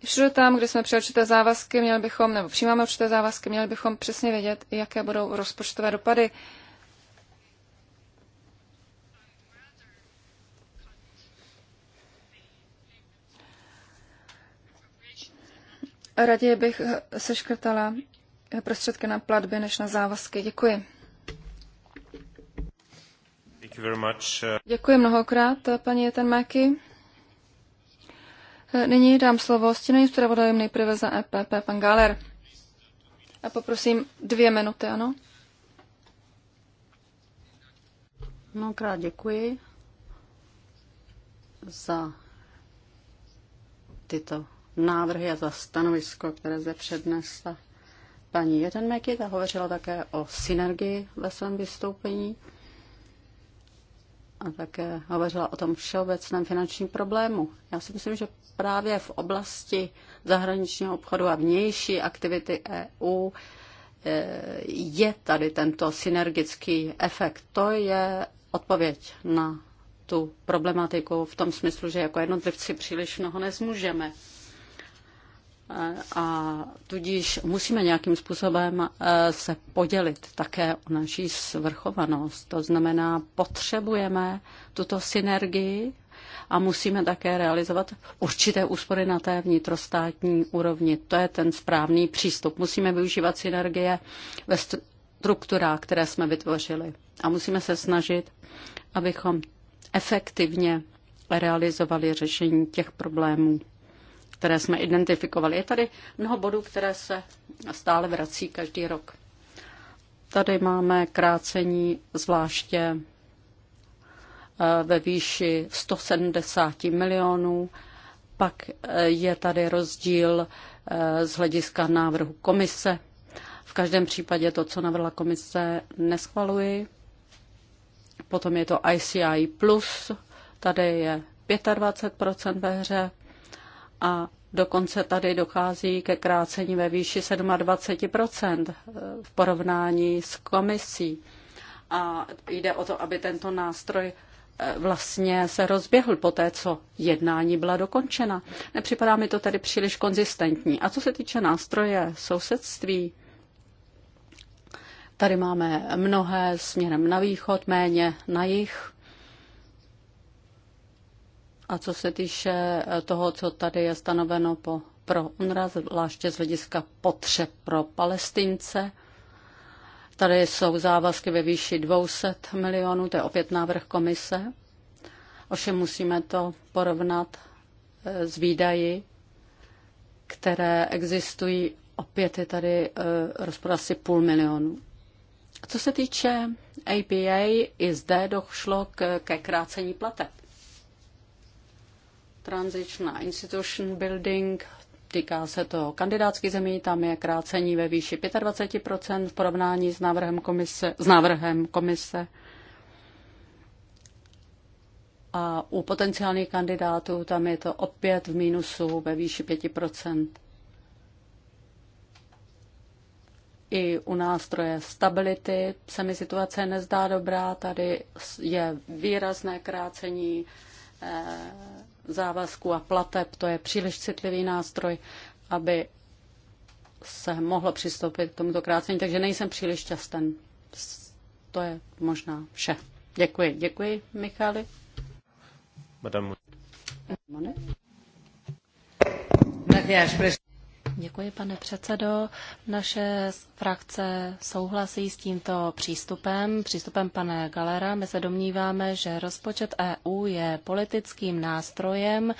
všude tam, kde jsme přijali určité závazky, měli bychom, nebo přijímáme určité závazky, měli bychom přesně vědět, jaké budou rozpočtové dopady. Raději bych seškrtala prostředky na platby než na závazky. Děkuji. Děkuji mnohokrát, paní Jetenmáky. Nyní dám slovo stínovým zpravodajům nejprve za EPP, pan Galer. A poprosím dvě minuty, ano? Mnohokrát děkuji za tyto návrhy a za stanovisko, které zde přednesla Paní Jedenmeky ta hovořila také o synergii ve svém vystoupení a také hovořila o tom všeobecném finančním problému. Já si myslím, že právě v oblasti zahraničního obchodu a vnější aktivity EU eh, je tady tento synergický efekt. To je odpověď na tu problematiku v tom smyslu, že jako jednotlivci příliš mnoho nezmůžeme a tudíž musíme nějakým způsobem eh, se podělit také o naší svrchovanost. To znamená, potřebujeme tuto synergii a musíme také realizovat určité úspory na té vnitrostátní úrovni. To je ten správný přístup. Musíme využívat synergie ve strukturách, které jsme vytvořili. A musíme se snažit, abychom efektivně realizovali řešení těch problémů, které jsme identifikovali. Je tady mnoho bodů, které se stále vrací každý rok. Tady máme krácení zvláště eh, ve výši 170 milionů. Pak eh, je tady rozdíl eh, z hlediska návrhu komise. V každém případě to, co navrhla komise, neschvaluji. Potom je to ICI+, tady je 25% ve hře a dokonce tady dochází ke krácení ve výši 27 eh, v porovnání s komisí. A jde o to, aby tento nástroj eh, vlastně se rozběhl po té, co jednání byla dokončena. Nepřipadá mi to tedy příliš konzistentní. A co se týče nástroje sousedství, tady máme mnohé směrem na východ, méně na jih. A co se týče eh, toho, co tady je stanoveno po, pro UNRWA, zvláště z hlediska potřeb pro Palestince, tady jsou závazky ve výši 200 milionů, to je opět návrh komise. Ovšem musíme to porovnat eh, s výdaji, které existují. Opět je tady eh, rozpor asi půl milionu. Co se týče APA, i zde došlo ke krácení plateb. Transition a Institution Building. Týká se to kandidátských zemí, tam je krácení ve výši 25% v porovnání s návrhem komise. S návrhem komise. A u potenciálních kandidátů tam je to opět v mínusu ve výši 5%. I u nástroje stability se mi situace nezdá dobrá. Tady je výrazné krácení eh, závazků a plateb, to je příliš citlivý nástroj, aby se mohlo přistoupit k tomuto krácení, takže nejsem příliš šťasten. To je možná vše. Děkuji. Děkuji, Michali. Madame. Děkuji, pane předsedo. Naše frakce souhlasí s tímto přístupem, přístupem pana Galera. My se domníváme, že rozpočet EU je politickým nástrojem, e,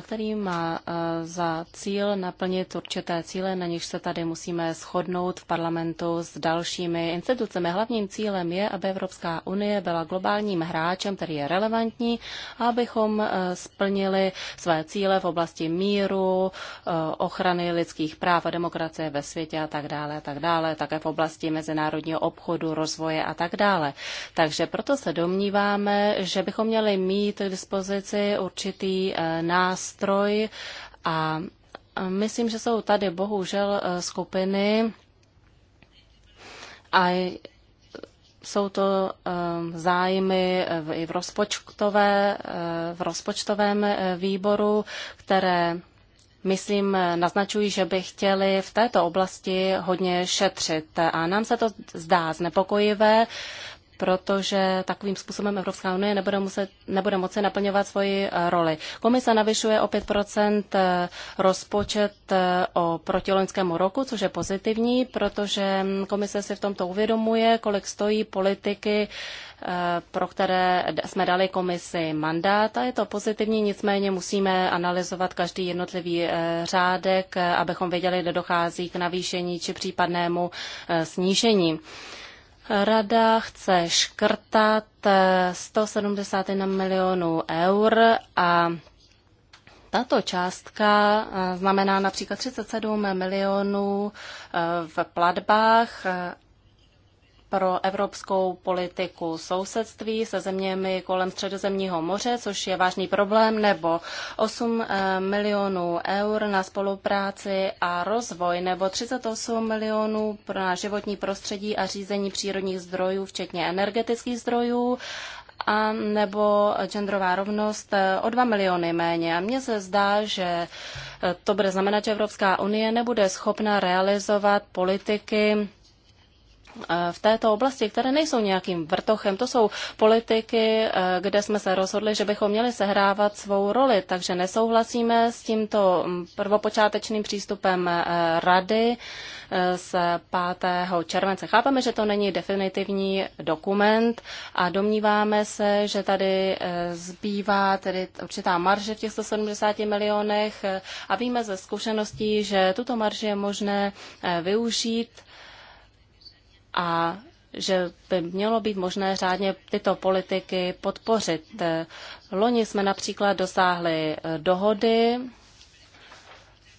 který má e, za cíl naplnit určité cíle, na nichž se tady musíme shodnout v parlamentu s dalšími institucemi. Hlavním cílem je, aby Evropská unie byla globálním hráčem, který je relevantní, abychom e, splnili své cíle v oblasti míru, ochrany lidských práv a demokracie ve světě a tak dále, a tak dále, také v oblasti mezinárodního obchodu, rozvoje a tak dále. Takže proto se domníváme, že bychom měli mít k dispozici určitý eh, nástroj a myslím, že jsou tady bohužel eh, skupiny a jsou to eh, zájmy i v, rozpočtové, v rozpočtovém výboru, které myslím, naznačují, že by chtěli v této oblasti hodně šetřit. A nám se to zdá znepokojivé, protože takovým způsobem Evropská unie nebude, muset, nebude moci naplňovat svoji eh, roli. Komise navyšuje o 5 eh, rozpočet eh, o protiloňskému roku, což je pozitivní, protože hm, komise si v tomto uvědomuje, kolik stojí politiky pro které jsme dali komisi mandát a je to pozitivní, nicméně musíme analyzovat každý jednotlivý řádek, abychom věděli, kde dochází k navýšení či případnému snížení. Rada chce škrtat 171 eh, milionů eur a tato částka eh, znamená například 37 milionů eh, v platbách pro evropskou politiku sousedství se zeměmi kolem Středozemního moře, což je vážný problém, nebo 8 eh, milionů eur na spolupráci a rozvoj, nebo 38 milionů pro na životní prostředí a řízení přírodních zdrojů, včetně energetických zdrojů, a nebo genderová rovnost eh, o 2 miliony méně. A mně se zdá, že eh, to bude znamenat, že Evropská unie nebude schopna realizovat politiky Eh, v této oblasti, které nejsou nějakým vrtochem. To jsou politiky, eh, kde jsme se rozhodli, že bychom měli sehrávat svou roli, takže nesouhlasíme s tímto mm, prvopočátečným přístupem eh, rady z 5. července. Chápeme, že to není definitivní dokument a domníváme se, že tady zbývá tedy určitá marže v těch 170 milionech a víme ze zkušeností, že tuto marži je možné využít a že by mělo být možné řádně tyto politiky podpořit. Loni jsme například dosáhli eh, dohody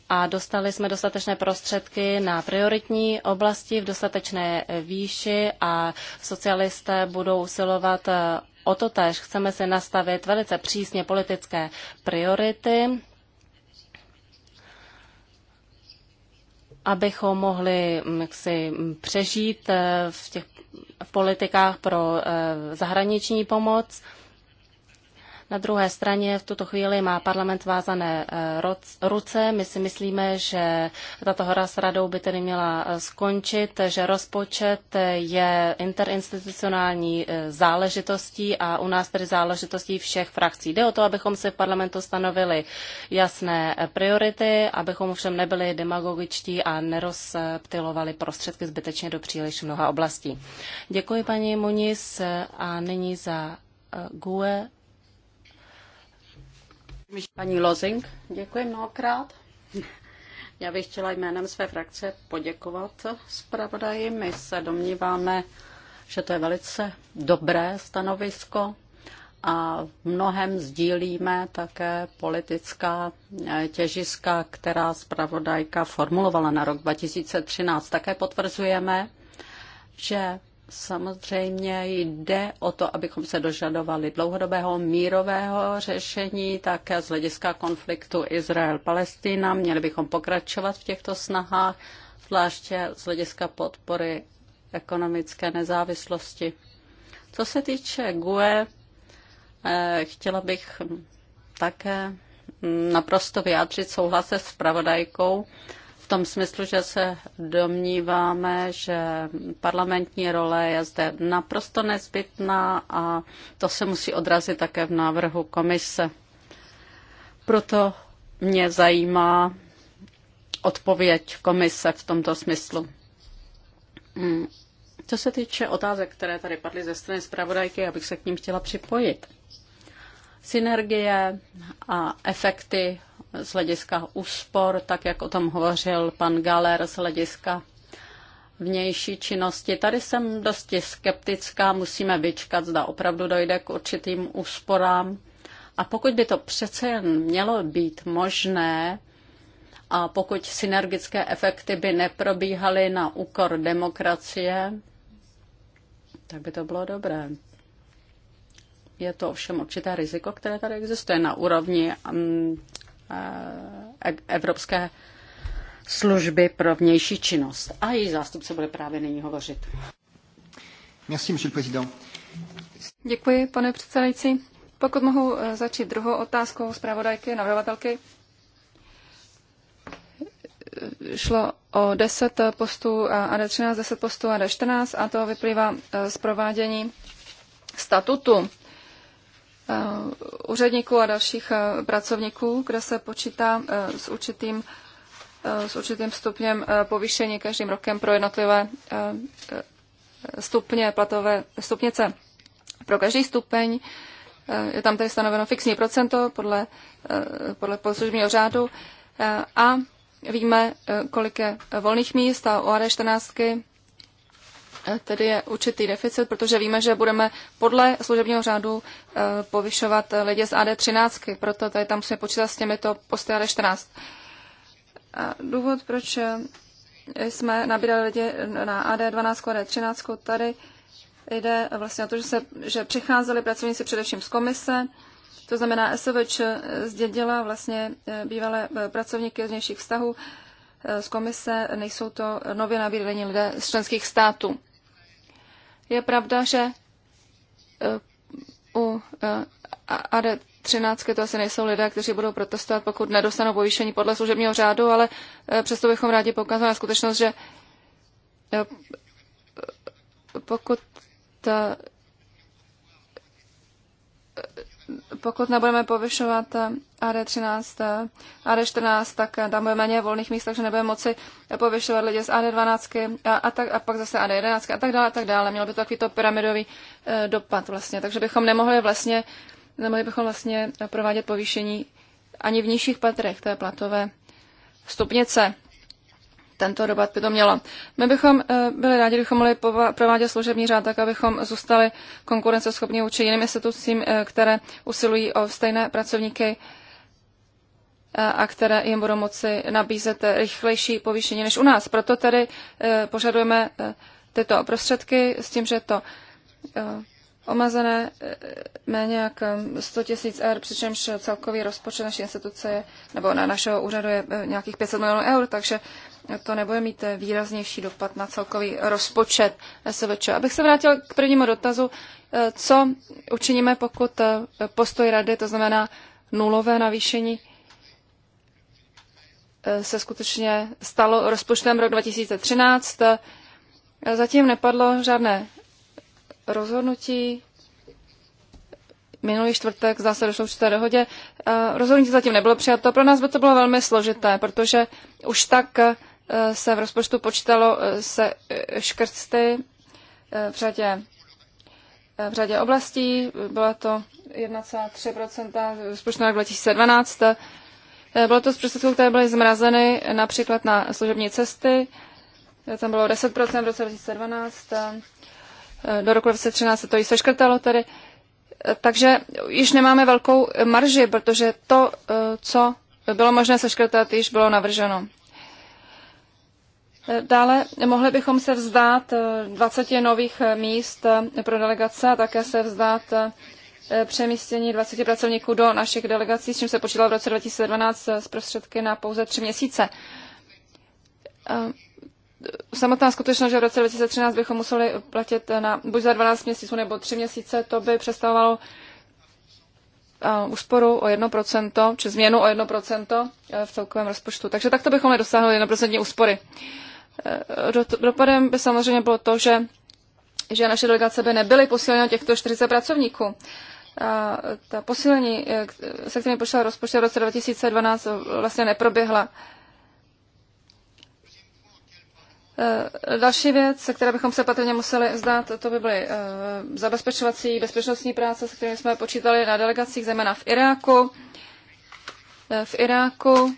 a dostali jsme dostatečné prostředky na prioritní oblasti v dostatečné eh, výši a socialisté budou usilovat eh, o to tež. Chceme si nastavit velice přísně politické priority abychom mohli mm, jaksi mm, přežít eh, v těch politikách pro eh, zahraniční pomoc na druhé straně v tuto chvíli má parlament vázané eh, ruce. My si myslíme, že tato hora s radou by tedy měla eh, skončit, že rozpočet eh, je interinstitucionální záležitostí a u nás tedy záležitostí všech frakcí. Jde o to, abychom si v parlamentu stanovili jasné priority, abychom všem nebyli demagogičtí a nerozptilovali prostředky zbytečně do příliš mnoha oblastí. Děkuji paní Munis a nyní za GUE Paní Lozing, děkuji mnohokrát. Já bych chtěla jménem své frakce poděkovat zpravodaji. My se domníváme, že to je velice dobré stanovisko a mnohem sdílíme také politická eh, těžiska, která zpravodajka formulovala na rok 2013. Také potvrzujeme, že Samozřejmě jde o to, abychom se dožadovali dlouhodobého mírového řešení, také z hlediska konfliktu Izrael-Palestina. Měli bychom pokračovat v těchto snahách, zvláště z hlediska podpory ekonomické nezávislosti. Co se týče GUE, eh, chtěla bych také naprosto vyjádřit souhlas se spravodajkou tom smyslu, že se domníváme, že parlamentní role je zde naprosto nezbytná a to se musí odrazit také v návrhu komise. Proto mě zajímá odpověď komise v tomto smyslu. Hmm. Co se týče otázek, které tady padly ze strany zpravodajky, abych se k ním chtěla připojit. Synergie a efekty z hlediska úspor, tak jak o tom hovořil pan Galer, z hlediska vnější činnosti. Tady jsem dosti skeptická, musíme vyčkat, zda opravdu dojde k určitým úsporám. A pokud by to přece jen mělo být možné, a pokud synergické efekty by neprobíhaly na úkor demokracie, tak by to bylo dobré. Je to ovšem určité riziko, které tady existuje na úrovni mm, Eh, e- Evropské služby pro vnější činnost. A její zástupce bude právě nyní hovořit. Merci, monsieur le président. Děkuji, pane předsedající. Pokud mohu eh, začít druhou otázkou zpravodajky, navrhovatelky. Šlo o 10 postů a AD13, 10 postů a AD14 a to vyplývá eh, z provádění statutu Eh, úředníků a dalších eh, pracovníků, kde se počítá eh, s určitým, s určitým stupněm povýšení každým rokem pro jednotlivé stupně, platové stupnice. Pro každý stupeň je tam tedy stanoveno fixní procento podle, podle poslužního řádu a víme, kolik je volných míst a OAD 14 E, tedy je určitý deficit, protože víme, že budeme podle služebního řádu e, povyšovat lidi z AD13, proto tady tam musíme počítat s těmito posty AD14. A e, důvod, proč jsme nabírali lidi na AD12 a AD13, tady jde vlastně o to, že, se, že přicházeli pracovníci především z komise, to znamená SVČ zdědila vlastně bývalé pracovníky z vnějších vztahů z komise, nejsou to nově nabídlení lidé z členských států. Je pravda, že eh, u eh, AD13 to asi nejsou lidé, kteří budou protestovat, pokud nedostanou povýšení podle služebního řádu, ale eh, přesto bychom rádi poukázali na skutečnost, že pokud ta pokud nebudeme povyšovat AD13, AD14, tak tam bude méně volných míst, takže nebudeme moci povyšovat lidi z AD12 a, a, tak, a pak zase AD11 a tak dále, a tak dále. Mělo by to takovýto pyramidový eh, dopad vlastně, takže bychom nemohli vlastně, nemohli bychom vlastně provádět povýšení ani v nižších patrech té platové stupnice tento dopad by to mělo. My bychom eh, byli rádi, kdybychom mohli provádět služební řád tak, abychom zůstali konkurenceschopní vůči jiným institucím, eh, které usilují o stejné pracovníky eh, a které jim budou moci nabízet rychlejší povýšení než u nás. Proto tedy požadujeme tyto prostředky s tím, že to omazené méně jak 100 tisíc eur, přičemž celkový rozpočet naší instituce je, nebo na našeho úřadu je nějakých 500 milionů eur, takže to nebude mít výraznější dopad na celkový rozpočet SVČ. Abych se vrátil k prvnímu dotazu, co učiníme, pokud postoj rady, to znamená nulové navýšení, se skutečně stalo rozpočtem rok 2013. Zatím nepadlo žádné rozhodnutí. Minulý čtvrtek zase došlo určité dohodě. Rozhodnutí zatím nebylo přijato. Pro nás by to bylo velmi složité, protože už tak Eh, se v rozpočtu počítalo eh, se eh, škrty v řadě, v řadě oblastí. Byla to 1,3 rozpočtu na 2012. Bylo to z prostředků, které byly zmrazeny například na služební cesty. Tam bylo 10 v roce 2012. Do roku 2013 se to i seškrtalo tedy. Takže již nemáme velkou marži, protože to, co bylo možné seškrtat, již bylo navrženo. Dále mohli bychom se vzdát 20 eh, nových eh, míst eh, pro delegace a také se vzdát přemístění 20 pracovníků do našich delegací, s čím se počítalo v roce 2012 z prostředky na pouze tři měsíce. Samotná skutečnost, že v roce 2013 bychom museli platit na buď za 12 měsíců nebo 3 měsíce, to by představovalo úsporu o 1%, či změnu o 1% v celkovém rozpočtu. Takže takto bychom nedosáhli 1% úspory. Eh, dopadem by samozřejmě bylo to, že, že naše delegace by nebyly posíleny těchto 40 pracovníků. A ta posílení, eh, se kterým pošla rozpočet v roce 2012, vlastně neproběhla. Eh, další věc, se které bychom se patrně museli vzdát, to by byly zabezpečovací bezpečnostní práce, se kterými jsme počítali na delegacích, zejména v Iráku. V Iráku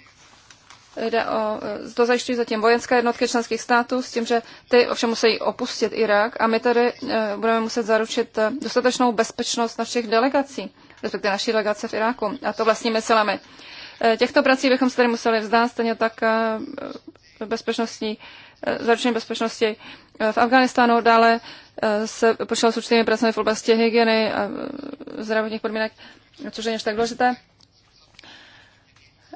Jde o, e, to zajišťují zatím vojenské jednotky členských států s tím, že ty ovšem musí opustit Irák a my tady e, budeme muset zaručit e, dostatečnou bezpečnost našich delegací, respektive naší delegace v Iráku a to vlastními silami. Těchto prací bychom se tady museli vzdát, stejně tak bezpečnostní, zaručení bezpečnosti v Afganistánu. Dále se počalo s určitými pracemi v oblasti hygieny a zdravotních podmínek, což je něco tak důležité.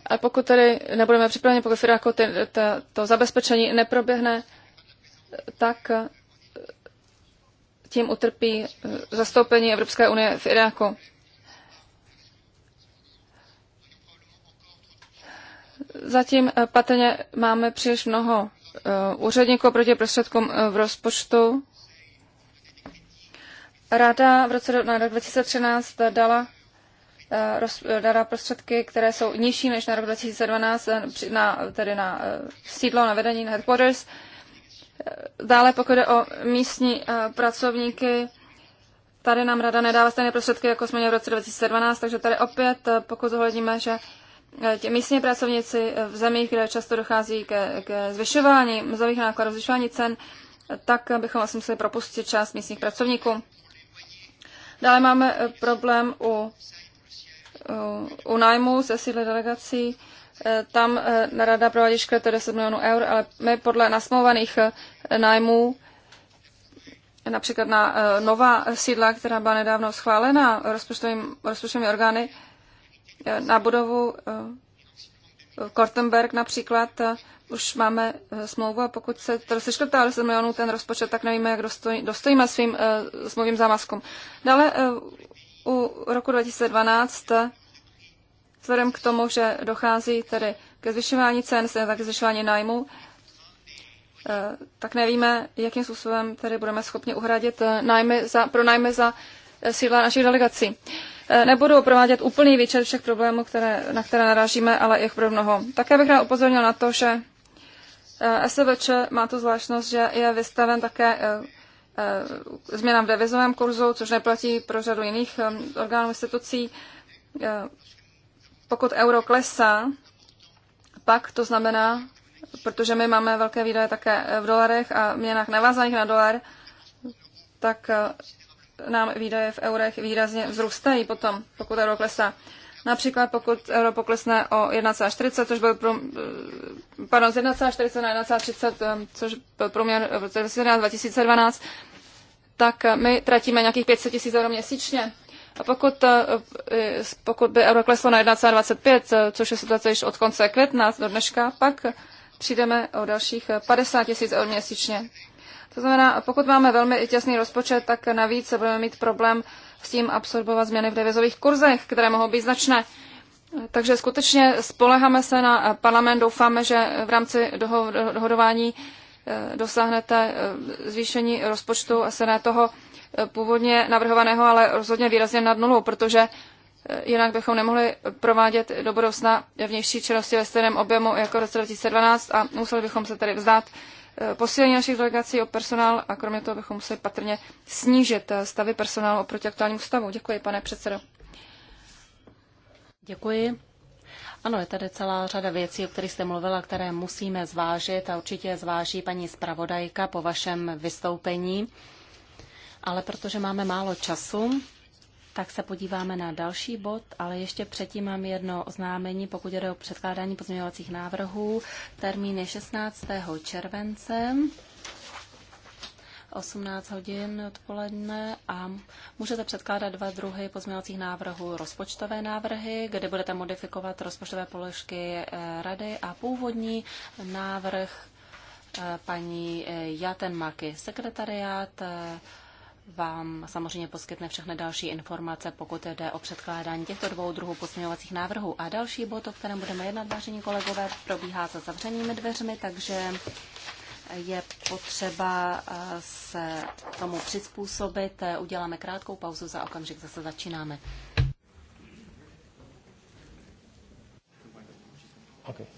A pokud tedy nebudeme připraveni, pokud v jako ty, to, to zabezpečení neproběhne, tak eh, tím utrpí eh, zastoupení Evropské unie v Iráku. Zatím eh, patrně máme příliš mnoho úředníků proti prostředkům v rozpočtu. Rada v roce na rok 2013 dala Eh, dává prostředky, které jsou nižší než na rok 2012, eh, na, tedy na eh, sídlo, na vedení, na headquarters. Dále, pokud jde o místní pracovníky, tady nám rada nedává stejné prostředky, jako jsme měli v roce 2012, takže tady opět, pokud zohledníme, že tě místní pracovníci v zemích, kde často dochází ke, ke zvyšování mzdových nákladů, zvyšování cen, tak bychom asi museli propustit část místních pracovníků. Dále máme problém u Eh, u nájmu ze sídly delegací. Eh, tam eh, rada provádí škrty 10 milionů eur, ale my podle nasmouvaných nájmů například na nová sídla, která byla nedávno schválena rozpočtovými orgány, na budovu Kortenberg například, už máme smlouvu a pokud se to seškrtá 10 milionů ten rozpočet, tak nevíme, jak dostojíme svým uh, smluvním zámazkům. Dále u roku 2012, vzhledem k tomu, že dochází tedy ke zvyšování cen, se tak zvyšování nájmu, eh, tak nevíme, jakým způsobem tedy budeme schopni uhradit eh, nájmy za, pro nájmy za eh, sídla našich delegací. Nebudu provádět úplný výčet všech problémů, které, na které narážíme, ale jich pro mnoho. Také bych rád upozornil na to, že SVČ má tu zvláštnost, že je vystaven také Eh, změnám v devizovém kurzu, což neplatí pro řadu jiných eh, orgánů institucí. Eh, pokud euro klesá, pak to znamená, protože my máme velké výdaje také v dolarech a měnách navázaných na dolar, tak nám výdaje v eurech výrazně vzrůstají potom, pokud euro klesá. Například pokud euro poklesne o 1,40, což byl pro, pardon, z 1,40 na 1,30, což byl průměr v roce 2012, tak my tratíme nějakých 500 tisíc euro měsíčně. A pokud, eh, eh, pokud by euro kleslo na 1,25, eh, což je situace již od konce května do dneška, pak přijdeme o dalších 50 tisíc eur měsíčně. To znamená, pokud máme velmi těsný rozpočet, tak navíc budeme mít problém s tím absorbovat změny v devizových kurzech, které mohou být značné. Takže skutečně spoleháme se na parlament, doufáme, že v rámci dohodování Eh, dosáhnete eh, zvýšení rozpočtu se ne toho eh, původně navrhovaného, ale rozhodně výrazně nad nulou, protože jinak bychom nemohli provádět do budoucna vnější činnosti ve stejném objemu jako roce 2012 a museli bychom se tedy vzdát posílení našich delegací o personál a kromě toho bychom museli patrně snížit stavy personálu oproti aktuálnímu stavu. Děkuji, pane předsedo. Děkuji. Ano, je tady celá řada věcí, o kterých jste mluvila, které musíme zvážit a určitě zváží paní zpravodajka po vašem vystoupení. Ale protože máme málo času, tak se podíváme na další bod, ale ještě předtím mám jedno oznámení, pokud jde o předkládání pozměňovacích návrhů. Termín je 16. července 18 hodin odpoledne a můžete předkládat dva druhy pozměňovacích návrhů. Rozpočtové návrhy, kde budete modifikovat rozpočtové položky eh, rady a původní návrh eh, paní eh, Jatenmaky. Sekretariát vám samozřejmě poskytne všechny další informace, pokud jde o předkládání těchto dvou druhů pozměňovacích návrhů. A další bod, o kterém budeme jednat, vážení kolegové, probíhá za zavřenými dveřmi, takže je potřeba eh, se tomu přizpůsobit. Eh, uděláme krátkou pauzu, za okamžik zase začínáme. Okay.